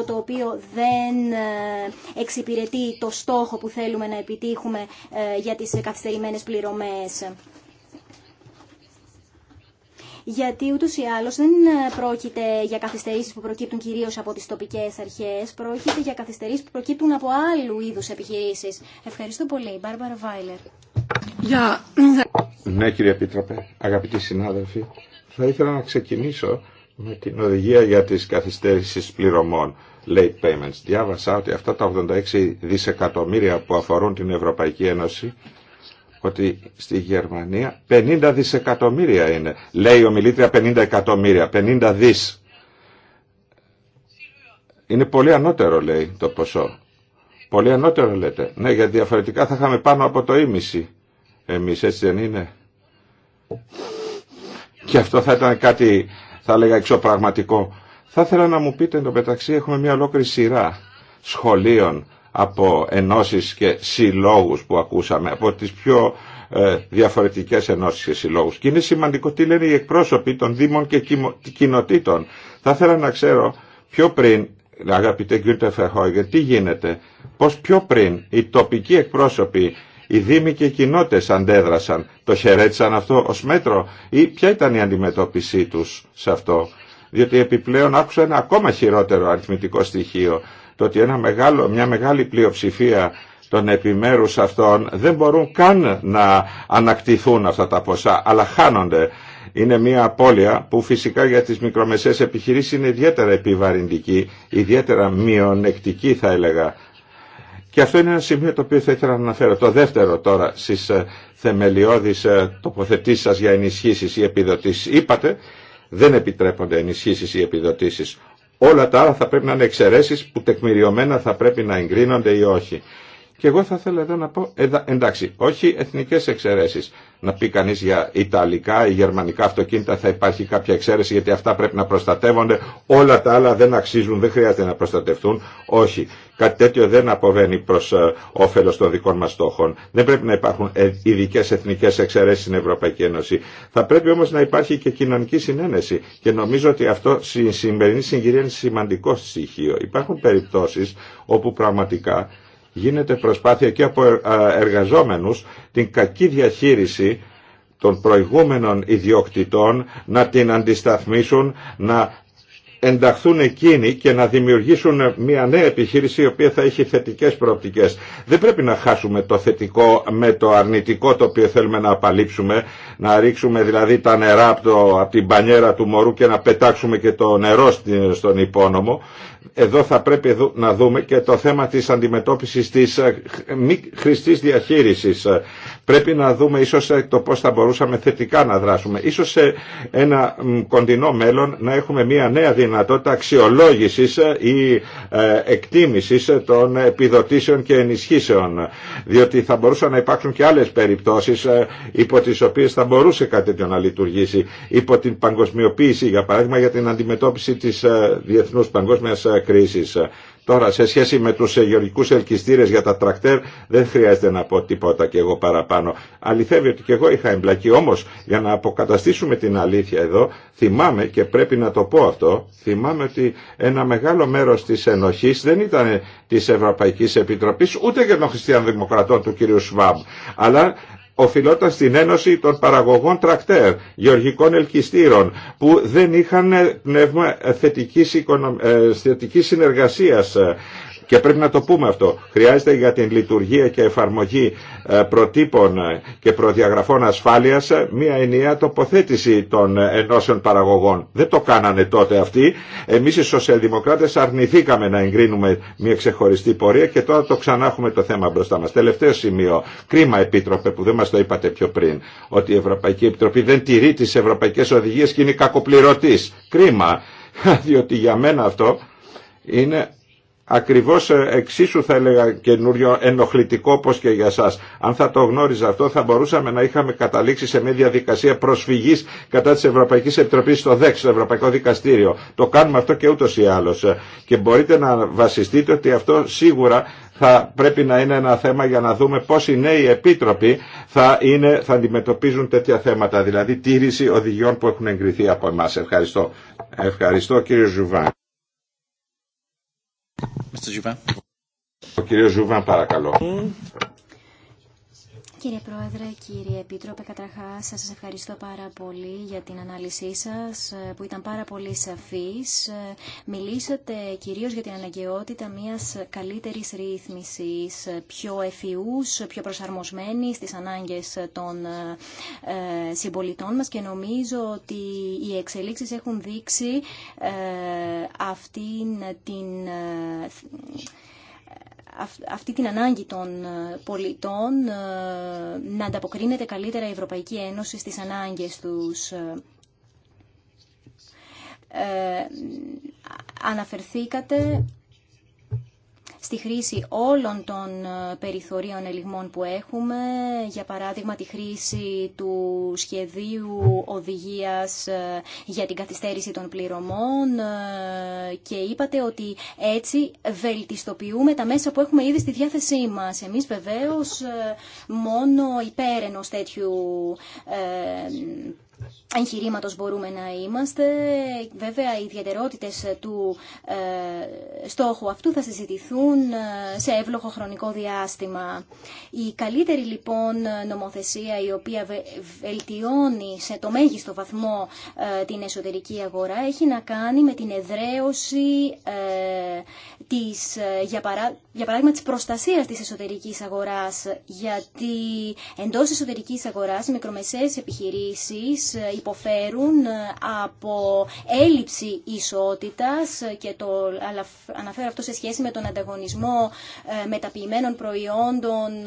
5% το οποίο δεν ε, εξυπηρετεί το στόχο που θέλουμε να επιτύχουμε ε, για τις καθυστερημένες πληρωμές γιατί ούτως ή άλλως δεν ε, πρόκειται για καθυστερήσεις που προκύπτουν κυρίως από τις τοπικές αρχές, πρόκειται για καθυστερήσεις που προκύπτουν από άλλου είδους επιχειρήσεις. Ευχαριστώ πολύ. Μπάρμπαρα Βάιλερ. Ναι κύριε Επίτροπε, αγαπητοί συνάδελφοι, θα ήθελα να ξεκινήσω με την οδηγία για τις καθυστέρησεις πληρωμών late payments. Διάβασα ότι αυτά τα 86 δισεκατομμύρια που αφορούν την Ευρωπαϊκή Ένωση ότι στη Γερμανία 50 δισεκατομμύρια είναι. Λέει ο μιλήτρια 50 εκατομμύρια, 50 δις. Είναι πολύ ανώτερο λέει το ποσό. Πολύ ανώτερο λέτε. Ναι, γιατί διαφορετικά θα είχαμε πάνω από το ίμιση. Εμείς έτσι δεν είναι. Και αυτό θα ήταν κάτι, θα έλεγα, εξωπραγματικό. Θα ήθελα να μου πείτε, εν τω μεταξύ έχουμε μια ολόκληρη σειρά σχολείων από ενώσεις και συλλόγους που ακούσαμε, από τις πιο ε, διαφορετικές ενώσεις και συλλόγους. Και είναι σημαντικό τι λένε οι εκπρόσωποι των Δήμων και κοινοτήτων. Θα ήθελα να ξέρω πιο πριν, αγαπητέ Γκούρτε Φεχόγερ, τι γίνεται, πώς πιο πριν οι τοπικοί εκπρόσωποι οι Δήμοι και οι κοινότητε αντέδρασαν, το χαιρέτησαν αυτό ως μέτρο ή ποια ήταν η αντιμετώπιση τους σε αυτό. Διότι επιπλέον άκουσα ένα ακόμα χειρότερο αριθμητικό στοιχείο το ότι ένα μεγάλο, μια μεγάλη πλειοψηφία των επιμέρους αυτών δεν μπορούν καν να ανακτηθούν αυτά τα ποσά, αλλά χάνονται. Είναι μια απώλεια που φυσικά για τις μικρομεσαίες επιχειρήσεις είναι ιδιαίτερα επιβαρυντική, ιδιαίτερα μειονεκτική θα έλεγα. Και αυτό είναι ένα σημείο το οποίο θα ήθελα να αναφέρω. Το δεύτερο τώρα στις ε, θεμελιώδεις ε, τοποθετήσεις σας για ενισχύσεις ή επιδοτήσεις. Είπατε δεν επιτρέπονται ενισχύσεις ή επιδοτήσεις. Όλα τα άλλα θα πρέπει να είναι εξαιρεσει που τεκμηριωμένα θα πρέπει να εγκρίνονται ή όχι. Και εγώ θα ήθελα εδώ να πω, ε, εντάξει, όχι εθνικές εξαιρέσεις. Να πει κανείς για Ιταλικά ή Γερμανικά αυτοκίνητα θα υπάρχει κάποια εξαίρεση γιατί αυτά πρέπει να προστατεύονται, όλα τα άλλα δεν αξίζουν, δεν χρειάζεται να προστατευτούν. Όχι. Κάτι τέτοιο δεν αποβαίνει προ ε, όφελο των δικών μα στόχων. Δεν πρέπει να υπάρχουν ε, ειδικέ εθνικέ εξαιρέσει στην Ευρωπαϊκή Ένωση. Θα πρέπει όμω να υπάρχει και κοινωνική συνένεση. Και νομίζω ότι αυτό στη σημερινή συγκυρία είναι σημαντικό στοιχείο. Υπάρχουν περιπτώσει όπου πραγματικά γίνεται προσπάθεια και από ε, εργαζόμενους την κακή διαχείριση των προηγούμενων ιδιοκτητών να την αντισταθμίσουν, να ενταχθούν εκείνοι και να δημιουργήσουν μια νέα επιχείρηση η οποία θα έχει θετικές προοπτικές. Δεν πρέπει να χάσουμε το θετικό με το αρνητικό το οποίο θέλουμε να απαλείψουμε, να ρίξουμε δηλαδή τα νερά από, από την πανιέρα του μωρού και να πετάξουμε και το νερό στον υπόνομο εδώ θα πρέπει να δούμε και το θέμα της αντιμετώπισης της ε, μη χρηστής διαχείρισης. Ε, πρέπει να δούμε ίσως ε, το πώς θα μπορούσαμε θετικά να δράσουμε. Ίσως σε ένα κοντινό μέλλον να έχουμε μια νέα δυνατότητα αξιολόγησης ή εκτίμησης των επιδοτήσεων και ενισχύσεων. Διότι θα μπορούσαν να υπάρξουν και άλλες περιπτώσεις υπό τις οποίες θα μπορούσε κάτι τέτοιο να λειτουργήσει. Υπό την παγκοσμιοποίηση, για παράδειγμα, για την αντιμετώπιση της διεθνούς παγκόσμιας κρίσης. Τώρα, σε σχέση με τους γεωργικούς ελκυστήρες για τα τρακτέρ, δεν χρειάζεται να πω τίποτα και εγώ παραπάνω. Αληθεύει ότι και εγώ είχα εμπλακεί, όμως για να αποκαταστήσουμε την αλήθεια εδώ, θυμάμαι και πρέπει να το πω αυτό, θυμάμαι ότι ένα μεγάλο μέρος της ενοχής δεν ήταν της Ευρωπαϊκής Επιτροπής, ούτε και των χριστιανοδημοκρατών του κ. Σβάμπ, αλλά οφειλόταν στην Ένωση των Παραγωγών Τρακτέρ, Γεωργικών Ελκυστήρων, που δεν είχαν πνεύμα θετικής, ε, θετικής συνεργασίας ε, και πρέπει να το πούμε αυτό. Χρειάζεται για την λειτουργία και εφαρμογή ε, προτύπων ε, και προδιαγραφών ασφάλειας ε, μια ενιαία τοποθέτηση των ενώσεων παραγωγών. Δεν το κάνανε τότε αυτοί. Εμείς οι σοσιαλδημοκράτες αρνηθήκαμε να εγκρίνουμε μια ξεχωριστή πορεία και τώρα το ξανά έχουμε το θέμα μπροστά μας. Τελευταίο σημείο, κρίμα επίτροπε που δεν μας το είπατε πιο πριν, ότι η Ευρωπαϊκή Επιτροπή δεν τηρεί τις ευρωπαϊκές οδηγίες και είναι κακοπληρωτής. Κρίμα, διότι για μένα αυτό είναι ακριβώς ε, εξίσου θα έλεγα καινούριο ενοχλητικό όπως και για σας. Αν θα το γνώριζα αυτό θα μπορούσαμε να είχαμε καταλήξει σε μια διαδικασία προσφυγής κατά της Ευρωπαϊκής Επιτροπής στο ΔΕΚ, στο Ευρωπαϊκό Δικαστήριο. Το κάνουμε αυτό και ούτως ή άλλως. Ε, και μπορείτε να βασιστείτε ότι αυτό σίγουρα θα πρέπει να είναι ένα θέμα για να δούμε πώς οι νέοι επίτροποι θα, είναι, θα αντιμετωπίζουν τέτοια θέματα, δηλαδή τήρηση οδηγιών που έχουν εγκριθεί από εμάς. Ευχαριστώ. Ευχαριστώ κύριε Ζουβάν. Ο κύριος Ζουβάν παρακαλώ. Mm. Κύριε Πρόεδρε, κύριε Επίτροπε, καταρχάς σας ευχαριστώ πάρα πολύ για την ανάλυση σας που ήταν πάρα πολύ σαφής. Μιλήσατε κυρίως για την αναγκαιότητα μιας καλύτερης ρύθμισης, πιο εφιούς, πιο προσαρμοσμένη στις ανάγκες των ε, συμπολιτών μας και νομίζω ότι οι εξελίξεις έχουν δείξει ε, αυτήν την ε, αυτή την ανάγκη των ε, πολιτών ε, να ανταποκρίνεται καλύτερα η Ευρωπαϊκή Ένωση στις ανάγκες τους. Ε, αναφερθήκατε στη χρήση όλων των ε, περιθωρίων ελιγμών που έχουμε, για παράδειγμα τη χρήση του σχεδίου οδηγίας ε, για την καθυστέρηση των πληρωμών ε, και είπατε ότι έτσι βελτιστοποιούμε τα μέσα που έχουμε ήδη στη διάθεσή μας. Εμείς βεβαίως μόνο υπέρ ενός τέτοιου εγχειρήματος μπορούμε να είμαστε. Βέβαια, οι ιδιαιτερότητες του ε, στόχου αυτού θα συζητηθούν ε, σε εύλογο χρονικό διάστημα. Η καλύτερη λοιπόν νομοθεσία η οποία βελτιώνει σε το μέγιστο βαθμό ε, την εσωτερική αγορά έχει να κάνει με την εδραίωση ε, της, για, παρά, παράδειγμα της προστασίας της εσωτερικής αγοράς γιατί εντός εσωτερικής αγοράς οι μικρομεσαίες επιχειρήσεις υποφέρουν ε, από έλλειψη ισότητας και το αναφέρω αυτό σε σχέση με τον ανταγωνισμό ε, μεταποιημένων προϊόντων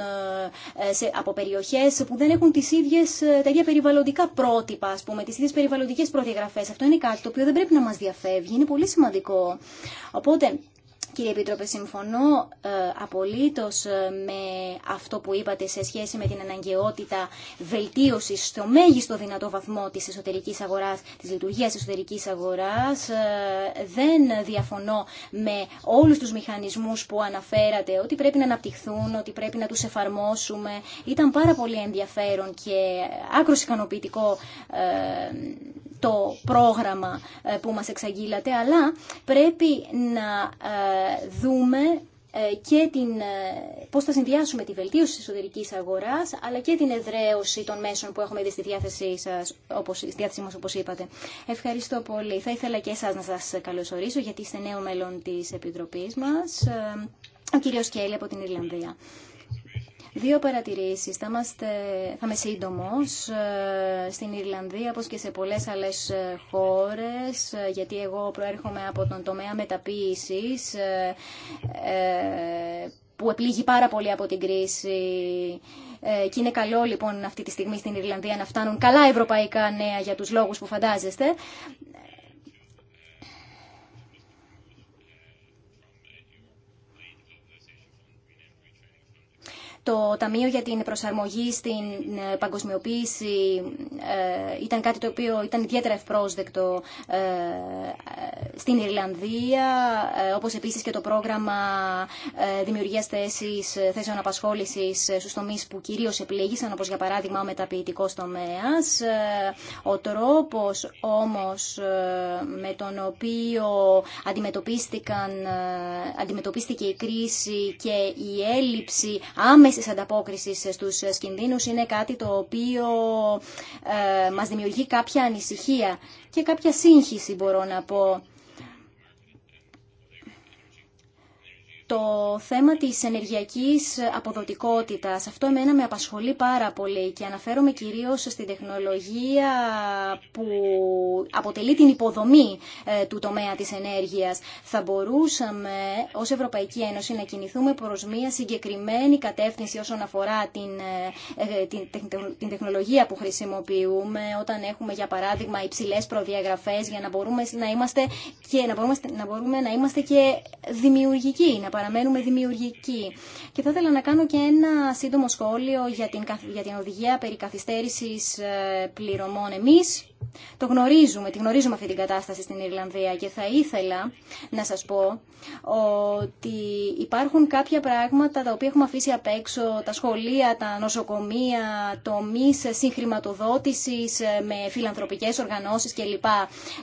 ε, από περιοχές που δεν έχουν τις ίδιες, τα ίδια περιβαλλοντικά πρότυπα, ας πούμε, τις ίδιες περιβαλλοντικές προδιαγραφές. Αυτό είναι κάτι το οποίο δεν πρέπει να μας διαφεύγει, είναι πολύ σημαντικό. Οπότε, Κύριε Επίτροπε, συμφωνώ ε, απολύτως ε, με αυτό που είπατε σε σχέση με την αναγκαιότητα βελτίωσης στο μέγιστο δυνατό βαθμό της εσωτερικής αγοράς, της λειτουργίας της εσωτερικής αγοράς. Ε, δεν διαφωνώ με όλους τους μηχανισμούς που αναφέρατε, ότι πρέπει να αναπτυχθούν, ότι πρέπει να τους εφαρμόσουμε. Ήταν πάρα πολύ ενδιαφέρον και άκρος ικανοποιητικό ε, το πρόγραμμα ε, που μας εξαγγείλατε, αλλά πρέπει να ε, δούμε ε, και την, πώς θα συνδυάσουμε τη βελτίωση της εσωτερικής αγοράς αλλά και την εδραίωση των μέσων που έχουμε ήδη στη διάθεσή, σας, όπως, στη διάθεσή μας όπως είπατε. Ευχαριστώ πολύ. Θα ήθελα και εσάς να σας καλωσορίσω γιατί είστε νέο μέλλον της Επιτροπής μας, ο κύριος Κέλλη από την Ιρλανδία. Δύο παρατηρήσεις. Θα, είμαστε, θα είμαι σύντομο ε, στην Ιρλανδία, όπως και σε πολλές άλλες ε, χώρες, ε, γιατί εγώ προέρχομαι από τον τομέα μεταποίησης, που επλήγει πάρα πολύ από την κρίση και είναι καλό λοιπόν αυτή τη στιγμή στην Ιρλανδία να φτάνουν καλά ευρωπαϊκά νέα για τους λόγους που φαντάζεστε. Το Ταμείο για την Προσαρμογή στην ε, Παγκοσμιοποίηση ε, ήταν κάτι το οποίο ήταν ιδιαίτερα ευπρόσδεκτο ε, στην Ιρλανδία, όπως επίσης και το πρόγραμμα δημιουργίας θέσεων απασχόλησης στους τομείς που κυρίως επλήγησαν, όπως για παράδειγμα ο μεταποιητικός τομέας. Ο τρόπος όμως με τον οποίο αντιμετωπίστηκε η κρίση και η έλλειψη άμεση άμεσης ανταπόκρισης στους κινδύνους είναι κάτι το οποίο ε, μας δημιουργεί κάποια ανησυχία και κάποια σύγχυση μπορώ να πω. το θέμα της ενεργειακής αποδοτικότητας. Αυτό εμένα με απασχολεί πάρα πολύ και αναφέρομαι κυρίως στην τεχνολογία που αποτελεί την υποδομή ε, του τομέα της ενέργειας. Θα μπορούσαμε ως Ευρωπαϊκή Ένωση να κινηθούμε προς μια συγκεκριμένη κατεύθυνση όσον αφορά την, ε, ε, την, τεχνολογία που χρησιμοποιούμε όταν έχουμε για παράδειγμα υψηλές προδιαγραφές για να μπορούμε να είμαστε και, να μπορούμε, να είμαστε και δημιουργικοί, παραμένουμε δημιουργικοί. Και θα ήθελα να κάνω και ένα σύντομο σχόλιο για την, για την οδηγία περί καθυστέρησης ε, πληρωμών. Εμείς το γνωρίζουμε, τη γνωρίζουμε αυτή την κατάσταση στην Ιρλανδία και θα ήθελα να σας πω ότι υπάρχουν κάποια πράγματα τα οποία έχουμε αφήσει απ' έξω, τα σχολεία, τα νοσοκομεία, τομείς συγχρηματοδότηση ε, με φιλανθρωπικές οργανώσεις κλπ.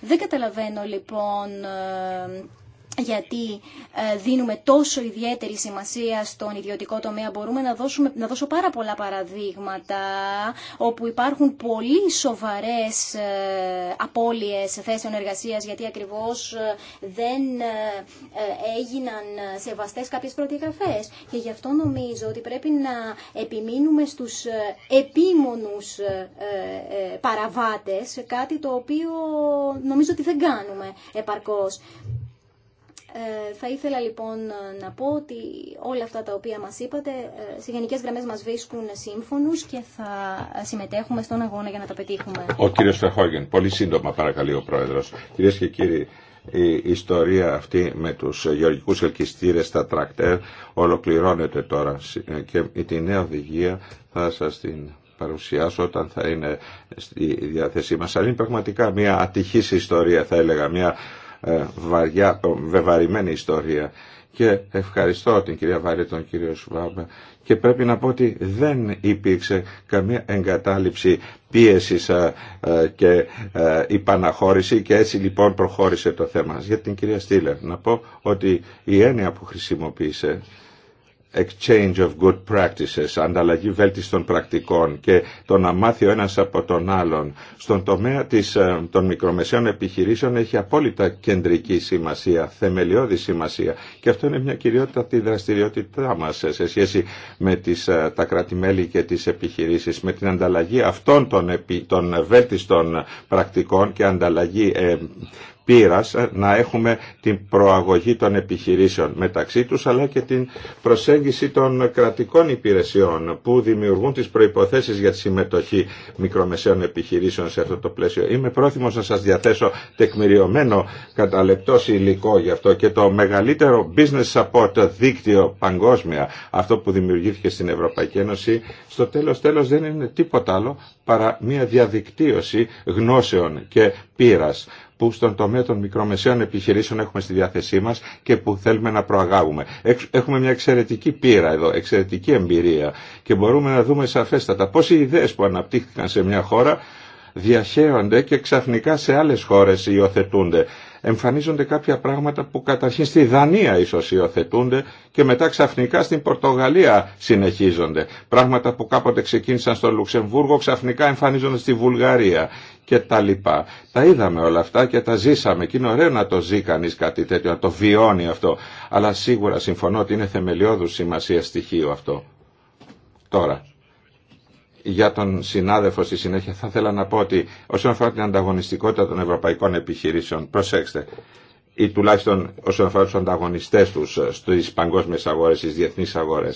Δεν καταλαβαίνω λοιπόν ε, γιατί ε, δίνουμε τόσο ιδιαίτερη σημασία στον ιδιωτικό τομέα, μπορούμε να, δώσουμε, να δώσω πάρα πολλά παραδείγματα όπου υπάρχουν πολύ σοβαρές ε, απώλειες θέσεων εργασίας γιατί ακριβώς ε, δεν έγιναν σεβαστές κάποιες προδιαγραφές και γι' αυτό νομίζω ότι πρέπει να επιμείνουμε στους επίμονους παραβάτες κάτι το οποίο νομίζω ότι δεν κάνουμε επαρκώς. Ε, θα ήθελα λοιπόν να πω ότι όλα αυτά τα οποία μας είπατε ε, σε γενικές γραμμές μας βρίσκουν σύμφωνους και θα συμμετέχουμε στον αγώνα για να τα πετύχουμε. Ο κύριος Φεχόγεν, πολύ σύντομα παρακαλεί ο Πρόεδρος. Κυρίες και κύριοι, η ιστορία αυτή με τους γεωργικούς ελκυστήρες στα τρακτέρ ολοκληρώνεται τώρα ε, και τη νέα οδηγία θα σας την παρουσιάσω όταν θα είναι στη διάθεσή μας. Αν είναι πραγματικά μια ατυχής ιστορία θα έλεγα, μια ε, ε, βεβαρημένη ιστορία. Και ευχαριστώ την κυρία Βάρη, τον κύριο Σουβάμπα. Και πρέπει να πω ότι δεν υπήρξε καμία εγκατάλειψη πίεσης ε, και υπαναχώρηση και έτσι λοιπόν προχώρησε το θέμα. Για την κυρία Στήλερ να πω ότι η έννοια που χρησιμοποίησε exchange of good practices, ανταλλαγή βέλτιστων πρακτικών και το να μάθει ο ένας από τον άλλον. Στον τομέα της, ε, των μικρομεσαίων επιχειρήσεων έχει απόλυτα κεντρική σημασία, θεμελιώδη σημασία και αυτό είναι μια κυριότητα τη δραστηριότητά μας ε, σε σχέση με τις, ε, τα κρατημέλη και τις επιχειρήσεις, με την ανταλλαγή αυτών των, βέλτιστων πρακτικών και ανταλλαγή ε, πείρας ε, να έχουμε την προαγωγή των επιχειρήσεων μεταξύ τους αλλά και την προσέγγιση των κρατικών υπηρεσιών που δημιουργούν τις προϋποθέσεις για τη συμμετοχή μικρομεσαίων επιχειρήσεων σε αυτό το πλαίσιο. Είμαι πρόθυμος να σας διαθέσω τεκμηριωμένο κατά υλικό γι' αυτό και το μεγαλύτερο business support δίκτυο παγκόσμια αυτό που δημιουργήθηκε στην Ευρωπαϊκή Ένωση στο τέλος τέλος δεν είναι τίποτα άλλο παρά μια διαδικτύωση γνώσεων και πείρας που στον τομέα των μικρομεσαίων επιχειρήσεων έχουμε στη διάθεσή μας και που θέλουμε να προαγάγουμε. Έχουμε μια εξαιρετική πείρα εδώ, εξαιρετική εμπειρία και μπορούμε να δούμε σαφέστατα πώς οι ιδέες που αναπτύχθηκαν σε μια χώρα διαχέονται και ξαφνικά σε άλλες χώρες υιοθετούνται. Εμφανίζονται κάποια πράγματα που καταρχήν στη Δανία ίσως υιοθετούνται και μετά ξαφνικά στην Πορτογαλία συνεχίζονται. Πράγματα που κάποτε ξεκίνησαν στο Λουξεμβούργο ξαφνικά εμφανίζονται στη Βουλγαρία και τα λοιπά. Τα είδαμε όλα αυτά και τα ζήσαμε και είναι ωραίο να το ζει κανείς κάτι τέτοιο, να το βιώνει αυτό. Αλλά σίγουρα συμφωνώ ότι είναι θεμελιώδους σημασία στοιχείο αυτό. Τώρα, για τον συνάδελφο στη συνέχεια θα ήθελα να πω ότι όσον αφορά την ανταγωνιστικότητα των ευρωπαϊκών επιχειρήσεων, προσέξτε, ή τουλάχιστον όσον αφορά του ανταγωνιστέ του στι παγκόσμιε αγορέ, στι διεθνεί αγορέ.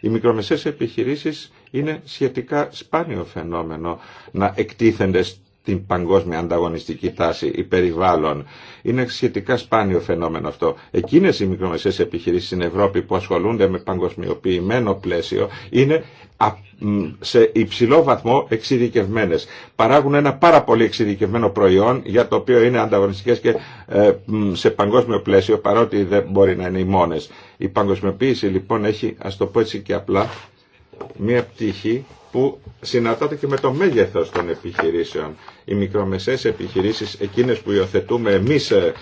Οι μικρομεσαίες επιχειρήσεις είναι σχετικά σπάνιο φαινόμενο να εκτίθενται την παγκόσμια ανταγωνιστική τάση, η περιβάλλον. Είναι σχετικά σπάνιο φαινόμενο αυτό. Εκείνε οι μικρομεσαίε επιχειρήσει στην Ευρώπη που ασχολούνται με παγκοσμιοποιημένο πλαίσιο είναι σε υψηλό βαθμό εξειδικευμένε. Παράγουν ένα πάρα πολύ εξειδικευμένο προϊόν για το οποίο είναι ανταγωνιστικές και ε, σε παγκόσμιο πλαίσιο παρότι δεν μπορεί να είναι οι μόνες. Η παγκοσμιοποίηση λοιπόν έχει, α το πω έτσι και απλά, μία πτυχή που συναντάται και με το μέγεθος των επιχειρήσεων οι μικρομεσαίες επιχειρήσεις, εκείνες που υιοθετούμε εμείς ε,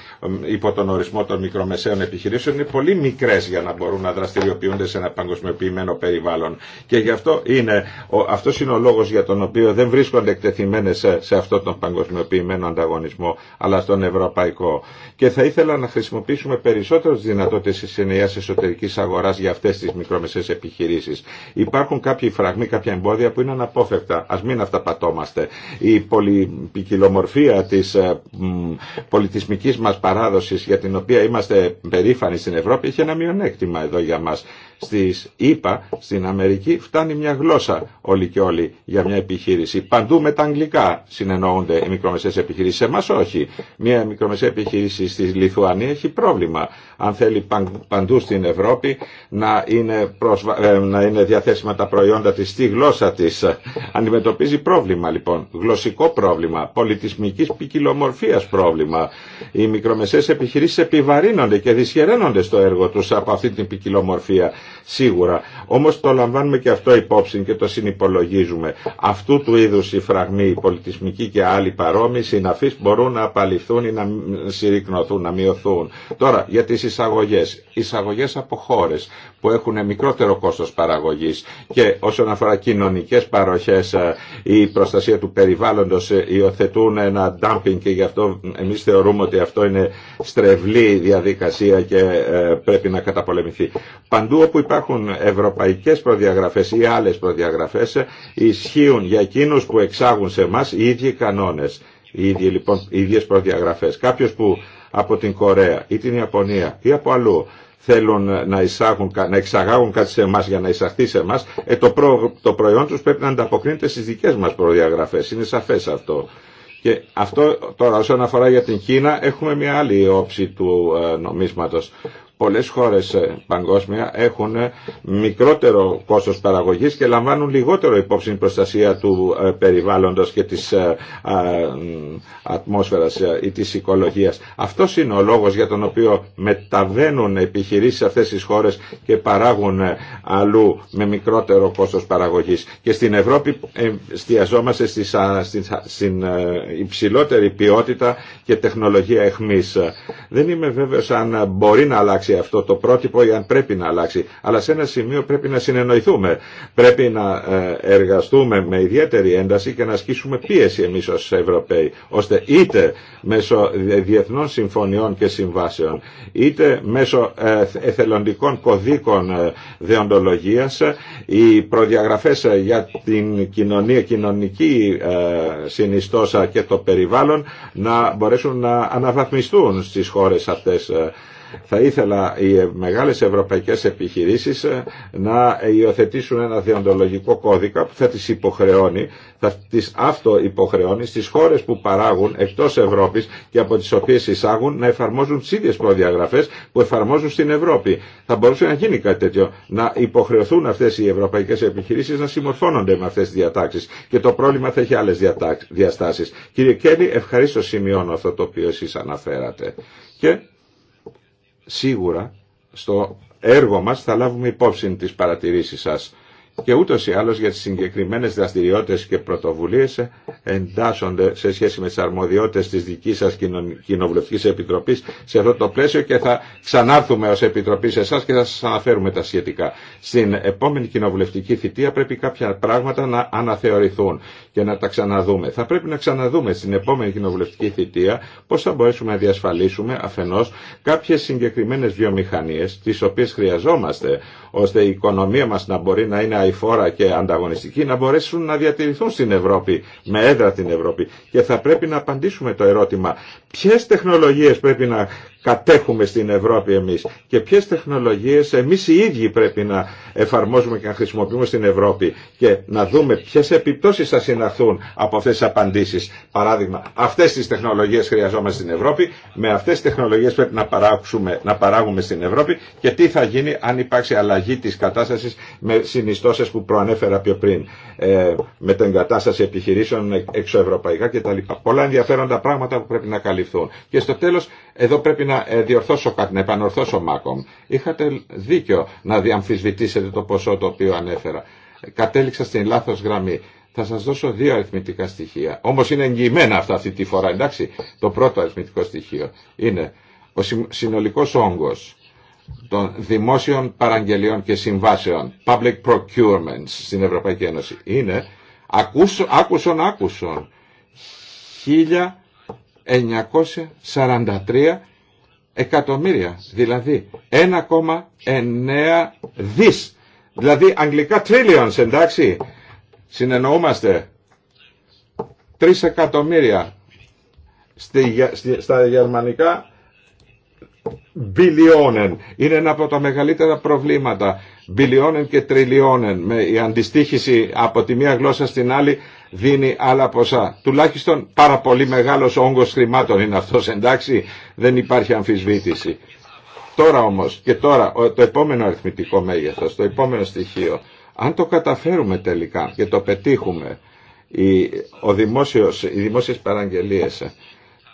υπό τον ορισμό των μικρομεσαίων επιχειρήσεων, είναι πολύ μικρές για να μπορούν να δραστηριοποιούνται σε ένα παγκοσμιοποιημένο περιβάλλον. Και γι' αυτό είναι, αυτός είναι ο λόγος για τον οποίο δεν βρίσκονται εκτεθειμένες σε αυτόν τον παγκοσμιοποιημένο ανταγωνισμό, αλλά στον ευρωπαϊκό. Και θα ήθελα να χρησιμοποιήσουμε περισσότερες δυνατότητες της ενιαίας εσωτερικής αγοράς για αυτές τις μικρομεσαίες επιχειρήσεις. Υπάρχουν κάποιοι φραγμοί, κάποια εμπόδια που είναι αναπόφευκτα. Ας μην αυταπατώμαστε. Η πολυ ποικιλομορφία της ε, πολιτισμικής μας παράδοσης για την οποία είμαστε περήφανοι στην Ευρώπη είχε ένα μειονέκτημα εδώ για μας στις ΗΠΑ, στην Αμερική, φτάνει μια γλώσσα όλοι και όλοι για μια επιχείρηση. Παντού με τα αγγλικά συνεννοούνται οι μικρομεσαίες επιχειρήσεις. Σε εμάς όχι. Μια μικρομεσαία επιχείρηση στη Λιθουανία έχει πρόβλημα. Αν θέλει παντού στην Ευρώπη να είναι, προσβα... Ε, να είναι διαθέσιμα τα προϊόντα της στη γλώσσα της. Αντιμετωπίζει πρόβλημα λοιπόν, γλωσσικό πρόβλημα, πολιτισμικής ποικιλομορφία πρόβλημα. Οι μικρομεσαίες επιχειρήσεις επιβαρύνονται και δυσχεραίνονται στο έργο τους από αυτή την ποικιλομορφία σίγουρα. Όμως το λαμβάνουμε και αυτό υπόψη και το συνυπολογίζουμε. Αυτού του είδους οι φραγμοί, οι πολιτισμικοί και άλλοι παρόμοιοι συναφείς μπορούν να απαλληφθούν ή να συρρυκνωθούν, να μειωθούν. Τώρα για τις εισαγωγές. Εισαγωγές από χώρες που έχουν μικρότερο κόστος παραγωγής και όσον αφορά κοινωνικές παροχές ε, η προστασία του περιβάλλοντος ε, υιοθετούν ένα dumping και γι' αυτό εμείς θεωρούμε ότι αυτό είναι στρεβλή διαδικασία και ε, πρέπει να καταπολεμηθεί. Παντού όπου υπάρχουν ευρωπαϊκές προδιαγραφές ή άλλες προδιαγραφές ισχύουν για εκείνους που εξάγουν σε εμά οι ίδιοι κανόνες, οι, ίδιοι, λοιπόν, οι ίδιες προδιαγραφές. Κάποιος που από την Κορέα ή την Ιαπωνία ή από αλλού θέλουν να, εισάγουν, να εξαγάγουν κάτι σε εμά για να εισαχθεί σε εμά, ε, το, το προϊόν του πρέπει να ανταποκρίνεται στι δικέ μα προδιαγραφέ. Είναι σαφέ αυτό. Και αυτό τώρα όσον αφορά για την Κίνα έχουμε μια άλλη όψη του ε, νομίσματος Πολλές χώρες ε, παγκόσμια έχουν ε, μικρότερο κόστος παραγωγής και λαμβάνουν λιγότερο υπόψη την προστασία του ε, περιβάλλοντος και της ατμόσφαιρας ή της οικολογίας. Αυτός είναι ο λόγος για τον οποίο μεταβαίνουν επιχειρήσεις σε αυτές τις χώρες και παράγουν αλλού με μικρότερο κόστος παραγωγής. Και στην Ευρώπη εστιαζόμαστε στην υψηλότερη ποιότητα και τεχνολογία εχμής. Δεν μπορεί να αλλάξει αυτό το πρότυπο ή αν πρέπει να αλλάξει. Αλλά σε ένα σημείο πρέπει να συνεννοηθούμε. Πρέπει να ε, εργαστούμε με ιδιαίτερη ένταση και να ασκήσουμε πίεση εμείς ως Ευρωπαίοι, ώστε είτε μέσω διεθνών συμφωνιών και συμβάσεων, είτε μέσω ε, εθελοντικών κωδίκων ε, δεοντολογίας, οι προδιαγραφές για την κοινωνία, κοινωνική συνιστόσα και το περιβάλλον να μπορέσουν να αναβαθμιστούν στις χώρες αυτές θα ήθελα οι μεγάλες ευρωπαϊκές επιχειρήσεις ε, να υιοθετήσουν ένα διοντολογικό κώδικα που θα τις υποχρεώνει, θα τις αυτοϋποχρεώνει στις χώρες που παράγουν εκτός Ευρώπης και από τις οποίες εισάγουν να εφαρμόζουν τις ίδιες προδιαγραφές που εφαρμόζουν στην Ευρώπη. Θα μπορούσε να γίνει κάτι τέτοιο, να υποχρεωθούν αυτές οι ευρωπαϊκές επιχειρήσεις να συμμορφώνονται με αυτές τις διατάξεις και το πρόβλημα θα έχει άλλες διαστάσεις. Κύριε Κέλλη, ευχαρίστω σημειώνω αυτό το οποίο εσείς αναφέρατε. Και σίγουρα στο έργο μας θα λάβουμε υπόψη τις παρατηρήσεις σας και ούτω ή άλλω για τι συγκεκριμένε δραστηριότητε και πρωτοβουλίε εντάσσονται σε σχέση με τι αρμοδιότητε τη δική σα κοινοβουλευτική επιτροπή σε αυτό το πλαίσιο και θα ξανάρθουμε ω Επιτροπή σε εσά και θα σα αναφέρουμε τα σχετικά. Στην επόμενη κοινοβουλευτική θητεία πρέπει κάποια πράγματα να αναθεωρηθούν και να τα ξαναδούμε. Θα πρέπει να ξαναδούμε στην επόμενη κοινοβουλευτική θητεία πώ θα μπορέσουμε να διασφαλίσουμε αφενό κάποιε συγκεκριμένε βιομηχανίε τι οποίε χρειαζόμαστε ώστε η οικονομία μας να μπορεί να είναι αηφόρα και ανταγωνιστική, να μπορέσουν να διατηρηθούν στην Ευρώπη, με έδρα την Ευρώπη. Και θα πρέπει να απαντήσουμε το ερώτημα, ποιες τεχνολογίες πρέπει να κατέχουμε στην Ευρώπη εμείς και ποιες τεχνολογίες εμείς οι ίδιοι πρέπει να εφαρμόζουμε και να χρησιμοποιούμε στην Ευρώπη και να δούμε ποιες επιπτώσεις θα συναχθούν από αυτές τις απαντήσεις. Παράδειγμα, αυτές τις τεχνολογίες χρειαζόμαστε στην Ευρώπη, με αυτές τις τεχνολογίες πρέπει να, παράξουμε, να παράγουμε στην Ευρώπη και τι θα γίνει αν υπάρξει αλλαγή της κατάστασης με συνιστώσεις που προανέφερα πιο πριν, ε, με την κατάσταση επιχειρήσεων εξωευρωπαϊκά κτλ. Πολλά ενδιαφέροντα πράγματα που πρέπει να καλυφθούν. Και στο τέλος, εδώ πρέπει να να ε, διορθώσω κάτι, να επανορθώσω Μάκομ. Είχατε δίκιο να διαμφισβητήσετε το ποσό το οποίο ανέφερα. Κατέληξα στην λάθος γραμμή. Θα σας δώσω δύο αριθμητικά στοιχεία. Όμως είναι εγγυημένα αυτά αυτή τη φορά, εντάξει. Το πρώτο αριθμητικό στοιχείο είναι ο συνολικός όγκος των δημόσιων παραγγελιών και συμβάσεων, public procurements στην Ευρωπαϊκή Ένωση, είναι άκουσον άκουσον 1943 εκατομμύρια, δηλαδή 1,9 δις. Δηλαδή αγγλικά trillions, εντάξει, συνεννοούμαστε. 3 εκατομμύρια. Στη, στα γερμανικά μπιλιόνεν. Είναι ένα από τα μεγαλύτερα προβλήματα. Μπιλιόνεν και τριλιόνεν. Με η αντιστοίχηση από τη μία γλώσσα στην άλλη δίνει άλλα ποσά. Τουλάχιστον πάρα πολύ μεγάλος όγκος χρημάτων είναι αυτός εντάξει. Δεν υπάρχει αμφισβήτηση. Τώρα όμως και τώρα το επόμενο αριθμητικό μέγεθος, το επόμενο στοιχείο. Αν το καταφέρουμε τελικά και το πετύχουμε, οι, ο δημόσιος, οι δημόσιες παραγγελίες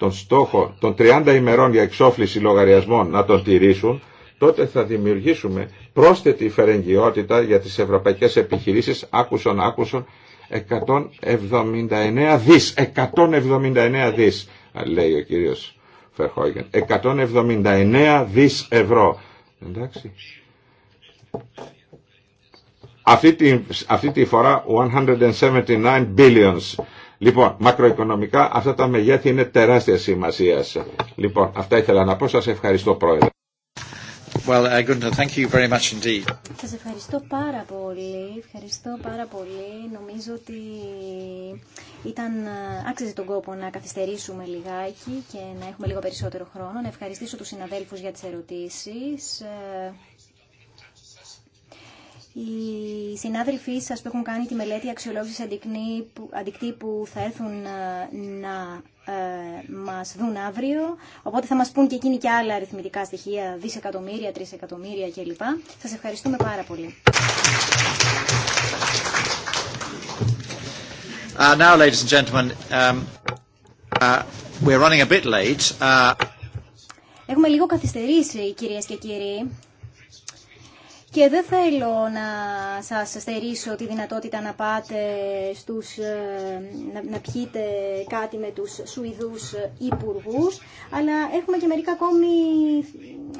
τον στόχο των 30 ημερών για εξόφληση λογαριασμών να τον τηρήσουν, τότε θα δημιουργήσουμε πρόσθετη φερεγγιότητα για τις ευρωπαϊκές επιχειρήσεις, άκουσον, άκουσον, 179 δις, 179 δις, λέει ο κύριος Φερχόγεν, 179 δις ευρώ. Εντάξει. Αυτή τη, αυτή τη φορά 179 billions Λοιπόν, μακροοικονομικά αυτά τα μεγέθη είναι τεράστια σημασία. Λοιπόν, αυτά ήθελα να πω. Σα ευχαριστώ, Πρόεδρε. Well, thank you very much indeed. Σας ευχαριστώ πάρα πολύ. Ευχαριστώ πάρα πολύ. Νομίζω ότι ήταν άξιζε τον κόπο να καθυστερήσουμε λιγάκι και να έχουμε λίγο περισσότερο χρόνο. Να ευχαριστήσω τους συναδέλφους για τις ερωτήσεις. Ε, οι συνάδελφοί σα που έχουν κάνει τη μελέτη αξιολόγησης αντικτύπου θα έρθουν ε, να ε, μας δουν αύριο, οπότε θα μας πούν και εκείνοι και άλλα αριθμητικά στοιχεία, δισεκατομμύρια, τρισεκατομμύρια κλπ. Σας ευχαριστούμε πάρα πολύ. Uh, now, ladies and gentlemen, um, uh, we're running a bit late. Uh, Έχουμε λίγο καθυστερήσει, κυρίες και κύριοι. Και δεν θέλω να σας στερήσω τη δυνατότητα να πάτε στους, ε, να, πιείτε κάτι με τους Σουηδούς υπουργού, αλλά έχουμε και μερικά ακόμη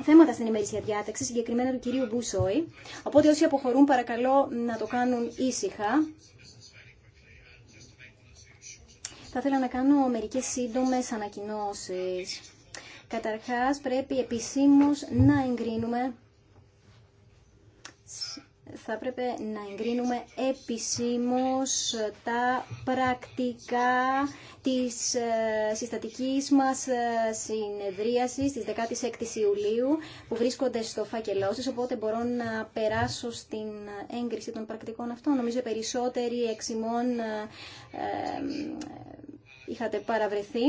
θέματα στην ημερήσια διάταξη, συγκεκριμένα του κυρίου Μπούσόη. Οπότε όσοι αποχωρούν παρακαλώ να το κάνουν ήσυχα. Θα ήθελα να κάνω μερικές σύντομες ανακοινώσεις. Καταρχάς πρέπει επισήμως να εγκρίνουμε θα έπρεπε να εγκρίνουμε επισήμως τα πρακτικά της ε, συστατικής μας ε, συνεδρίασης της 16ης Ιουλίου που βρίσκονται στο φάκελό σας, οπότε μπορώ να περάσω στην έγκριση των πρακτικών αυτών. Νομίζω περισσότεροι εξημών ε, είχατε παραβρεθεί.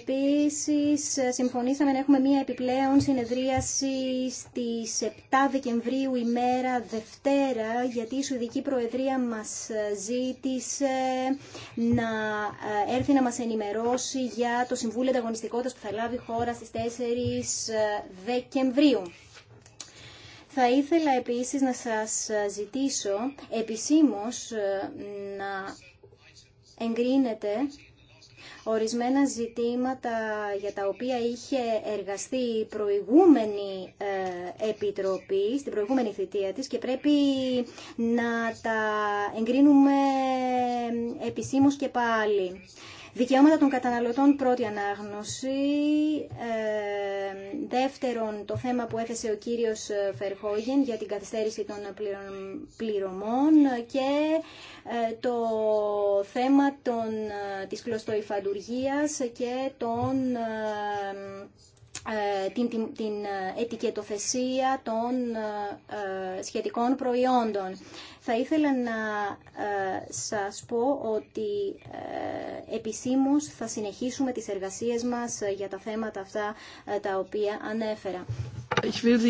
Επίσης, συμφωνήσαμε να έχουμε μία επιπλέον συνεδρίαση στις 7 Δεκεμβρίου ημέρα Δευτέρα, γιατί η Σουηδική Προεδρία μας ζήτησε να ε, έρθει να μας ενημερώσει για το Συμβούλιο Ανταγωνιστικότητας που θα λάβει η χώρα στις 4 ε, Δεκεμβρίου. Θα ήθελα επίσης να σας ζητήσω επισήμως ε, να εγκρίνετε Ορισμένα ζητήματα για τα οποία είχε εργαστεί η προηγούμενη ε, Επιτροπή, στην προηγούμενη θητεία της και πρέπει να τα εγκρίνουμε ε, επισήμως και πάλι. Δικαιώματα των καταναλωτών πρώτη ανάγνωση. Ε, δεύτερον, το θέμα που έθεσε ο κύριος ε, Φερχόγεν για την καθυστέρηση των πληρωμών και ε, το θέμα των, της κλωστοϊφαντουργίας και των... Ε, την, την, την ε, ετικετοθεσία των ε, σχετικών προϊόντων. Θα ήθελα να σας πω ότι επισήμως θα συνεχίσουμε τις εργασίες μας για τα θέματα αυτά τα οποία ανέφερα.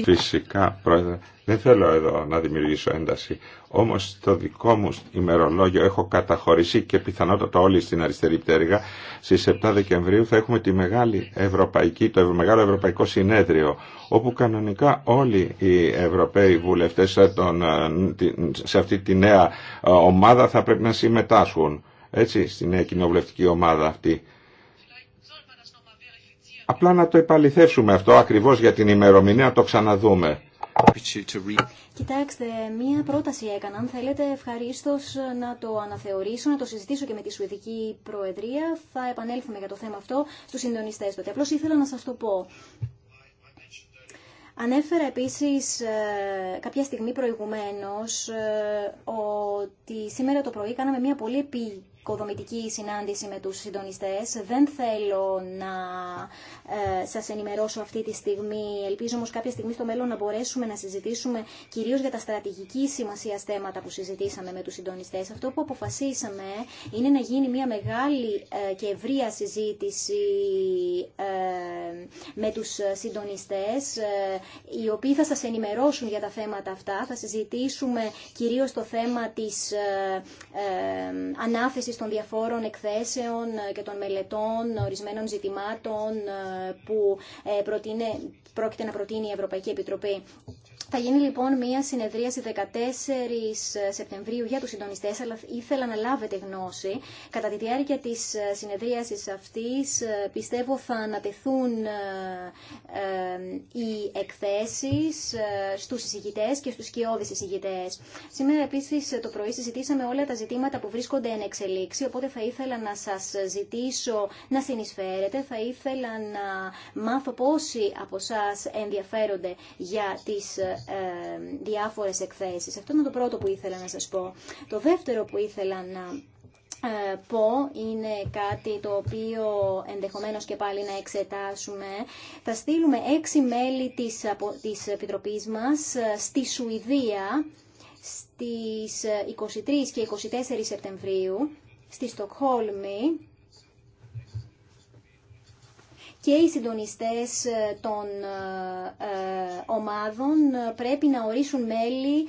Φυσικά, Πρόεδρε, δεν θέλω εδώ να δημιουργήσω ένταση. Όμω το δικό μου ημερολόγιο έχω καταχωρήσει και πιθανότατα όλοι στην αριστερή πτέρυγα. στι 7 Δεκεμβρίου θα έχουμε τη μεγάλη ευρωπαϊκή, το μεγάλο ευρωπαϊκό συνέδριο όπου κανονικά όλοι οι Ευρωπαίοι βουλευτές σε ε, αυτή τη νέα ε, ομάδα θα πρέπει να συμμετάσχουν. Έτσι, στη νέα κοινοβουλευτική ομάδα αυτή. Απλά να το επαληθεύσουμε αυτό ακριβώς για την ημερομηνία, το ξαναδούμε. Κοιτάξτε, μία πρόταση έκανα. Αν θέλετε, ευχαρίστω να το αναθεωρήσω, να το συζητήσω και με τη Σουηδική Προεδρία. Θα επανέλθουμε για το θέμα αυτό στου συντονιστέ τότε. Απλώ ήθελα να σα το πω. Ανέφερα επίσης ε, κάποια στιγμή προηγουμένως ε, ότι σήμερα το πρωί κάναμε μια πολύ επί οικοδομητική συνάντηση με τους συντονιστές. Δεν θέλω να ε, σας ενημερώσω αυτή τη στιγμή. Ελπίζω όμως κάποια στιγμή στο μέλλον να μπορέσουμε να συζητήσουμε κυρίως για τα στρατηγική σημασία θέματα που συζητήσαμε με τους συντονιστές. Αυτό που αποφασίσαμε είναι να γίνει μια μεγάλη ε, και ευρεία συζήτηση ε, με τους συντονιστές οι οποίοι θα σας ενημερώσουν για τα θέματα αυτά. Θα συζητήσουμε κυρίως το θέμα της ανάθεσης των διαφόρων εκθέσεων και των μελετών ορισμένων ζητημάτων ε, που ε, πρόκειται να προτείνει η Ευρωπαϊκή Επιτροπή. Θα γίνει λοιπόν μία συνεδρίαση 14 Σεπτεμβρίου για τους συντονιστές, αλλά ήθελα να λάβετε γνώση. Κατά τη διάρκεια της συνεδρίασης αυτής ε, πιστεύω θα ανατεθούν ε, ε, οι εκθέσεις στους συζητητές και στους σκιώδεις συζητητές. Σήμερα επίσης το πρωί συζητήσαμε όλα τα ζητήματα που βρίσκονται εν εξελίξη, οπότε θα ήθελα να σας ζητήσω να συνεισφέρετε, θα ήθελα να μάθω πόσοι από εσά ενδιαφέρονται για τις ε, διάφορες εκθέσεις. Αυτό είναι το πρώτο που ήθελα να σας πω. Το δεύτερο που ήθελα να ε, πω είναι κάτι το οποίο ενδεχομένως και πάλι να εξετάσουμε. Θα στείλουμε έξι μέλη της, της Επιτροπής μας ε, στη Σουηδία στις 23 και 24 Σεπτεμβρίου στη Στοκχόλμη και οι συντονιστές ε, των ε, ε, ομάδων πρέπει να ορίσουν μέλη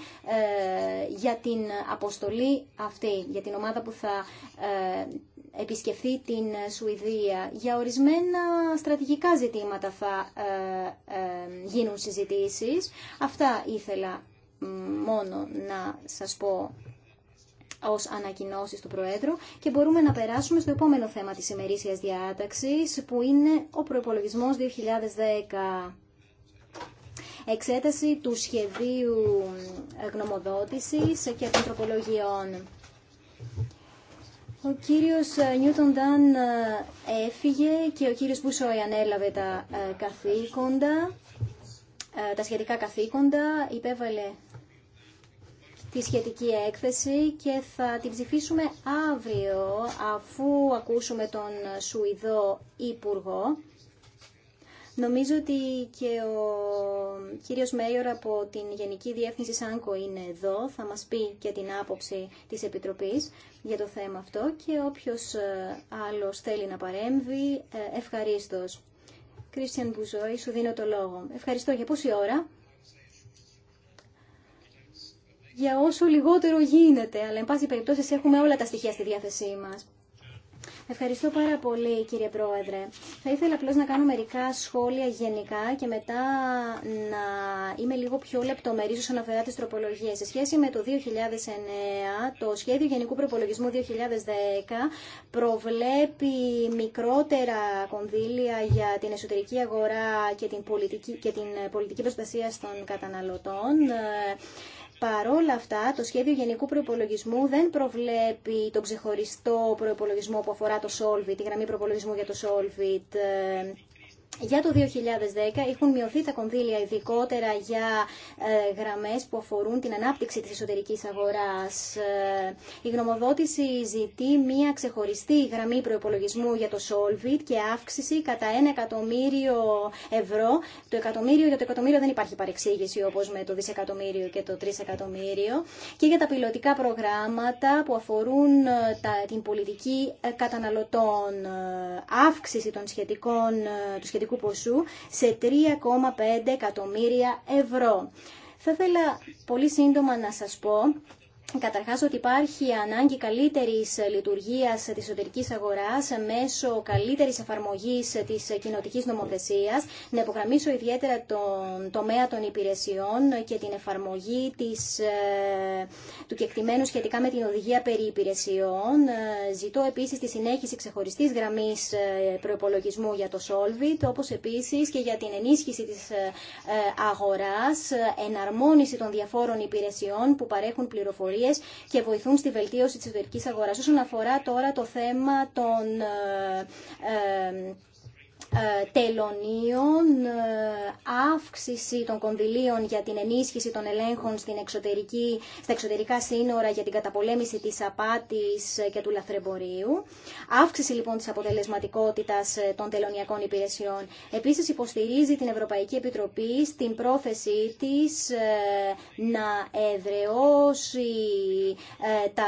για την αποστολή αυτή, για την ομάδα που θα επισκεφθεί την Σουηδία. Για ορισμένα στρατηγικά ζητήματα θα γίνουν συζητήσεις. Αυτά ήθελα μόνο να σας πω Ω ανακοινώσει του Προέδρου και μπορούμε να περάσουμε στο επόμενο θέμα τη ημερήσια διάταξη, που είναι ο προπολογισμό 2010. Εξέταση του σχεδίου γνωμοδότησης και των τροπολογιών. Ο κύριος Νιούτον Ντάν ε, έφυγε και ο κύριος Μπουσόη ανέλαβε τα ε, καθήκοντα, ε, τα σχετικά καθήκοντα, υπέβαλε τη σχετική έκθεση και θα την ψηφίσουμε αύριο αφού ακούσουμε τον Σουηδό Υπουργό. Νομίζω ότι και ο κύριος Μέιορ από την Γενική Διεύθυνση ΣΑΝΚΟ είναι εδώ, θα μας πει και την άποψη της Επιτροπής για το θέμα αυτό και όποιος ε, άλλος θέλει να παρέμβει, ε, ευχαρίστως. Κρίστιαν Μπουζόη, σου δίνω το λόγο. Ευχαριστώ για πόση ώρα για όσο λιγότερο γίνεται. Αλλά, εν πάση περιπτώσει, έχουμε όλα τα στοιχεία στη διάθεσή μας. Ευχαριστώ πάρα πολύ κύριε Πρόεδρε. Θα ήθελα απλώ να κάνω μερικά σχόλια γενικά και μετά να είμαι λίγο πιο λεπτομερή όσον αφορά τι τροπολογίε. Σε σχέση με το 2009, το σχέδιο Γενικού Προπολογισμού 2010 προβλέπει μικρότερα κονδύλια για την εσωτερική αγορά και την πολιτική, και την πολιτική προστασία των καταναλωτών Παρόλα αυτά, το σχέδιο γενικού προπολογισμού δεν προβλέπει τον ξεχωριστό προπολογισμό που αφορά το Solvit, τη γραμμή προπολογισμού για το Solvit. Ε, για το 2010 έχουν μειωθεί τα κονδύλια ειδικότερα για ε, γραμμές που αφορούν την ανάπτυξη της εσωτερικής αγοράς. Ε, η γνωμοδότηση ζητεί μία ξεχωριστή γραμμή προϋπολογισμού για το Solvit και αύξηση κατά 1 εκατομμύριο ευρώ. Το εκατομμύριο για το εκατομμύριο δεν υπάρχει παρεξήγηση όπως με το δισεκατομμύριο και το τρισεκατομμύριο. Και για τα πιλωτικά προγράμματα που αφορούν ε, την πολιτική καταναλωτών. Αύξηση των σχετικών, σχετικού ποσού σε 3,5 εκατομμύρια ευρώ. Θα ήθελα πολύ σύντομα να σας πω Καταρχάς ότι υπάρχει ανάγκη καλύτερης λειτουργίας της εσωτερική αγοράς μέσω καλύτερης εφαρμογής της κοινοτικής νομοθεσίας, να υπογραμμίσω ιδιαίτερα τον τομέα των υπηρεσιών και την εφαρμογή της, ε, του κεκτημένου σχετικά με την οδηγία περί υπηρεσιών. Ε, ζητώ επίσης τη συνέχιση ξεχωριστής γραμμής ε, προπολογισμού για το Solvit, όπως επίσης και για την ενίσχυση της αγοράς, εναρμόνιση των διαφόρων υπηρεσιών που παρέχουν πληροφορίε και βοηθούν στη βελτίωση της εσωτερικής αγοράς. Όσον αφορά τώρα το θέμα των ε, ε, ε, τελωνίων, ε, αύξηση των κονδυλίων για την ενίσχυση των ελέγχων στην εξωτερική, στα εξωτερικά σύνορα για την καταπολέμηση της απάτης ε, και του λαθρεμπορίου, αύξηση λοιπόν της αποτελεσματικότητας των τελωνιακών υπηρεσιών. Επίσης υποστηρίζει την Ευρωπαϊκή Επιτροπή στην πρόθεσή της να εδρεώσει τα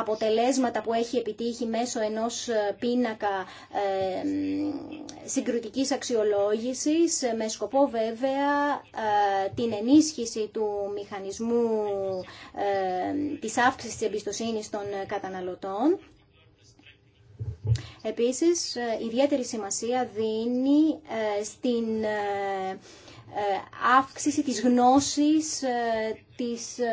αποτελέσματα που έχει επιτύχει μέσω ενός πίνακα συγκριτικής αξιολόγησης με σκοπό βέβαια ε, την ενίσχυση του μηχανισμού ε, της αύξησης της εμπιστοσύνης των καταναλωτών. Επίσης, ε, ιδιαίτερη σημασία δίνει στην αύξηση της γνώσης της ε,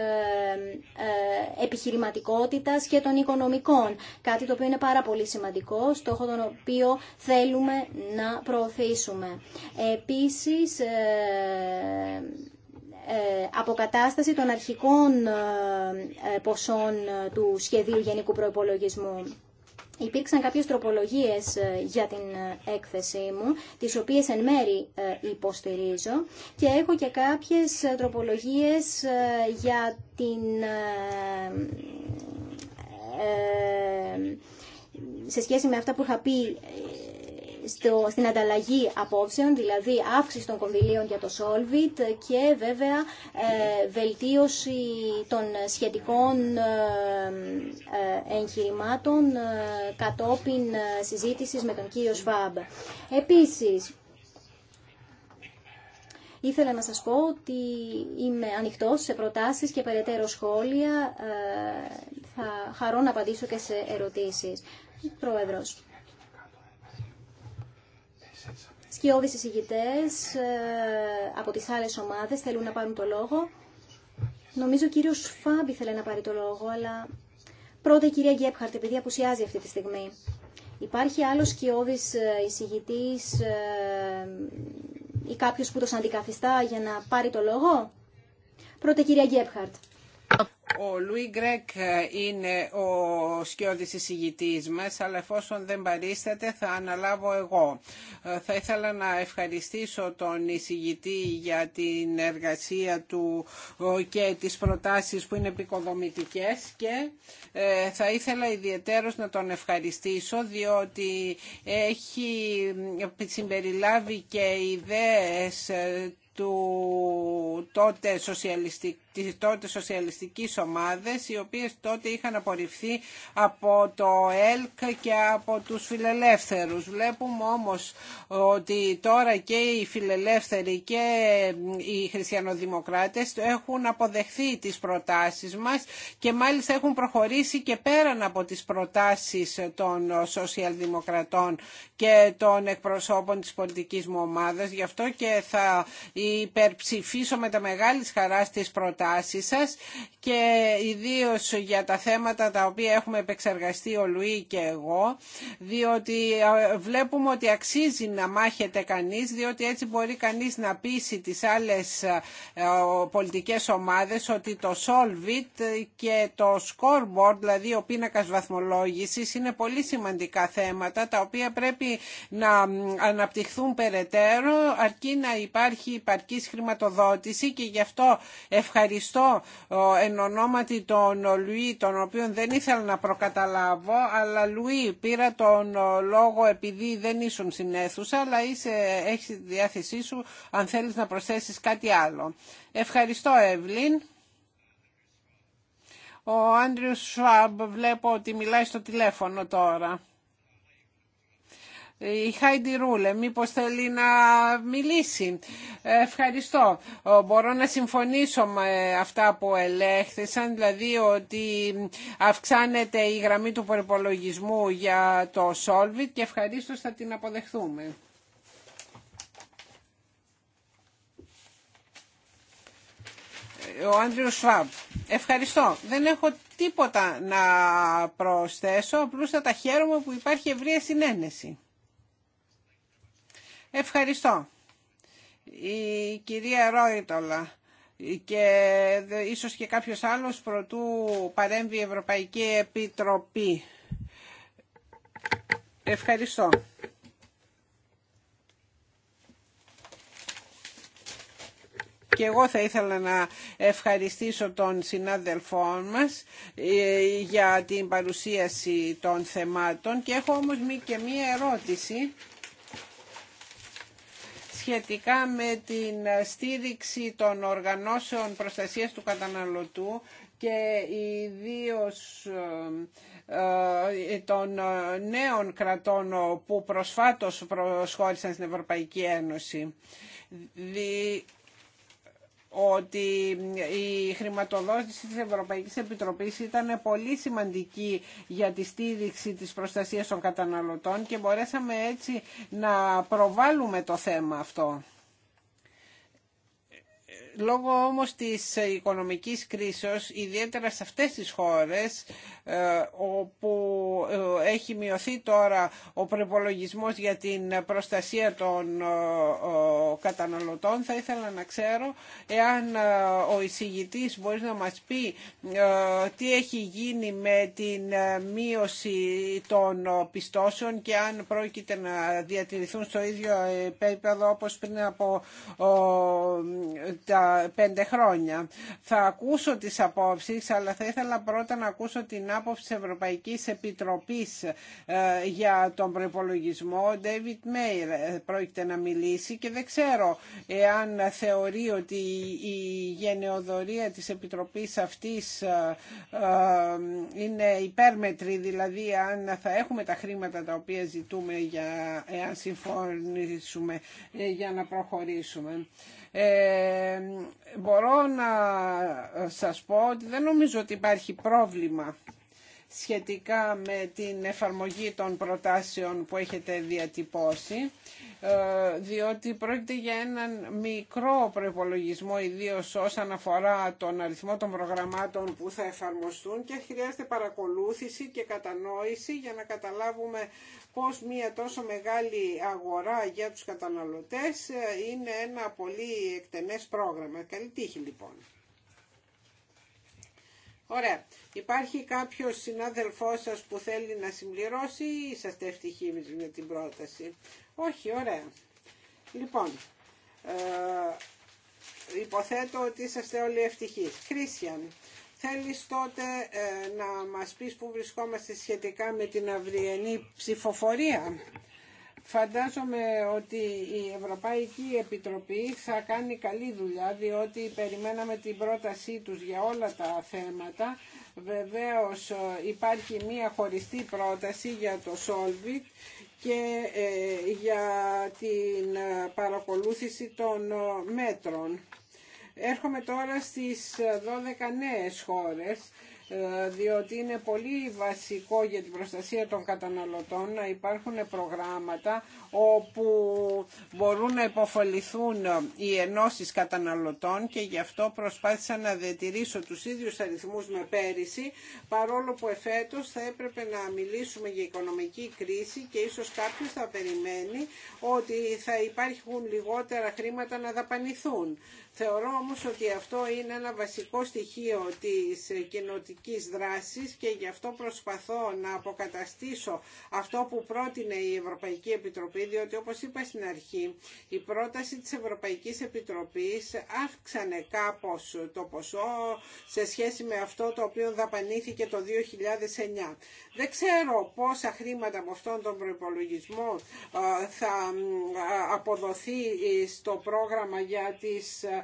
ε, επιχειρηματικότητας και των οικονομικών. Κάτι το οποίο είναι πάρα πολύ σημαντικό, στόχο τον οποίο θέλουμε να προωθήσουμε. Επίσης, ε, αποκατάσταση των αρχικών ποσών του σχεδίου γενικού προϋπολογισμού. Υπήρξαν κάποιες τροπολογίες ε, για την ε, έκθεσή μου, τις οποίες εν μέρη ε, υποστηρίζω και έχω και κάποιες τροπολογίες για την... σε σχέση με αυτά που είχα πει στο, στην ανταλλαγή απόψεων, δηλαδή αύξηση των κονδυλίων για το Solvit και βέβαια ε, βελτίωση των σχετικών ε, ε εγχειρημάτων ε, κατόπιν συζήτησης με τον κύριο Σβάμπ. Επίσης, Ήθελα να σας πω ότι είμαι ανοιχτός σε προτάσεις και περαιτέρω σχόλια. θα χαρώ να απαντήσω και σε ερωτήσεις. Πρόεδρος. σκιώδεις εισηγητές ε, από τις άλλες ομάδες θέλουν να πάρουν το λόγο. Νομίζω ο κύριος Φάμπη θέλει να πάρει το λόγο, αλλά πρώτα η κυρία Γκέπχαρτ, επειδή απουσιάζει αυτή τη στιγμή. Υπάρχει άλλος σκιώδης ε, εισηγητής ε, ή κάποιος που τον αντικαθιστά για να πάρει το λόγο. Πρώτα η κυρία Γκέπχαρτ. Ο Λουί Γκρέκ ε, είναι ο σκιώδης εισηγητής μας, αλλά εφόσον δεν παρίσταται θα αναλάβω εγώ. Ε, θα ήθελα να ευχαριστήσω τον εισηγητή για την εργασία του ε, και τις προτάσεις που είναι επικοδομητικές και θα ήθελα ιδιαίτερος να τον ευχαριστήσω διότι έχει συμπεριλάβει και ιδέες του τότε σοσιαλιστικού τις τότε σοσιαλιστικές ομάδες οι οποίες τότε είχαν απορριφθεί από το ΕΛΚ και από τους φιλελεύθερους. Βλέπουμε όμως ότι τώρα και οι φιλελεύθεροι και οι χριστιανοδημοκράτες έχουν αποδεχθεί τις προτάσεις μας και μάλιστα έχουν προχωρήσει και πέραν από τις προτάσεις των σοσιαλδημοκρατών και των εκπροσώπων της πολιτικής μου ομάδας. Γι' αυτό και θα υπερψηφίσω με τα μεγάλη χαρά τις προτάσεις σας και ιδίως για τα θέματα τα οποία έχουμε επεξεργαστεί ο Λουί και εγώ διότι ε, βλέπουμε ότι αξίζει να μάχεται κανείς διότι έτσι μπορεί κανείς να πείσει τις άλλες ε, πολιτικές ομάδες ότι το Solvit και το Scoreboard δηλαδή ο πίνακας βαθμολόγησης είναι πολύ σημαντικά θέματα τα οποία πρέπει να αναπτυχθούν περαιτέρω αρκεί να υπάρχει υπαρκής χρηματοδότηση και γι' αυτό ευχαριστώ ευχαριστώ εν ονόματι τον Λουί, τον οποίο δεν ήθελα να προκαταλάβω, αλλά Λουί πήρα τον λόγο επειδή δεν ήσουν στην αίθουσα, αλλά είσαι, έχεις τη διάθεσή σου αν θέλεις να προσθέσεις κάτι άλλο. Ευχαριστώ Εύλην. Ο Άντριου Σουάμπ βλέπω ότι μιλάει στο τηλέφωνο τώρα. Η Χάιντι Ρούλε, μήπω θέλει να μιλήσει. Ευχαριστώ. Μπορώ να συμφωνήσω με αυτά που ελέγχθησαν, δηλαδή ότι αυξάνεται η γραμμή του προπολογισμού για το Solvit και ευχαρίστω θα την αποδεχθούμε. Ο Άντριος Σφάμπ. Ευχαριστώ. Δεν έχω τίποτα να προσθέσω, τα χαίρομαι που υπάρχει ευρεία συνένεση. Ευχαριστώ. Η κυρία Ρόιτολα και ίσως και κάποιος άλλος προτού παρέμβει η Ευρωπαϊκή Επιτροπή. Ευχαριστώ. και εγώ θα ήθελα να ευχαριστήσω τον συνάδελφό μας ε, για την παρουσίαση των θεμάτων και έχω όμως και μία ερώτηση σχετικά με την στήριξη των οργανώσεων προστασίας του καταναλωτού και ιδίω ε, ε, των ε, νέων κρατών που προσφάτως προσχώρησαν στην Ευρωπαϊκή Ένωση ότι η χρηματοδότηση της Ευρωπαϊκής Επιτροπής ήταν πολύ σημαντική για τη στήριξη της προστασίας των καταναλωτών και μπορέσαμε έτσι να προβάλλουμε το θέμα αυτό. Λόγω όμως της οικονομικής κρίσεως, ιδιαίτερα σε αυτές τις χώρες, ε, όπου ε, έχει μειωθεί τώρα ο προπολογισμό για την προστασία των ε, καταναλωτών. Θα ήθελα να ξέρω εάν ο εισηγητής μπορεί να μας πει τι έχει γίνει με την μείωση των πιστώσεων και αν πρόκειται να διατηρηθούν στο ίδιο επίπεδο όπως πριν από τα πέντε χρόνια. Θα ακούσω τις απόψεις, αλλά θα ήθελα πρώτα να ακούσω την άποψη της Ευρωπαϊκής Επιτροπής ε, για τον προπολογισμό, ο David Μέιρ ε, πρόκειται να μιλήσει και δεν ξέρω εάν θεωρεί ότι η γενεοδορία της Επιτροπής αυτής ε, είναι υπέρμετρη, δηλαδή αν θα έχουμε τα χρήματα τα οποία ζητούμε για, εάν συμφωνήσουμε για να προχωρήσουμε. μπορώ να σας πω ότι δεν νομίζω ότι υπάρχει πρόβλημα σχετικά με την εφαρμογή των προτάσεων που έχετε διατυπώσει ε, διότι πρόκειται για έναν μικρό προπολογισμό ιδίως όσον αφορά τον αριθμό των προγραμμάτων που θα εφαρμοστούν και χρειάζεται παρακολούθηση και κατανόηση για να καταλάβουμε πως μια τόσο μεγάλη αγορά για τους καταναλωτές ε, είναι ένα πολύ εκτενές πρόγραμμα. Καλή τύχη λοιπόν. Ωραία. Υπάρχει κάποιος συνάδελφός σας που θέλει να συμπληρώσει ή είσαστε ευτυχοί με την πρόταση. Όχι, ωραία. Λοιπόν, ε, υποθέτω ότι είσαστε όλοι ευτυχείς. Κρίσιαν, θέλεις τότε ε, να μας πεις που βρισκόμαστε σχετικά με την αυριανή ψηφοφορία. Φαντάζομαι ότι η Ευρωπαϊκή Επιτροπή θα κάνει καλή δουλειά διότι περιμέναμε την πρότασή τους για όλα τα θέματα. Βεβαίως ε, υπάρχει μία χωριστή πρόταση για το Solvit και ε, για την ε, παρακολούθηση των μέτρων. Έρχομαι τώρα στις 12 νέες χώρες ε, διότι είναι πολύ βασικό για την προστασία των καταναλωτών να υπάρχουν προγράμματα όπου μπορούν να υποφεληθούν οι ενώσεις καταναλωτών και γι' αυτό προσπάθησα να διατηρήσω τους ίδιους αριθμούς με πέρυσι παρόλο που εφέτος θα έπρεπε να μιλήσουμε για οικονομική κρίση και ίσως κάποιος θα περιμένει ότι θα υπάρχουν λιγότερα χρήματα να δαπανηθούν. Θεωρώ όμως ότι αυτό είναι ένα βασικό στοιχείο της κοινοτικής δράσης και γι' αυτό προσπαθώ να αποκαταστήσω αυτό που πρότεινε η Ευρωπαϊκή Επιτροπή, διότι όπως είπα στην αρχή, η πρόταση της Ευρωπαϊκής Επιτροπής αύξανε κάπως το ποσό σε σχέση με αυτό το οποίο δαπανήθηκε το 2009. Δεν ξέρω πόσα χρήματα από αυτόν τον προπολογισμό ε, θα ε, αποδοθεί στο πρόγραμμα για τις ε,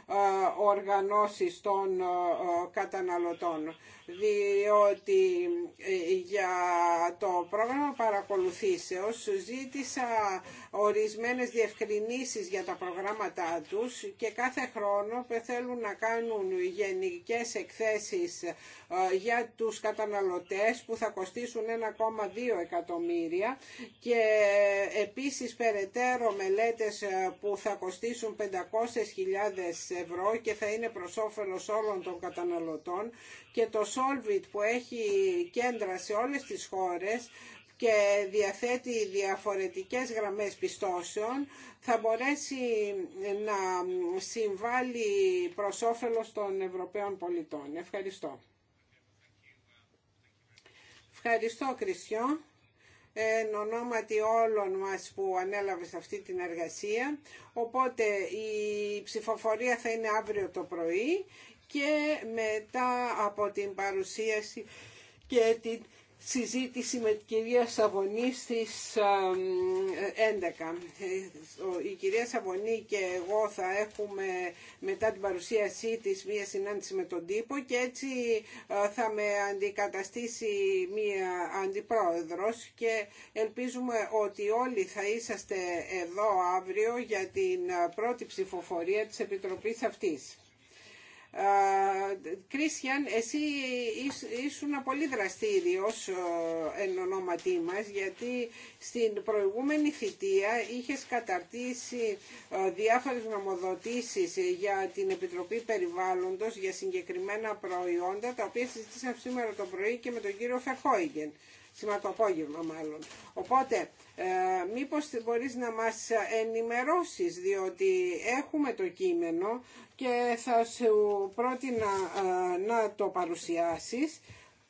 Ε, οργανώσεις των ε, καταναλωτών. Διότι ε, για το πρόγραμμα παρακολουθήσεως ζήτησα ορισμένες διευκρινήσεις για τα προγράμματά τους και κάθε χρόνο θέλουν να κάνουν γενικές εκθέσεις για τους καταναλωτές που θα κοστίσουν 1,2 εκατομμύρια και επίσης περαιτέρω μελέτες που θα κοστίσουν 500.000 ευρώ και θα είναι προς όφελος όλων των καταναλωτών και το Solvit που έχει κέντρα σε όλες τις χώρες και διαθέτει διαφορετικές γραμμές πιστώσεων θα μπορέσει να συμβάλλει προς όφελος των Ευρωπαίων πολιτών. Ευχαριστώ. Ευχαριστώ Κριστιό εν ονόματι όλων μας που ανέλαβε σε αυτή την εργασία. Οπότε η ψηφοφορία θα είναι αύριο το πρωί και μετά από την παρουσίαση και την συζήτηση με την κυρία Σαβωνή στις 11. Ε, η κυρία Σαβωνή και εγώ θα έχουμε μετά την παρουσίασή της μία συνάντηση με τον τύπο και έτσι ε, θα με αντικαταστήσει μία αντιπρόεδρος και ελπίζουμε ότι όλοι θα είσαστε εδώ αύριο για την ε, πρώτη ψηφοφορία της Επιτροπής αυτής. Κρίσιαν, εσύ ήσουν πολύ δραστήριος ε, εν ονόματί μας γιατί στην προηγούμενη θητεία είχες καταρτήσει ε, διάφορες νομοδοτήσεις για την Επιτροπή Περιβάλλοντος για συγκεκριμένα προϊόντα τα οποία συζητήσαμε σήμερα το πρωί και με τον κύριο Φεχόηγεν σήμερα το απόγευμα μάλλον. Οπότε, ε, μήπως μπορείς να μας ενημερώσεις, διότι έχουμε το κείμενο και θα σου πρότεινα ε, να το παρουσιάσεις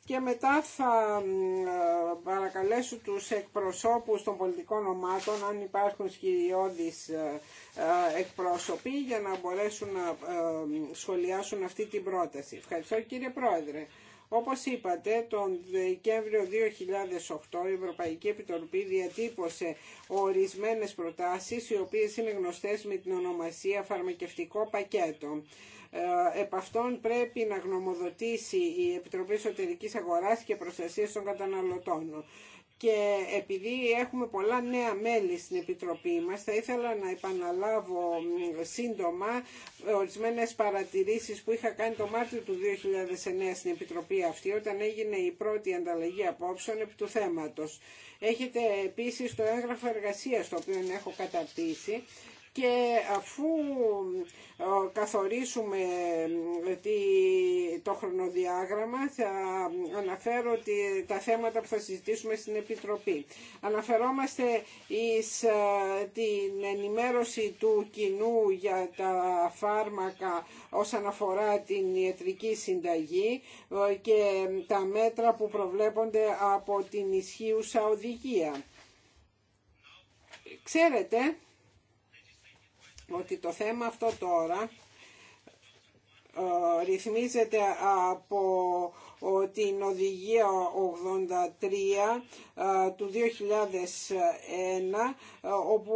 και μετά θα ε, παρακαλέσω τους εκπροσώπους των πολιτικών ομάδων αν υπάρχουν σχηριώδεις ε, εκπρόσωποι για να μπορέσουν να σχολιάσουν αυτή την πρόταση. Ευχαριστώ κύριε Πρόεδρε. Όπως είπατε, τον Δεκέμβριο 2008 η Ευρωπαϊκή Επιτροπή διατύπωσε ορισμένες προτάσεις οι οποίες είναι γνωστές με την ονομασία φαρμακευτικό πακέτο. Ε, επ' αυτόν πρέπει να γνωμοδοτήσει η Επιτροπή Εσωτερικής Αγοράς και Προστασίας των Καταναλωτών και επειδή έχουμε πολλά νέα μέλη στην Επιτροπή μας, θα ήθελα να επαναλάβω σύντομα ορισμένες παρατηρήσεις που είχα κάνει το Μάρτιο του 2009 στην Επιτροπή αυτή, όταν έγινε η πρώτη ανταλλαγή απόψεων επί του θέματος. Έχετε επίσης το έγγραφο εργασίας το οποίο έχω καταρτήσει και αφού ε, καθορίσουμε ε, το χρονοδιάγραμμα θα αναφέρω τα θέματα που θα συζητήσουμε στην Επιτροπή. Αναφερόμαστε εις ε, την ενημέρωση του κοινού για τα φάρμακα όσον αφορά την ιατρική συνταγή και τα μέτρα που προβλέπονται από την ισχύουσα οδηγία. Ξέρετε ότι το θέμα αυτό τώρα ε, ρυθμίζεται από την οδηγία 83 ε, του 2001 ε, όπου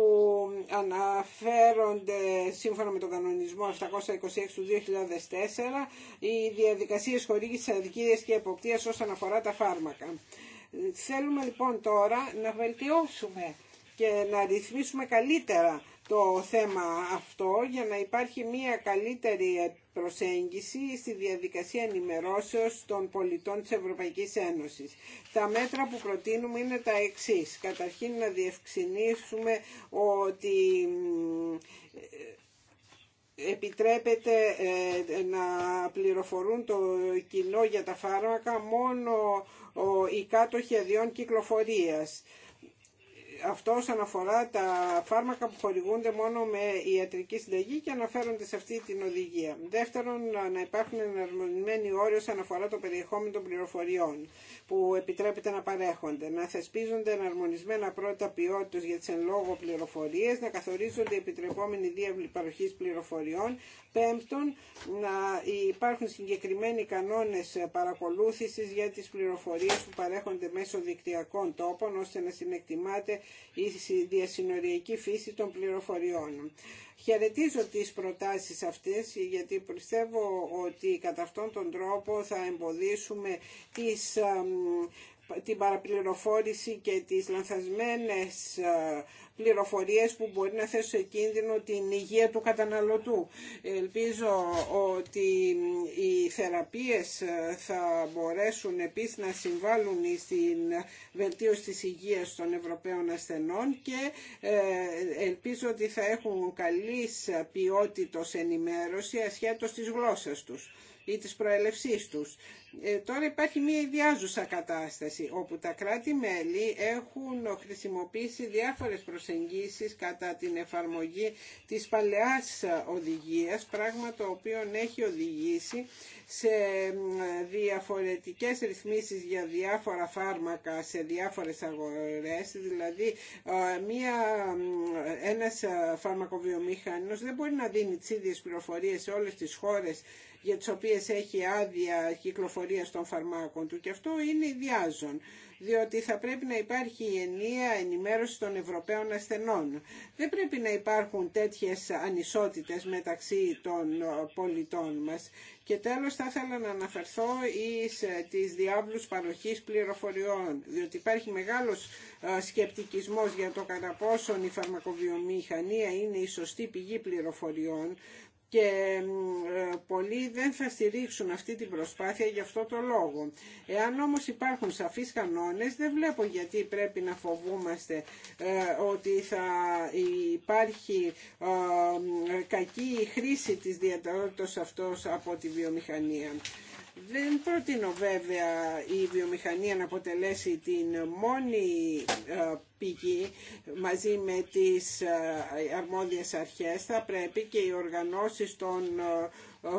αναφέρονται σύμφωνα με τον κανονισμό 726 του 2004 οι διαδικασίες χορήγησης αδικίες και εποπτείας όσον αφορά τα φάρμακα. Θέλουμε λοιπόν τώρα να βελτιώσουμε και να ρυθμίσουμε καλύτερα το θέμα αυτό για να υπάρχει μια καλύτερη προσέγγιση στη διαδικασία ενημερώσεως των πολιτών της Ευρωπαϊκής Ένωσης. Τα μέτρα που προτείνουμε είναι τα εξής. Καταρχήν να διευξηνήσουμε ότι επιτρέπεται ε, να πληροφορούν το κοινό για τα φάρμακα μόνο οι κάτοχοι αδειών κυκλοφορίας αυτό όσον αφορά τα φάρμακα που χορηγούνται μόνο με ιατρική συνταγή και αναφέρονται σε αυτή την οδηγία. Δεύτερον, να υπάρχουν εναρμονισμένοι όροι όσον αφορά το περιεχόμενο των πληροφοριών που επιτρέπεται να παρέχονται, να θεσπίζονται εναρμονισμένα πρώτα ποιότητα για τι εν λόγω πληροφορίε, να καθορίζονται οι επιτρεπόμενοι διάβλοι παροχή πληροφοριών. Πέμπτον, να υπάρχουν συγκεκριμένοι κανόνε παρακολούθηση για τι πληροφορίε που παρέχονται μέσω δικτυακών τόπων, ώστε να συνεκτιμάται η διασυνοριακή φύση των πληροφοριών. Χαιρετίζω τις προτάσεις αυτές γιατί πιστεύω ότι κατά αυτόν τον τρόπο θα εμποδίσουμε τις την παραπληροφόρηση και τις λανθασμένες ε, πληροφορίες που μπορεί να θέσουν σε κίνδυνο την υγεία του καταναλωτού. Ελπίζω ότι οι θεραπείες ε, θα μπορέσουν επίσης να συμβάλλουν στην βελτίωση της υγείας των Ευρωπαίων ασθενών και ε, ελπίζω ότι θα έχουν καλής ποιότητος ενημέρωση ασχέτως της γλώσσας τους ή της προέλευσής τους. Ε, τώρα υπάρχει μια ιδιάζουσα κατάσταση όπου τα κράτη-μέλη έχουν χρησιμοποιήσει διάφορες προσεγγίσεις κατά την εφαρμογή της παλαιάς οδηγίας, πράγμα το οποίο έχει οδηγήσει σε διαφορετικές ρυθμίσεις για διάφορα φάρμακα σε διάφορες αγορές, δηλαδή ε, μια, ένας φαρμακοβιομηχανός δεν μπορεί να δίνει τις ίδιες πληροφορίες σε όλες τις χώρες για τις οποίες έχει άδεια κυκλοφορία των φαρμάκων του και αυτό είναι ιδιάζον διότι θα πρέπει να υπάρχει η ενία ενημέρωση των Ευρωπαίων ασθενών. Δεν πρέπει να υπάρχουν τέτοιες ανισότητες μεταξύ των πολιτών μας. Και τέλος θα ήθελα να αναφερθώ εις ε, τις διάβλους παροχής πληροφοριών, διότι υπάρχει μεγάλος ε, σκεπτικισμός για το κατά πόσον η φαρμακοβιομηχανία είναι η σωστή πηγή πληροφοριών, και ε, πολλοί δεν θα στηρίξουν αυτή την προσπάθεια για αυτό το λόγο. Εάν όμως υπάρχουν σαφείς κανόνες δεν βλέπω γιατί πρέπει να φοβούμαστε ε, ότι θα υπάρχει ε, κακή χρήση της διαταρότητας αυτός από τη βιομηχανία. Δεν προτείνω βέβαια η βιομηχανία να αποτελέσει την μόνη ε, πηγή μαζί με τις ε, αρμόδιες αρχές. Θα πρέπει και οι οργανώσεις των ε,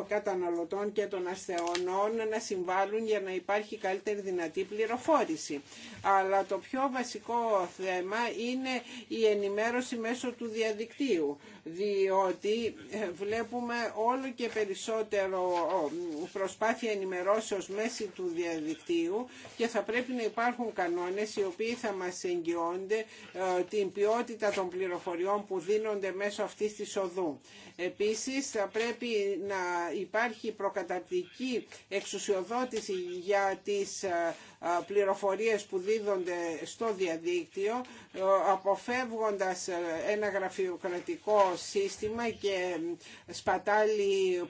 καταναλωτών και των ασθενών να συμβάλλουν για να υπάρχει καλύτερη δυνατή πληροφόρηση. Αλλά το πιο βασικό θέμα είναι η ενημέρωση μέσω του διαδικτύου, διότι ε, βλέπουμε όλο και περισσότερο προσπάθεια ενημερώσεως μέσω του διαδικτύου και θα πρέπει να υπάρχουν κανόνες οι οποίοι θα μας εγγυώνται ε, την ποιότητα των πληροφοριών που δίνονται μέσω αυτής της οδού. Επίσης θα πρέπει να υπάρχει προκαταρτική εξουσιοδότηση για τις ε, ε, πληροφορίες που δίδονται στο διαδίκτυο ε, αποφεύγοντας ένα γραφειοκρατικό σύστημα και σπατάλη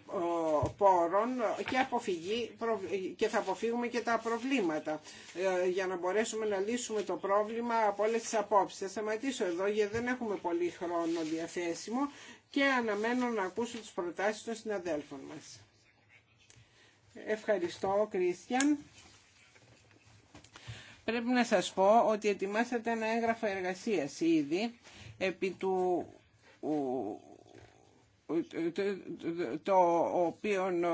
πόρων και, και θα αποφύγουμε και τα προβλήματα για να μπορέσουμε να λύσουμε το πρόβλημα από όλες τις απόψεις. Θα σταματήσω εδώ γιατί δεν έχουμε πολύ χρόνο διαθέσιμο και αναμένω να ακούσω τις προτάσεις των συναδέλφων μας. Ευχαριστώ, Κρίστιαν. Πρέπει να σας πω ότι ετοιμάσατε ένα έγγραφο εργασίας ήδη επί του το οποίο ε,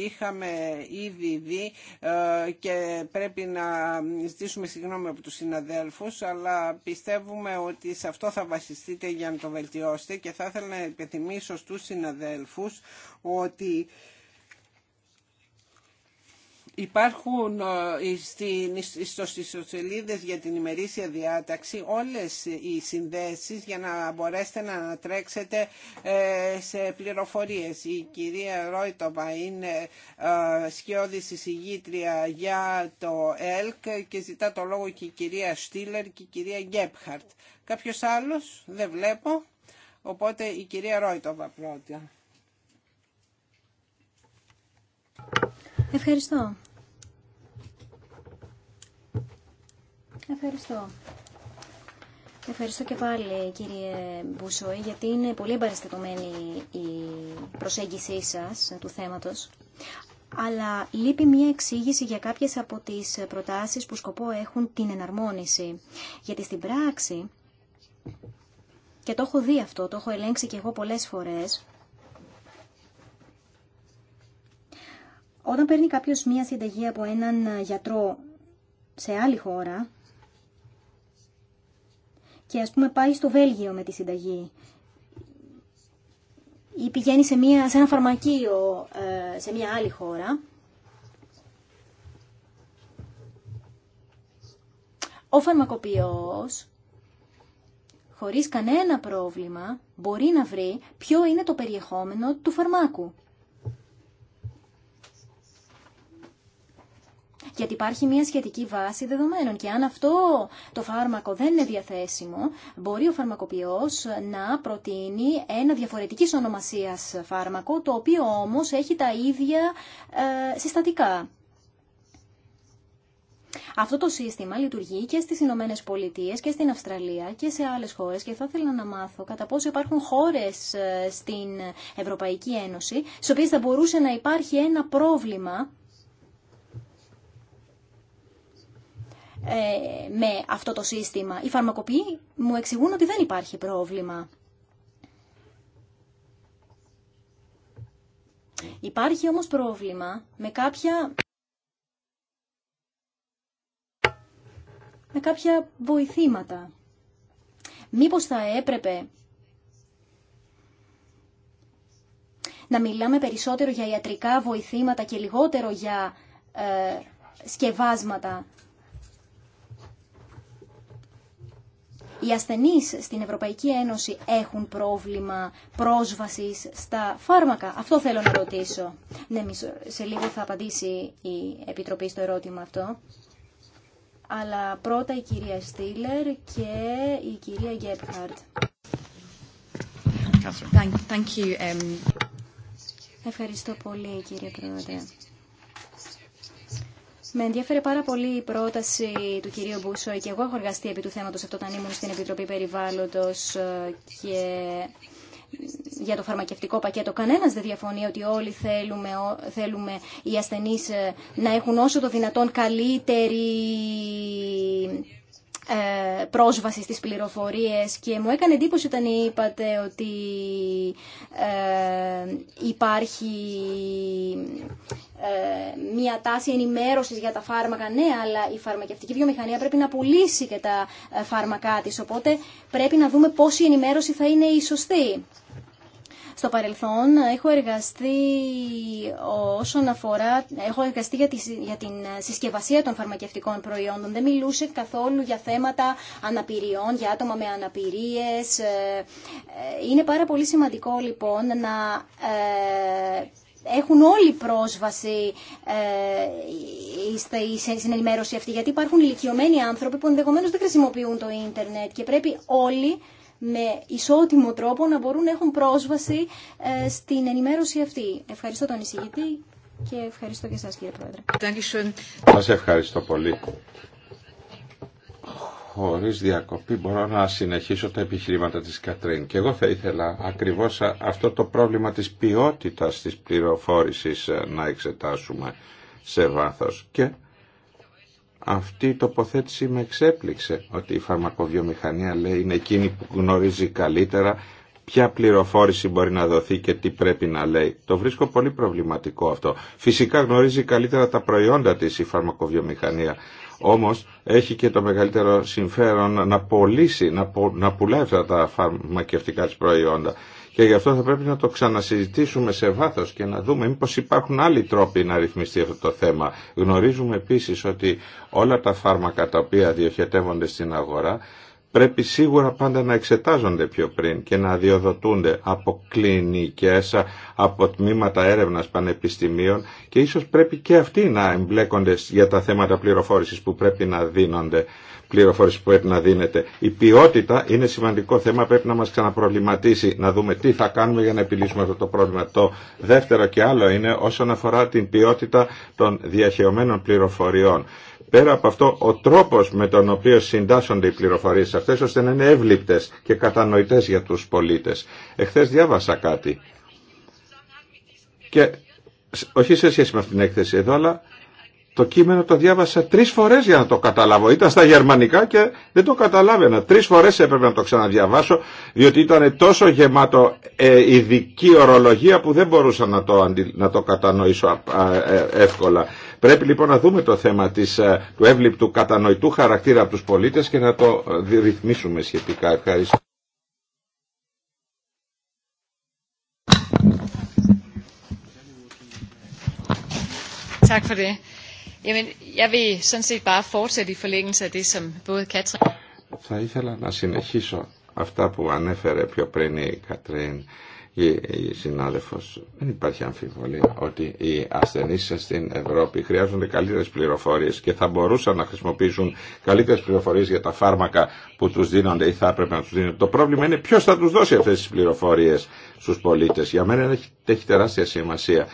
είχαμε ήδη δει ε, και πρέπει να ζητήσουμε συγγνώμη από τους συναδέλφους αλλά πιστεύουμε ότι σε αυτό θα βασιστείτε για να το βελτιώσετε και θα ήθελα να του στους συναδέλφους ότι Υπάρχουν ε, στις ιστοσελίδες για την ημερήσια διάταξη όλες οι συνδέσεις για να μπορέσετε να ανατρέξετε ε, σε πληροφορίες. Η κυρία Ρόιτοβα είναι ε, σκιώδης εισηγήτρια για το ΕΛΚ και ζητά το λόγο και η κυρία Στήλερ και η κυρία Γκέπχαρτ. Κάποιος άλλος δεν βλέπω, οπότε η κυρία Ρόιτοβα πρώτα. Ευχαριστώ. Ευχαριστώ. Ευχαριστώ και πάλι κύριε Μπουσόη γιατί είναι πολύ εμπαριστατωμένη η προσέγγισή σας του θέματος. Αλλά λείπει μία εξήγηση για κάποιες από τις προτάσεις που σκοπό έχουν την εναρμόνιση. Γιατί στην πράξη, και το έχω δει αυτό, το έχω ελέγξει και εγώ πολλές φορές, Όταν παίρνει κάποιος μία συνταγή από έναν ε, γιατρό σε άλλη χώρα και ας πούμε πάει στο Βέλγιο με τη συνταγή ή πηγαίνει σε, μια, σε ένα φαρμακείο ε, σε μια άλλη χώρα, ο φαρμακοποιός χωρίς κανένα πρόβλημα μπορεί να βρει ποιο είναι το περιεχόμενο του φαρμάκου. γιατί υπάρχει μια σχετική βάση δεδομένων και αν αυτό το φάρμακο δεν είναι διαθέσιμο, μπορεί ο φαρμακοποιός να προτείνει ένα διαφορετικής ονομασίας φάρμακο, το οποίο όμως έχει τα ίδια ε, συστατικά. Αυτό το σύστημα λειτουργεί και στις Ηνωμένε Πολιτείες και στην Αυστραλία και σε άλλες χώρες και θα ήθελα να μάθω κατά πόσο υπάρχουν χώρες ε, στην Ευρωπαϊκή Ένωση στις οποίες θα μπορούσε να υπάρχει ένα πρόβλημα Ε, με αυτό το σύστημα. Οι φαρμακοποιοί μου εξηγούν ότι δεν υπάρχει πρόβλημα. Υπάρχει όμως πρόβλημα με κάποια... με κάποια βοηθήματα. Μήπως θα έπρεπε να μιλάμε περισσότερο για ιατρικά βοηθήματα και λιγότερο για ε, σκευάσματα Οι ασθενείς στην Ευρωπαϊκή Ένωση έχουν πρόβλημα πρόσβασης στα φάρμακα. Αυτό θέλω να ρωτήσω. Ναι, σε λίγο θα απαντήσει η Επιτροπή στο ερώτημα αυτό. Αλλά πρώτα η κυρία Στήλερ και η κυρία Γκέπχαρτ. Thank you. Um, Ευχαριστώ πολύ κύριε Πρόεδρε. Με ενδιαφέρει πάρα πολύ η πρόταση του κυρίου Μπούσο και εγώ έχω εργαστεί επί του θέματος αυτό όταν ήμουν στην Επιτροπή Περιβάλλοντος ε, και για το φαρμακευτικό πακέτο. Κανένας δεν διαφωνεί ότι όλοι θέλουμε, θέλουμε οι ασθενείς ε, να έχουν όσο το δυνατόν καλύτερη ε, πρόσβαση στις πληροφορίες και μου έκανε εντύπωση όταν είπατε ότι υπάρχει ε, μια τάση ενημέρωσης για τα φάρμακα. Ναι, αλλά η φαρμακευτική βιομηχανία πρέπει να πουλήσει και τα ε, φάρμακά της, οπότε πρέπει να δούμε πώς η ενημέρωση θα είναι η σωστή. Στο παρελθόν έχω εργαστεί όσον αφορά, έχω εργαστεί για, τη, για την συσκευασία των φαρμακευτικών προϊόντων. Δεν μιλούσε καθόλου για θέματα αναπηριών, για άτομα με αναπηρίες. Ε, είναι πάρα πολύ σημαντικό λοιπόν να έχουν όλοι πρόσβαση ε, στην ενημέρωση αυτή, γιατί υπάρχουν ηλικιωμένοι άνθρωποι που ενδεχομένω δεν χρησιμοποιούν το ίντερνετ και πρέπει όλοι με ισότιμο τρόπο να μπορούν να έχουν πρόσβαση ε, στην ενημέρωση αυτή. Ευχαριστώ τον εισηγητή και ευχαριστώ και εσάς κύριε Πρόεδρε. Σας ευχαριστώ πολύ χωρίς διακοπή μπορώ να συνεχίσω τα επιχειρήματα της Κατρίν. Και εγώ θα ήθελα ακριβώς αυτό το πρόβλημα της ποιότητας της πληροφόρησης ε, να εξετάσουμε σε βάθος. Και αυτή η τοποθέτηση με εξέπληξε ότι η φαρμακοβιομηχανία λέει είναι εκείνη που γνωρίζει καλύτερα ποια πληροφόρηση μπορεί να δοθεί και τι πρέπει να λέει. Το βρίσκω πολύ προβληματικό αυτό. Φυσικά γνωρίζει καλύτερα τα προϊόντα της η φαρμακοβιομηχανία, όμως έχει και το μεγαλύτερο συμφέρον να πωλήσει, να, να πουλάει αυτά τα φαρμακευτικά της προϊόντα. Και γι' αυτό θα πρέπει να το ξανασυζητήσουμε σε βάθος και να δούμε μήπως υπάρχουν άλλοι τρόποι να ρυθμιστεί αυτό το θέμα. Γνωρίζουμε επίσης ότι όλα τα φάρμακα τα οποία διοχετεύονται στην αγορά πρέπει σίγουρα πάντα να εξετάζονται πιο πριν και να διοδοτούνται από κλινικές, από τμήματα έρευνας πανεπιστημίων και ίσως πρέπει και αυτοί να εμπλέκονται για τα θέματα πληροφόρησης που πρέπει να δίνονται πληροφόρηση που πρέπει να δίνετε. Η ποιότητα είναι σημαντικό θέμα, πρέπει να μας ξαναπροβληματίσει, να δούμε τι θα κάνουμε για να επιλύσουμε αυτό το πρόβλημα. Το δεύτερο και άλλο είναι όσον αφορά την ποιότητα των διαχειωμένων πληροφοριών. Πέρα από αυτό, ο τρόπος με τον οποίο συντάσσονται οι πληροφορίες αυτές, ώστε να είναι εύληπτες και κατανοητές για τους πολίτες. Εχθές διάβασα κάτι. Και όχι σε σχέση με αυτήν την έκθεση εδώ, αλλά το κείμενο το διάβασα τρεις φορές για να το καταλάβω. Ήταν στα γερμανικά και δεν το καταλάβαινα. Τρεις φορές έπρεπε να το ξαναδιαβάσω, διότι ήταν τόσο γεμάτο ε, ειδική ορολογία που δεν μπορούσα να το, να το κατανοήσω ε, εύκολα. Πρέπει λοιπόν να δούμε το θέμα της, ε, του εύληπτου κατανοητού χαρακτήρα από τους πολίτες και να το ρυθμίσουμε σχετικά. Ευχαριστώ. Θα ήθελα να συνεχίσω αυτά που ανέφερε πιο πριν η Κατρίν, η, η συνάδελφος. Δεν υπάρχει αμφιβολία ότι οι ασθενείς στην Ευρώπη χρειάζονται καλύτερες πληροφορίες και θα μπορούσαν να χρησιμοποιήσουν καλύτερες πληροφορίες για τα φάρμακα που τους δίνονται ή θα έπρεπε να τους δίνουν. Το πρόβλημα είναι ποιος θα τους δώσει αυτές τις πληροφορίες στους πολίτες. Για μένα έχει, έχει τεράστια σημασία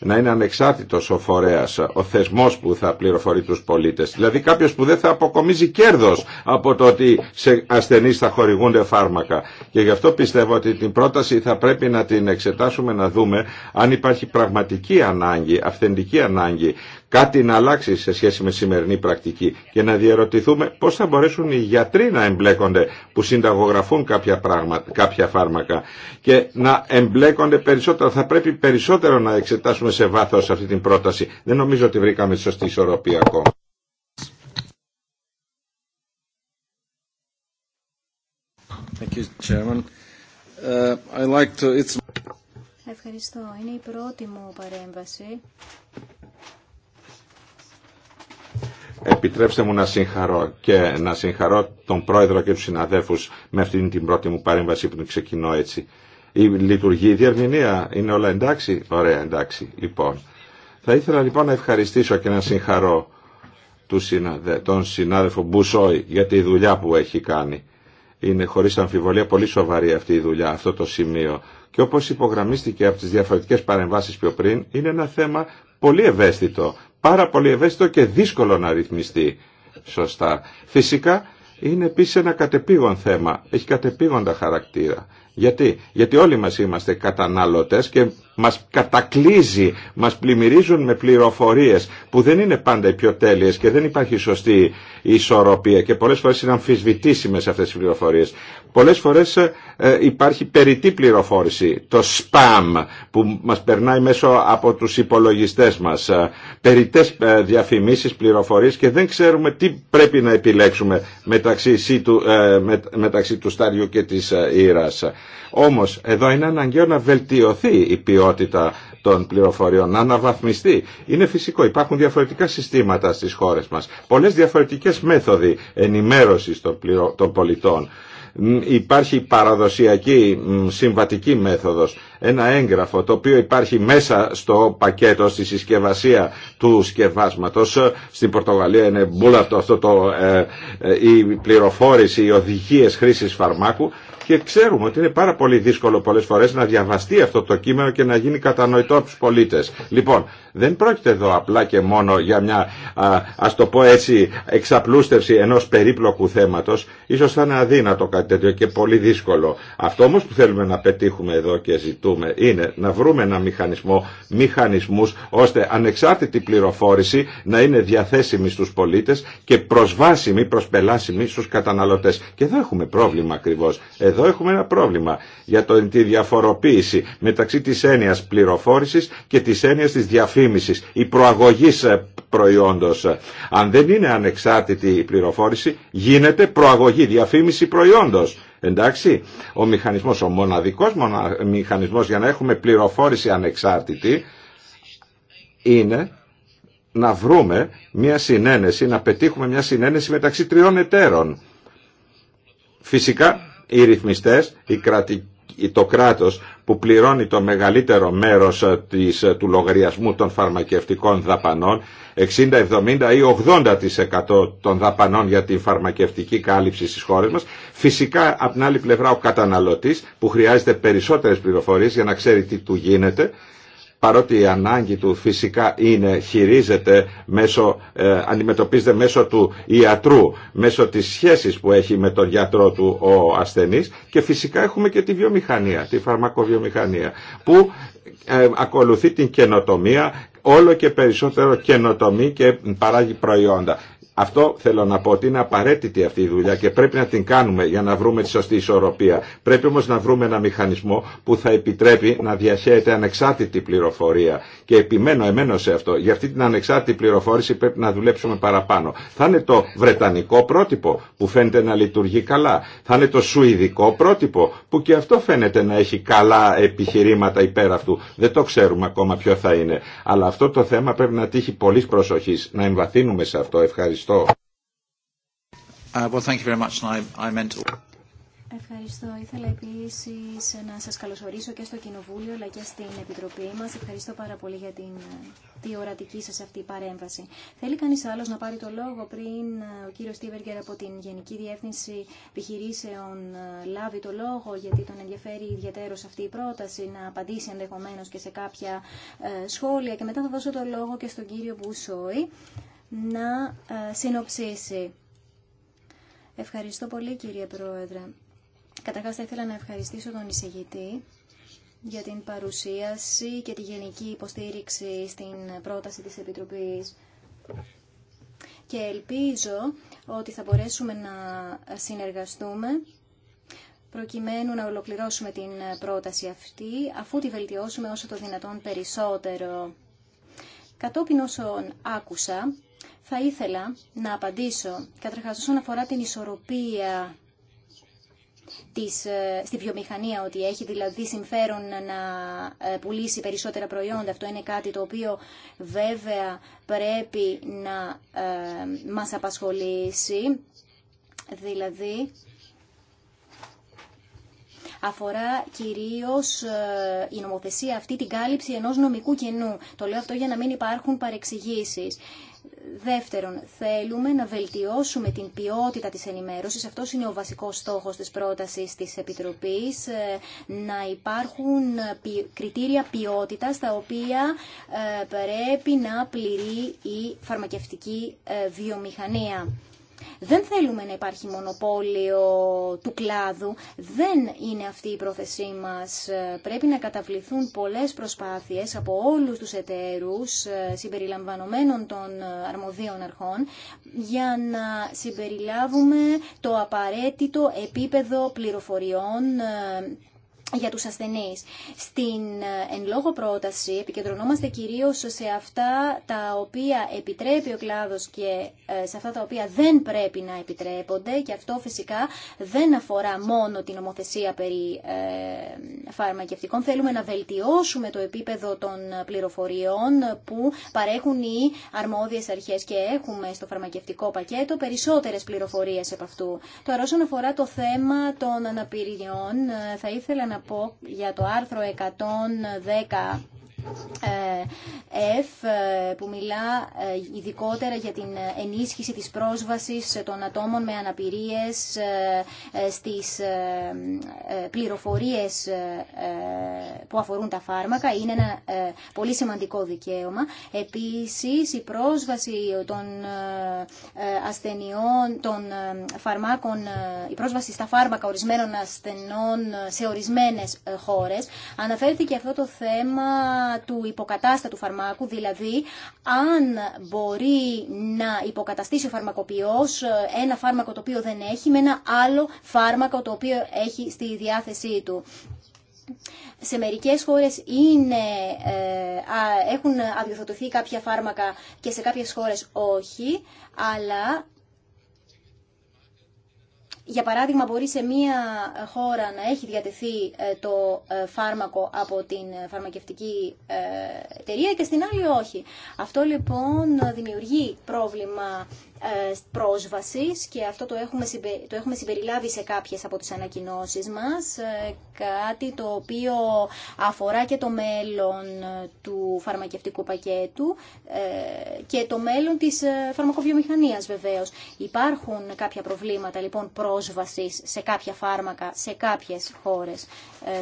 να είναι ανεξάρτητος ο φορέας, ο θεσμός που θα πληροφορεί τους πολίτες. Δηλαδή κάποιος που δεν θα αποκομίζει κέρδος από το ότι σε ασθενείς θα χορηγούνται φάρμακα. Και γι' αυτό πιστεύω ότι την πρόταση θα πρέπει να την εξετάσουμε να δούμε αν υπάρχει πραγματική ανάγκη, αυθεντική ανάγκη κάτι να αλλάξει σε σχέση με σημερινή πρακτική και να διαρωτηθούμε πώς θα μπορέσουν οι γιατροί να εμπλέκονται που συνταγογραφούν κάποια, πράγματα, κάποια φάρμακα και να εμπλέκονται περισσότερο. Θα πρέπει περισσότερο να εξετάσουμε σε βάθος αυτή την πρόταση. Δεν νομίζω ότι βρήκαμε σωστή ισορροπία ακόμα. Uh, Ευχαριστώ. Είναι η πρώτη μου παρέμβαση επιτρέψτε μου να συγχαρώ και να συγχαρώ τον πρόεδρο και τους συναδέφους με αυτήν την πρώτη μου παρέμβαση που ξεκινώ έτσι. Η λειτουργεί η διερμηνία, είναι όλα εντάξει, ωραία εντάξει λοιπόν. Θα ήθελα λοιπόν να ευχαριστήσω και να συγχαρώ τον συνάδελφο Μπουσόη για τη δουλειά που έχει κάνει. Είναι χωρίς αμφιβολία πολύ σοβαρή αυτή η δουλειά, αυτό το σημείο. Και όπως υπογραμμίστηκε από τις διαφορετικές παρεμβάσεις πιο πριν, είναι ένα θέμα πολύ ευαίσθητο, πάρα πολύ ευαίσθητο και δύσκολο να ρυθμιστεί σωστά. Φυσικά είναι επίσης ένα κατεπήγον θέμα, έχει κατεπήγοντα χαρακτήρα. Γιατί, Γιατί όλοι μας είμαστε καταναλωτές και μας κατακλίζει, μας πλημμυρίζουν με πληροφορίες που δεν είναι πάντα οι πιο τέλειες και δεν υπάρχει σωστή ισορροπία και πολλές φορές είναι αμφισβητήσιμες αυτές τις πληροφορίες. Πολλές φορές ε, υπάρχει περιττή πληροφόρηση, το spam που μας περνάει μέσω από τους υπολογιστές μας, ε, περιττές ε, διαφημίσεις, πληροφορίες και δεν ξέρουμε τι πρέπει να επιλέξουμε μεταξύ, μεταξύ του στάριου και της ήρας. Όμως εδώ είναι αναγκαίο να βελτιωθεί η ποιότητα των πληροφοριών, να αναβαθμιστεί. Είναι φυσικό, υπάρχουν διαφορετικά συστήματα στις χώρες μας, πολλές διαφορετικές μέθοδοι ενημέρωσης των πολιτών. Υπάρχει παραδοσιακή συμβατική μέθοδος, ένα έγγραφο το οποίο υπάρχει μέσα στο πακέτο, στη συσκευασία του σκευάσματος. Στην Πορτογαλία είναι μπούλαρτο αυτό το, ε, ε, η πληροφόρηση, οι οδηγίες χρήσης φαρμάκου και ξέρουμε ότι είναι πάρα πολύ δύσκολο πολλές φορές να διαβαστεί αυτό το κείμενο και να γίνει κατανοητό από τους πολίτες. Λοιπόν, δεν πρόκειται εδώ απλά και μόνο για μια, α, ας το πω έτσι, εξαπλούστευση ενός περίπλοκου θέματος. Ίσως θα είναι αδύνατο κάτι τέτοιο και πολύ δύσκολο. Αυτό όμως που θέλουμε να πετύχουμε εδώ και ζητούμε είναι να βρούμε ένα μηχανισμό, μηχανισμούς, ώστε ανεξάρτητη πληροφόρηση να είναι διαθέσιμη στους πολίτες και προσβάσιμη, προσπελάσιμη στους καταναλωτές. Και εδώ έχουμε πρόβλημα ακριβώς. Εδώ εδώ έχουμε ένα πρόβλημα για το, τη διαφοροποίηση μεταξύ της έννοιας πληροφόρησης και της έννοιας της διαφήμισης, η προαγωγής ε, προϊόντος. Αν δεν είναι ανεξάρτητη η πληροφόρηση, γίνεται προαγωγή, διαφήμιση προϊόντος. Εντάξει, ο μηχανισμός, ο μοναδικός μηχανισμός για να έχουμε πληροφόρηση ανεξάρτητη είναι να βρούμε μια συνένεση, να πετύχουμε μια συνένεση μεταξύ τριών εταίρων. Φυσικά οι ρυθμιστές, το κράτος που πληρώνει το μεγαλύτερο μέρος ε, της, ε, του λογαριασμού των φαρμακευτικών δαπανών, 60, 70 ή 80% των δαπανών για την φαρμακευτική κάλυψη στις χώρες μας, φυσικά από την άλλη πλευρά ο καταναλωτής που χρειάζεται περισσότερες πληροφορίες για να ξέρει τι του γίνεται παρότι η ανάγκη του φυσικά είναι, χειρίζεται μέσω, ε, αντιμετωπίζεται μέσω του ιατρού, μέσω της σχέσης που έχει με τον γιατρό του ο ασθενής και φυσικά έχουμε και τη βιομηχανία, τη φαρμακοβιομηχανία που ε, ακολουθεί την καινοτομία όλο και περισσότερο καινοτομή και παράγει προϊόντα. Αυτό θέλω να πω ότι είναι απαραίτητη αυτή η δουλειά και πρέπει να την κάνουμε για να βρούμε τη σωστή ισορροπία. Πρέπει όμως να βρούμε ένα μηχανισμό που θα επιτρέπει να διαχέεται ανεξάρτητη πληροφορία. Και επιμένω εμένω σε αυτό. Για αυτή την ανεξάρτητη πληροφόρηση πρέπει να δουλέψουμε παραπάνω. Θα είναι το βρετανικό πρότυπο που φαίνεται να λειτουργεί καλά. Θα είναι το σουηδικό πρότυπο που και αυτό φαίνεται να έχει καλά επιχειρήματα υπέρ αυτού. Δεν το ξέρουμε ακόμα ποιο θα είναι. Αλλά αυτό το θέμα πρέπει να τύχει πολλή προσοχή. Να εμβαθύνουμε σε αυτό. Ευχαριστώ. Ευχαριστώ. Uh, thank you very much. I, I meant Ευχαριστώ. Ήθελα επίση να σα καλωσορίσω και στο Κοινοβούλιο αλλά και στην Επιτροπή μα. Ευχαριστώ πάρα πολύ για την, διορατική ορατική σα αυτή παρέμβαση. Θέλει κανεί άλλο να πάρει το λόγο πριν uh, ο κύριο Στίβεργκερ από την Γενική Διεύθυνση Επιχειρήσεων uh, λάβει το λόγο, γιατί τον ενδιαφέρει ιδιαίτερο αυτή η πρόταση, να απαντήσει ενδεχομένω και σε κάποια σχόλια. Και μετά θα δώσω το λόγο και στον κύριο Μπουσόη να ε, συνοψίσει. Ευχαριστώ πολύ κύριε Πρόεδρε. Καταρχάς θα ήθελα να ευχαριστήσω τον εισηγητή για την παρουσίαση και τη γενική υποστήριξη στην πρόταση της Επιτροπής. Και ελπίζω ότι θα μπορέσουμε να συνεργαστούμε προκειμένου να ολοκληρώσουμε την πρόταση αυτή, αφού τη βελτιώσουμε όσο το δυνατόν περισσότερο. Κατόπιν όσων άκουσα, θα ήθελα να απαντήσω καταρχάς όσον αφορά την ισορροπία της, ε, στη βιομηχανία ότι έχει δηλαδή συμφέρον να ε, πουλήσει περισσότερα προϊόντα. Αυτό είναι κάτι το οποίο βέβαια πρέπει να ε, μας απασχολήσει. Δηλαδή αφορά κυρίως ε, η νομοθεσία αυτή την κάλυψη ενός νομικού κενού. Το λέω αυτό για να μην υπάρχουν παρεξηγήσεις. Δεύτερον, θέλουμε να βελτιώσουμε την ποιότητα της ενημέρωσης. Αυτός είναι ο βασικός στόχος της πρότασης της Επιτροπής. Ε, να υπάρχουν κριτήρια ποιότητας τα οποία ε, πρέπει να πληρεί η φαρμακευτική ε, βιομηχανία. Δεν θέλουμε να υπάρχει μονοπόλιο του κλάδου, δεν είναι αυτή η πρόθεσή μας. Πρέπει να καταβληθούν πολλές προσπάθειες από όλους τους εταίρους ε, συμπεριλαμβανομένων των ε, αρμοδίων αρχών για να συμπεριλάβουμε το απαραίτητο επίπεδο πληροφοριών ε, για τους ασθενείς. Στην ε, εν λόγω πρόταση επικεντρωνόμαστε κυρίως σε αυτά τα οποία επιτρέπει ο κλάδος και ε, σε αυτά τα οποία δεν πρέπει να επιτρέπονται και αυτό φυσικά δεν αφορά μόνο την ομοθεσία περί ε, φαρμακευτικών. Θέλουμε να βελτιώσουμε το επίπεδο των πληροφοριών που παρέχουν οι αρμόδιες αρχές και έχουμε στο φαρμακευτικό πακέτο περισσότερες πληροφορίες από αυτού. Τώρα όσον αφορά το θέμα των αναπηριών θα ήθελα να για το άρθρο 110 ε, F ε, που μιλά ε, ειδικότερα για την ενίσχυση της πρόσβασης των ατόμων με αναπηρίες στις πληροφορίες που αφορούν τα φάρμακα. Είναι ένα πολύ σημαντικό δικαίωμα. Επίσης η πρόσβαση των ασθενειών, των φαρμάκων, η πρόσβαση στα φάρμακα ορισμένων ασθενών σε ορισμένες χώρες. Αναφέρθηκε αυτό το θέμα του υποκατάστατου φαρμάκου, δηλαδή αν μπορεί να υποκαταστήσει ο φαρμακοποιός ε, ένα φάρμακο το οποίο δεν έχει με ένα άλλο φάρμακο το οποίο έχει στη διάθεσή του. Σε μερικές χώρες είναι, ε, έχουν αδειοδοτηθεί κάποια φάρμακα και σε κάποιες χώρες όχι, αλλά για παράδειγμα, μπορεί σε μία χώρα να έχει διατεθεί ε, το ε, φάρμακο από την φαρμακευτική ε, εταιρεία και στην άλλη όχι. Αυτό λοιπόν δημιουργεί πρόβλημα ε, πρόσβασης και αυτό το έχουμε, το έχουμε συμπεριλάβει σε κάποιες από τις ανακοινώσεις μας, ε, κάτι το οποίο αφορά και το μέλλον ε, του φαρμακευτικού πακέτου και το μέλλον της φαρμακοβιομηχανίας βεβαίως. Υπάρχουν κάποια προβλήματα λοιπόν πρόσβασης σε κάποια φάρμακα σε κάποιες χώρες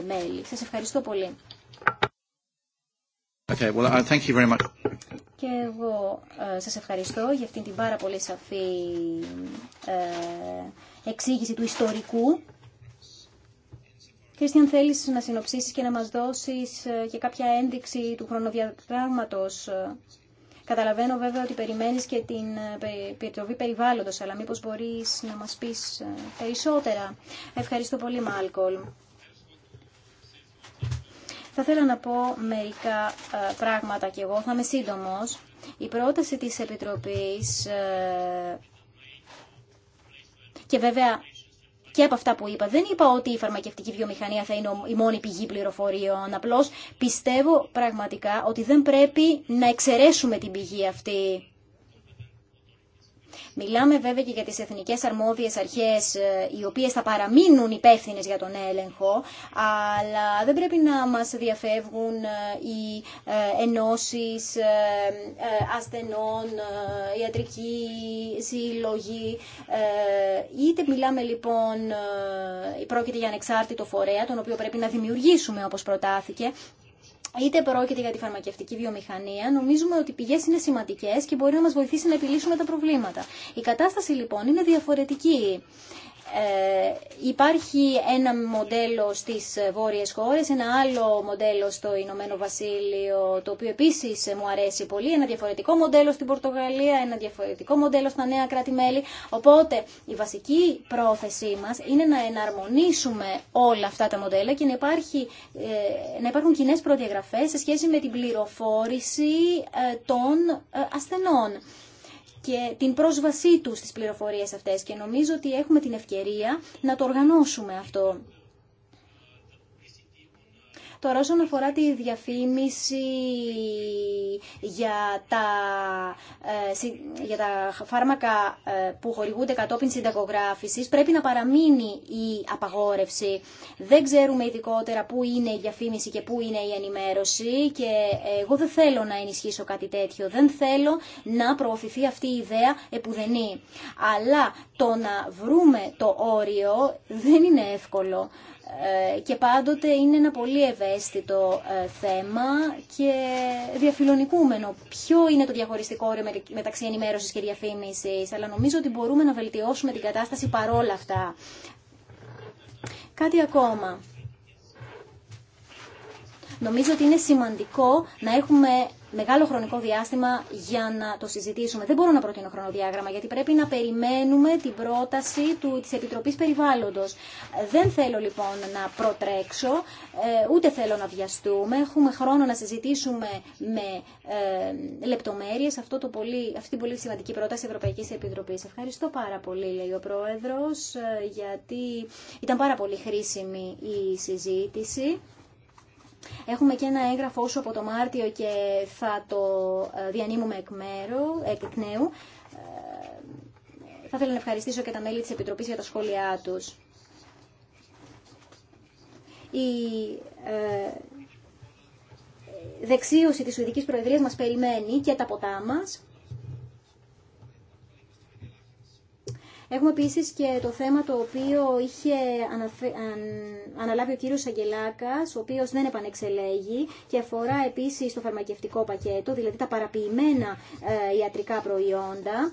μέλη. Σας ευχαριστώ πολύ. Okay, uh, Και εγώ ε, σας ευχαριστώ για αυτήν την πάρα πολύ σαφή ε, εξήγηση του ιστορικού. Κριστιαν, θέλεις να συνοψίσεις και να μας δώσεις ε, και κάποια ένδειξη του χρονοδιαγράμματος. Καταλαβαίνω βέβαια ότι περιμένεις και την περιτροβή περιβάλλοντος, αλλά μήπως μπορείς να μας πεις περισσότερα. Ευχαριστώ πολύ, Μάλκολ. Θα ήθελα να πω μερικά ε, πράγματα και εγώ, θα είμαι σύντομος. Η πρόταση της Επιτροπής ε, και βέβαια και από αυτά που είπα. Δεν είπα ότι η φαρμακευτική βιομηχανία θα είναι η μόνη πηγή πληροφοριών. Απλώς πιστεύω πραγματικά ότι δεν πρέπει να εξαιρέσουμε την πηγή αυτή. Μιλάμε βέβαια και για τις εθνικές αρμόδιες αρχές ε, οι οποίες θα παραμείνουν υπεύθυνε για τον έλεγχο, αλλά δεν πρέπει να μας διαφεύγουν ε, οι ε, ενώσεις ασθενών, ιατρική σύλλογη. Είτε μιλάμε λοιπόν, πρόκειται για ανεξάρτητο φορέα, τον οποίο πρέπει να δημιουργήσουμε όπως προτάθηκε, είτε πρόκειται για τη φαρμακευτική βιομηχανία, νομίζουμε ότι οι πηγέ είναι σημαντικέ και μπορεί να μα βοηθήσει να επιλύσουμε τα προβλήματα. Η κατάσταση λοιπόν είναι διαφορετική. Ε, υπάρχει ένα μοντέλο στις βόρειες χώρες, ένα άλλο μοντέλο στο Ηνωμένο Βασίλειο, το οποίο επίσης μου αρέσει πολύ, ένα διαφορετικό μοντέλο στην Πορτογαλία, ένα διαφορετικό μοντέλο στα νέα κράτη-μέλη. Οπότε η βασική πρόθεσή μας είναι να εναρμονίσουμε όλα αυτά τα μοντέλα και να, υπάρχει, ε, υπάρχουν κοινέ προδιαγραφές σε σχέση με την πληροφόρηση ε, των ασθενών και την πρόσβασή του στις πληροφορίες αυτές και νομίζω ότι έχουμε την ευκαιρία να το οργανώσουμε αυτό. Τώρα όσον αφορά τη διαφήμιση για τα, ε, για τα φάρμακα ε, που χορηγούνται κατόπιν συνταγογράφησης πρέπει να παραμείνει η απαγόρευση. Δεν ξέρουμε ειδικότερα πού είναι η διαφήμιση και πού είναι η ενημέρωση και εγώ δεν θέλω να ενισχύσω κάτι τέτοιο. Δεν θέλω να προωθηθεί αυτή η ιδέα επουδενή. Αλλά το να βρούμε το όριο δεν είναι εύκολο. Ε, και πάντοτε είναι ένα πολύ ευαίσθητο ε, θέμα και διαφιλονικούμενο. Ποιο είναι το διαχωριστικό όριο μεταξύ ενημέρωσης και διαφήμισης, αλλά νομίζω ότι μπορούμε να βελτιώσουμε την κατάσταση παρόλα αυτά. Κάτι ακόμα. Νομίζω ότι είναι σημαντικό να έχουμε μεγάλο χρονικό διάστημα για να το συζητήσουμε. Δεν μπορώ να προτείνω χρονοδιάγραμμα γιατί πρέπει να περιμένουμε την πρόταση του, της Επιτροπής Περιβάλλοντος. Δεν θέλω λοιπόν να προτρέξω, ε, ούτε θέλω να βιαστούμε. Έχουμε χρόνο να συζητήσουμε με ε, λεπτομέρειες αυτό το πολύ, αυτή την πολύ σημαντική πρόταση Ευρωπαϊκής Επιτροπής. Ευχαριστώ πάρα πολύ, λέει ο Πρόεδρος, ε, γιατί ήταν πάρα πολύ χρήσιμη η συζήτηση. Έχουμε και ένα έγγραφο όσο από το Μάρτιο και θα το ε, διανύμουμε εκ, μέρου, νέου. Ε, θα ήθελα να ευχαριστήσω και τα μέλη της Επιτροπής για τα σχόλιά τους. Η ε, δεξίωση της Σουηδικής Προεδρίας μας περιμένει και τα ποτά μας. Έχουμε επίση και το θέμα το οποίο είχε αναλάβει ο κύριος Αγγελάκα, ο οποίο δεν επανεξελέγει και αφορά επίση το φαρμακευτικό πακέτο, δηλαδή τα παραποιημένα ε, ιατρικά προϊόντα.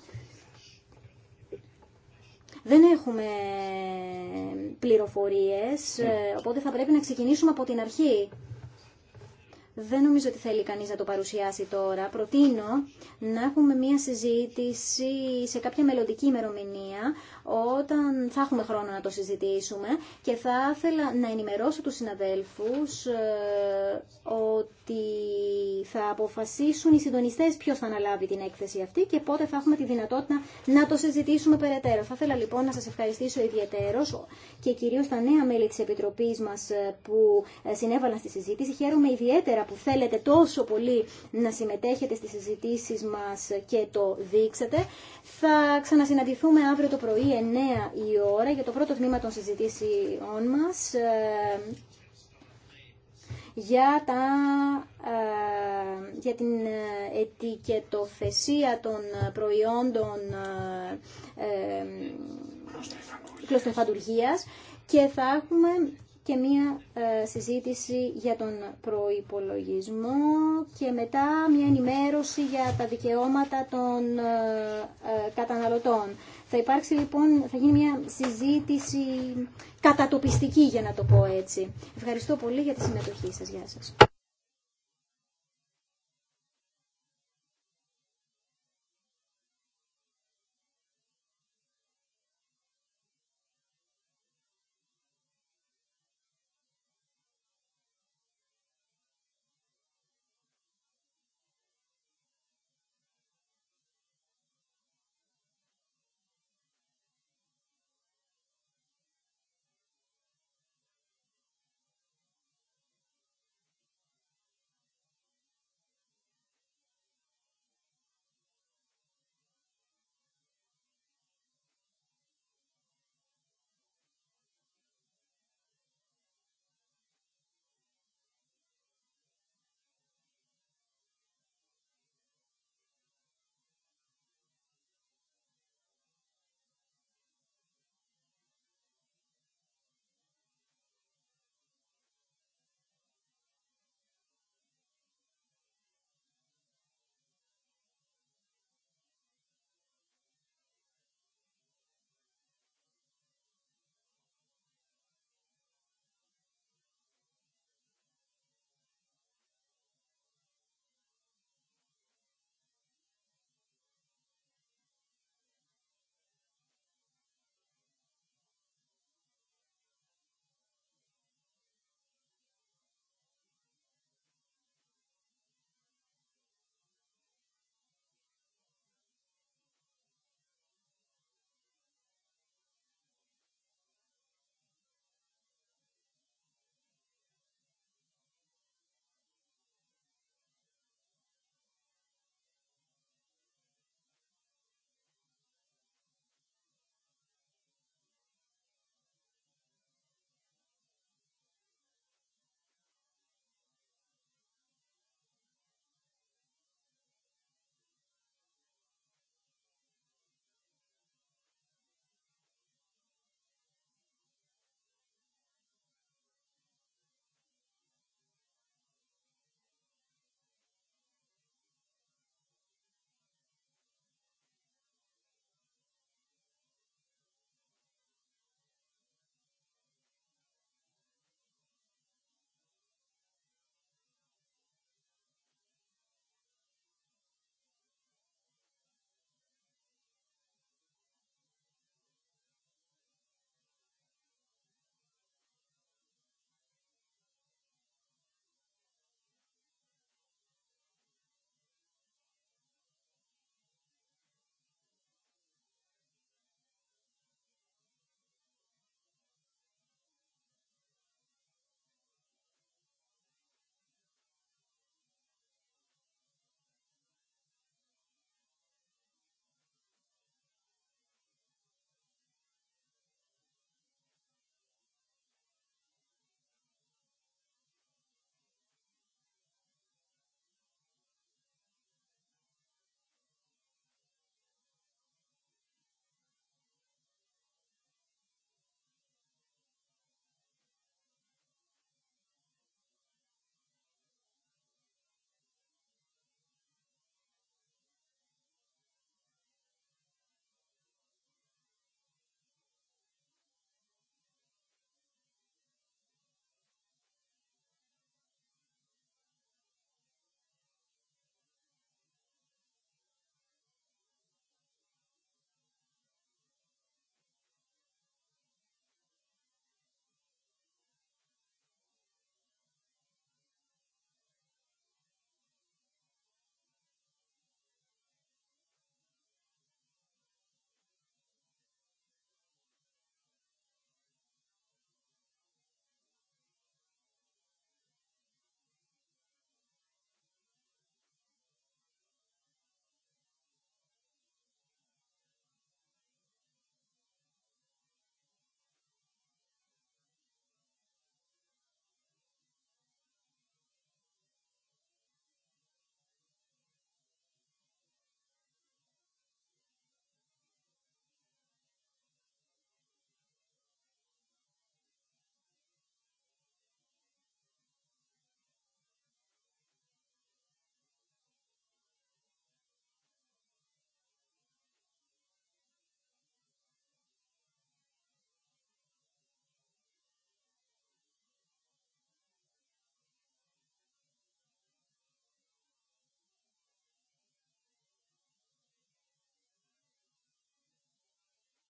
Δεν έχουμε πληροφορίες, ε, οπότε θα πρέπει να ξεκινήσουμε από την αρχή. Δεν νομίζω ότι θέλει κανείς να το παρουσιάσει τώρα. Προτείνω να έχουμε μία συζήτηση σε κάποια μελλοντική ημερομηνία όταν θα έχουμε χρόνο να το συζητήσουμε και θα ήθελα να ενημερώσω τους συναδέλφους ε, ότι θα αποφασίσουν οι συντονιστές ποιος θα αναλάβει την έκθεση αυτή και πότε θα έχουμε τη δυνατότητα να το συζητήσουμε περαιτέρω. Θα ήθελα λοιπόν να σας ευχαριστήσω ιδιαιτέρως και κυρίως τα νέα μέλη της Επιτροπής μας ε, που ε, συνέβαλαν στη συζήτηση. Χαίρομαι ιδιαίτερα που θέλετε τόσο πολύ να συμμετέχετε στις συζητήσεις μας και το δείξετε. Θα ξανασυναντηθούμε αύριο το πρωί 9 η ώρα για το πρώτο τμήμα των συζητήσεών μας ε, για, τα, ε, για την ε, ετικετοθεσία των προϊόντων κλωστοφαντουργίας και θα έχουμε και μία συζήτηση για τον προϋπολογισμό και μετά μία ενημέρωση για τα δικαιώματα των καταναλωτών. Θα υπάρξει λοιπόν, θα γίνει μια συζήτηση κατατοπιστική για να το πω έτσι. Ευχαριστώ πολύ για τη συμμετοχή σας. Γεια σας.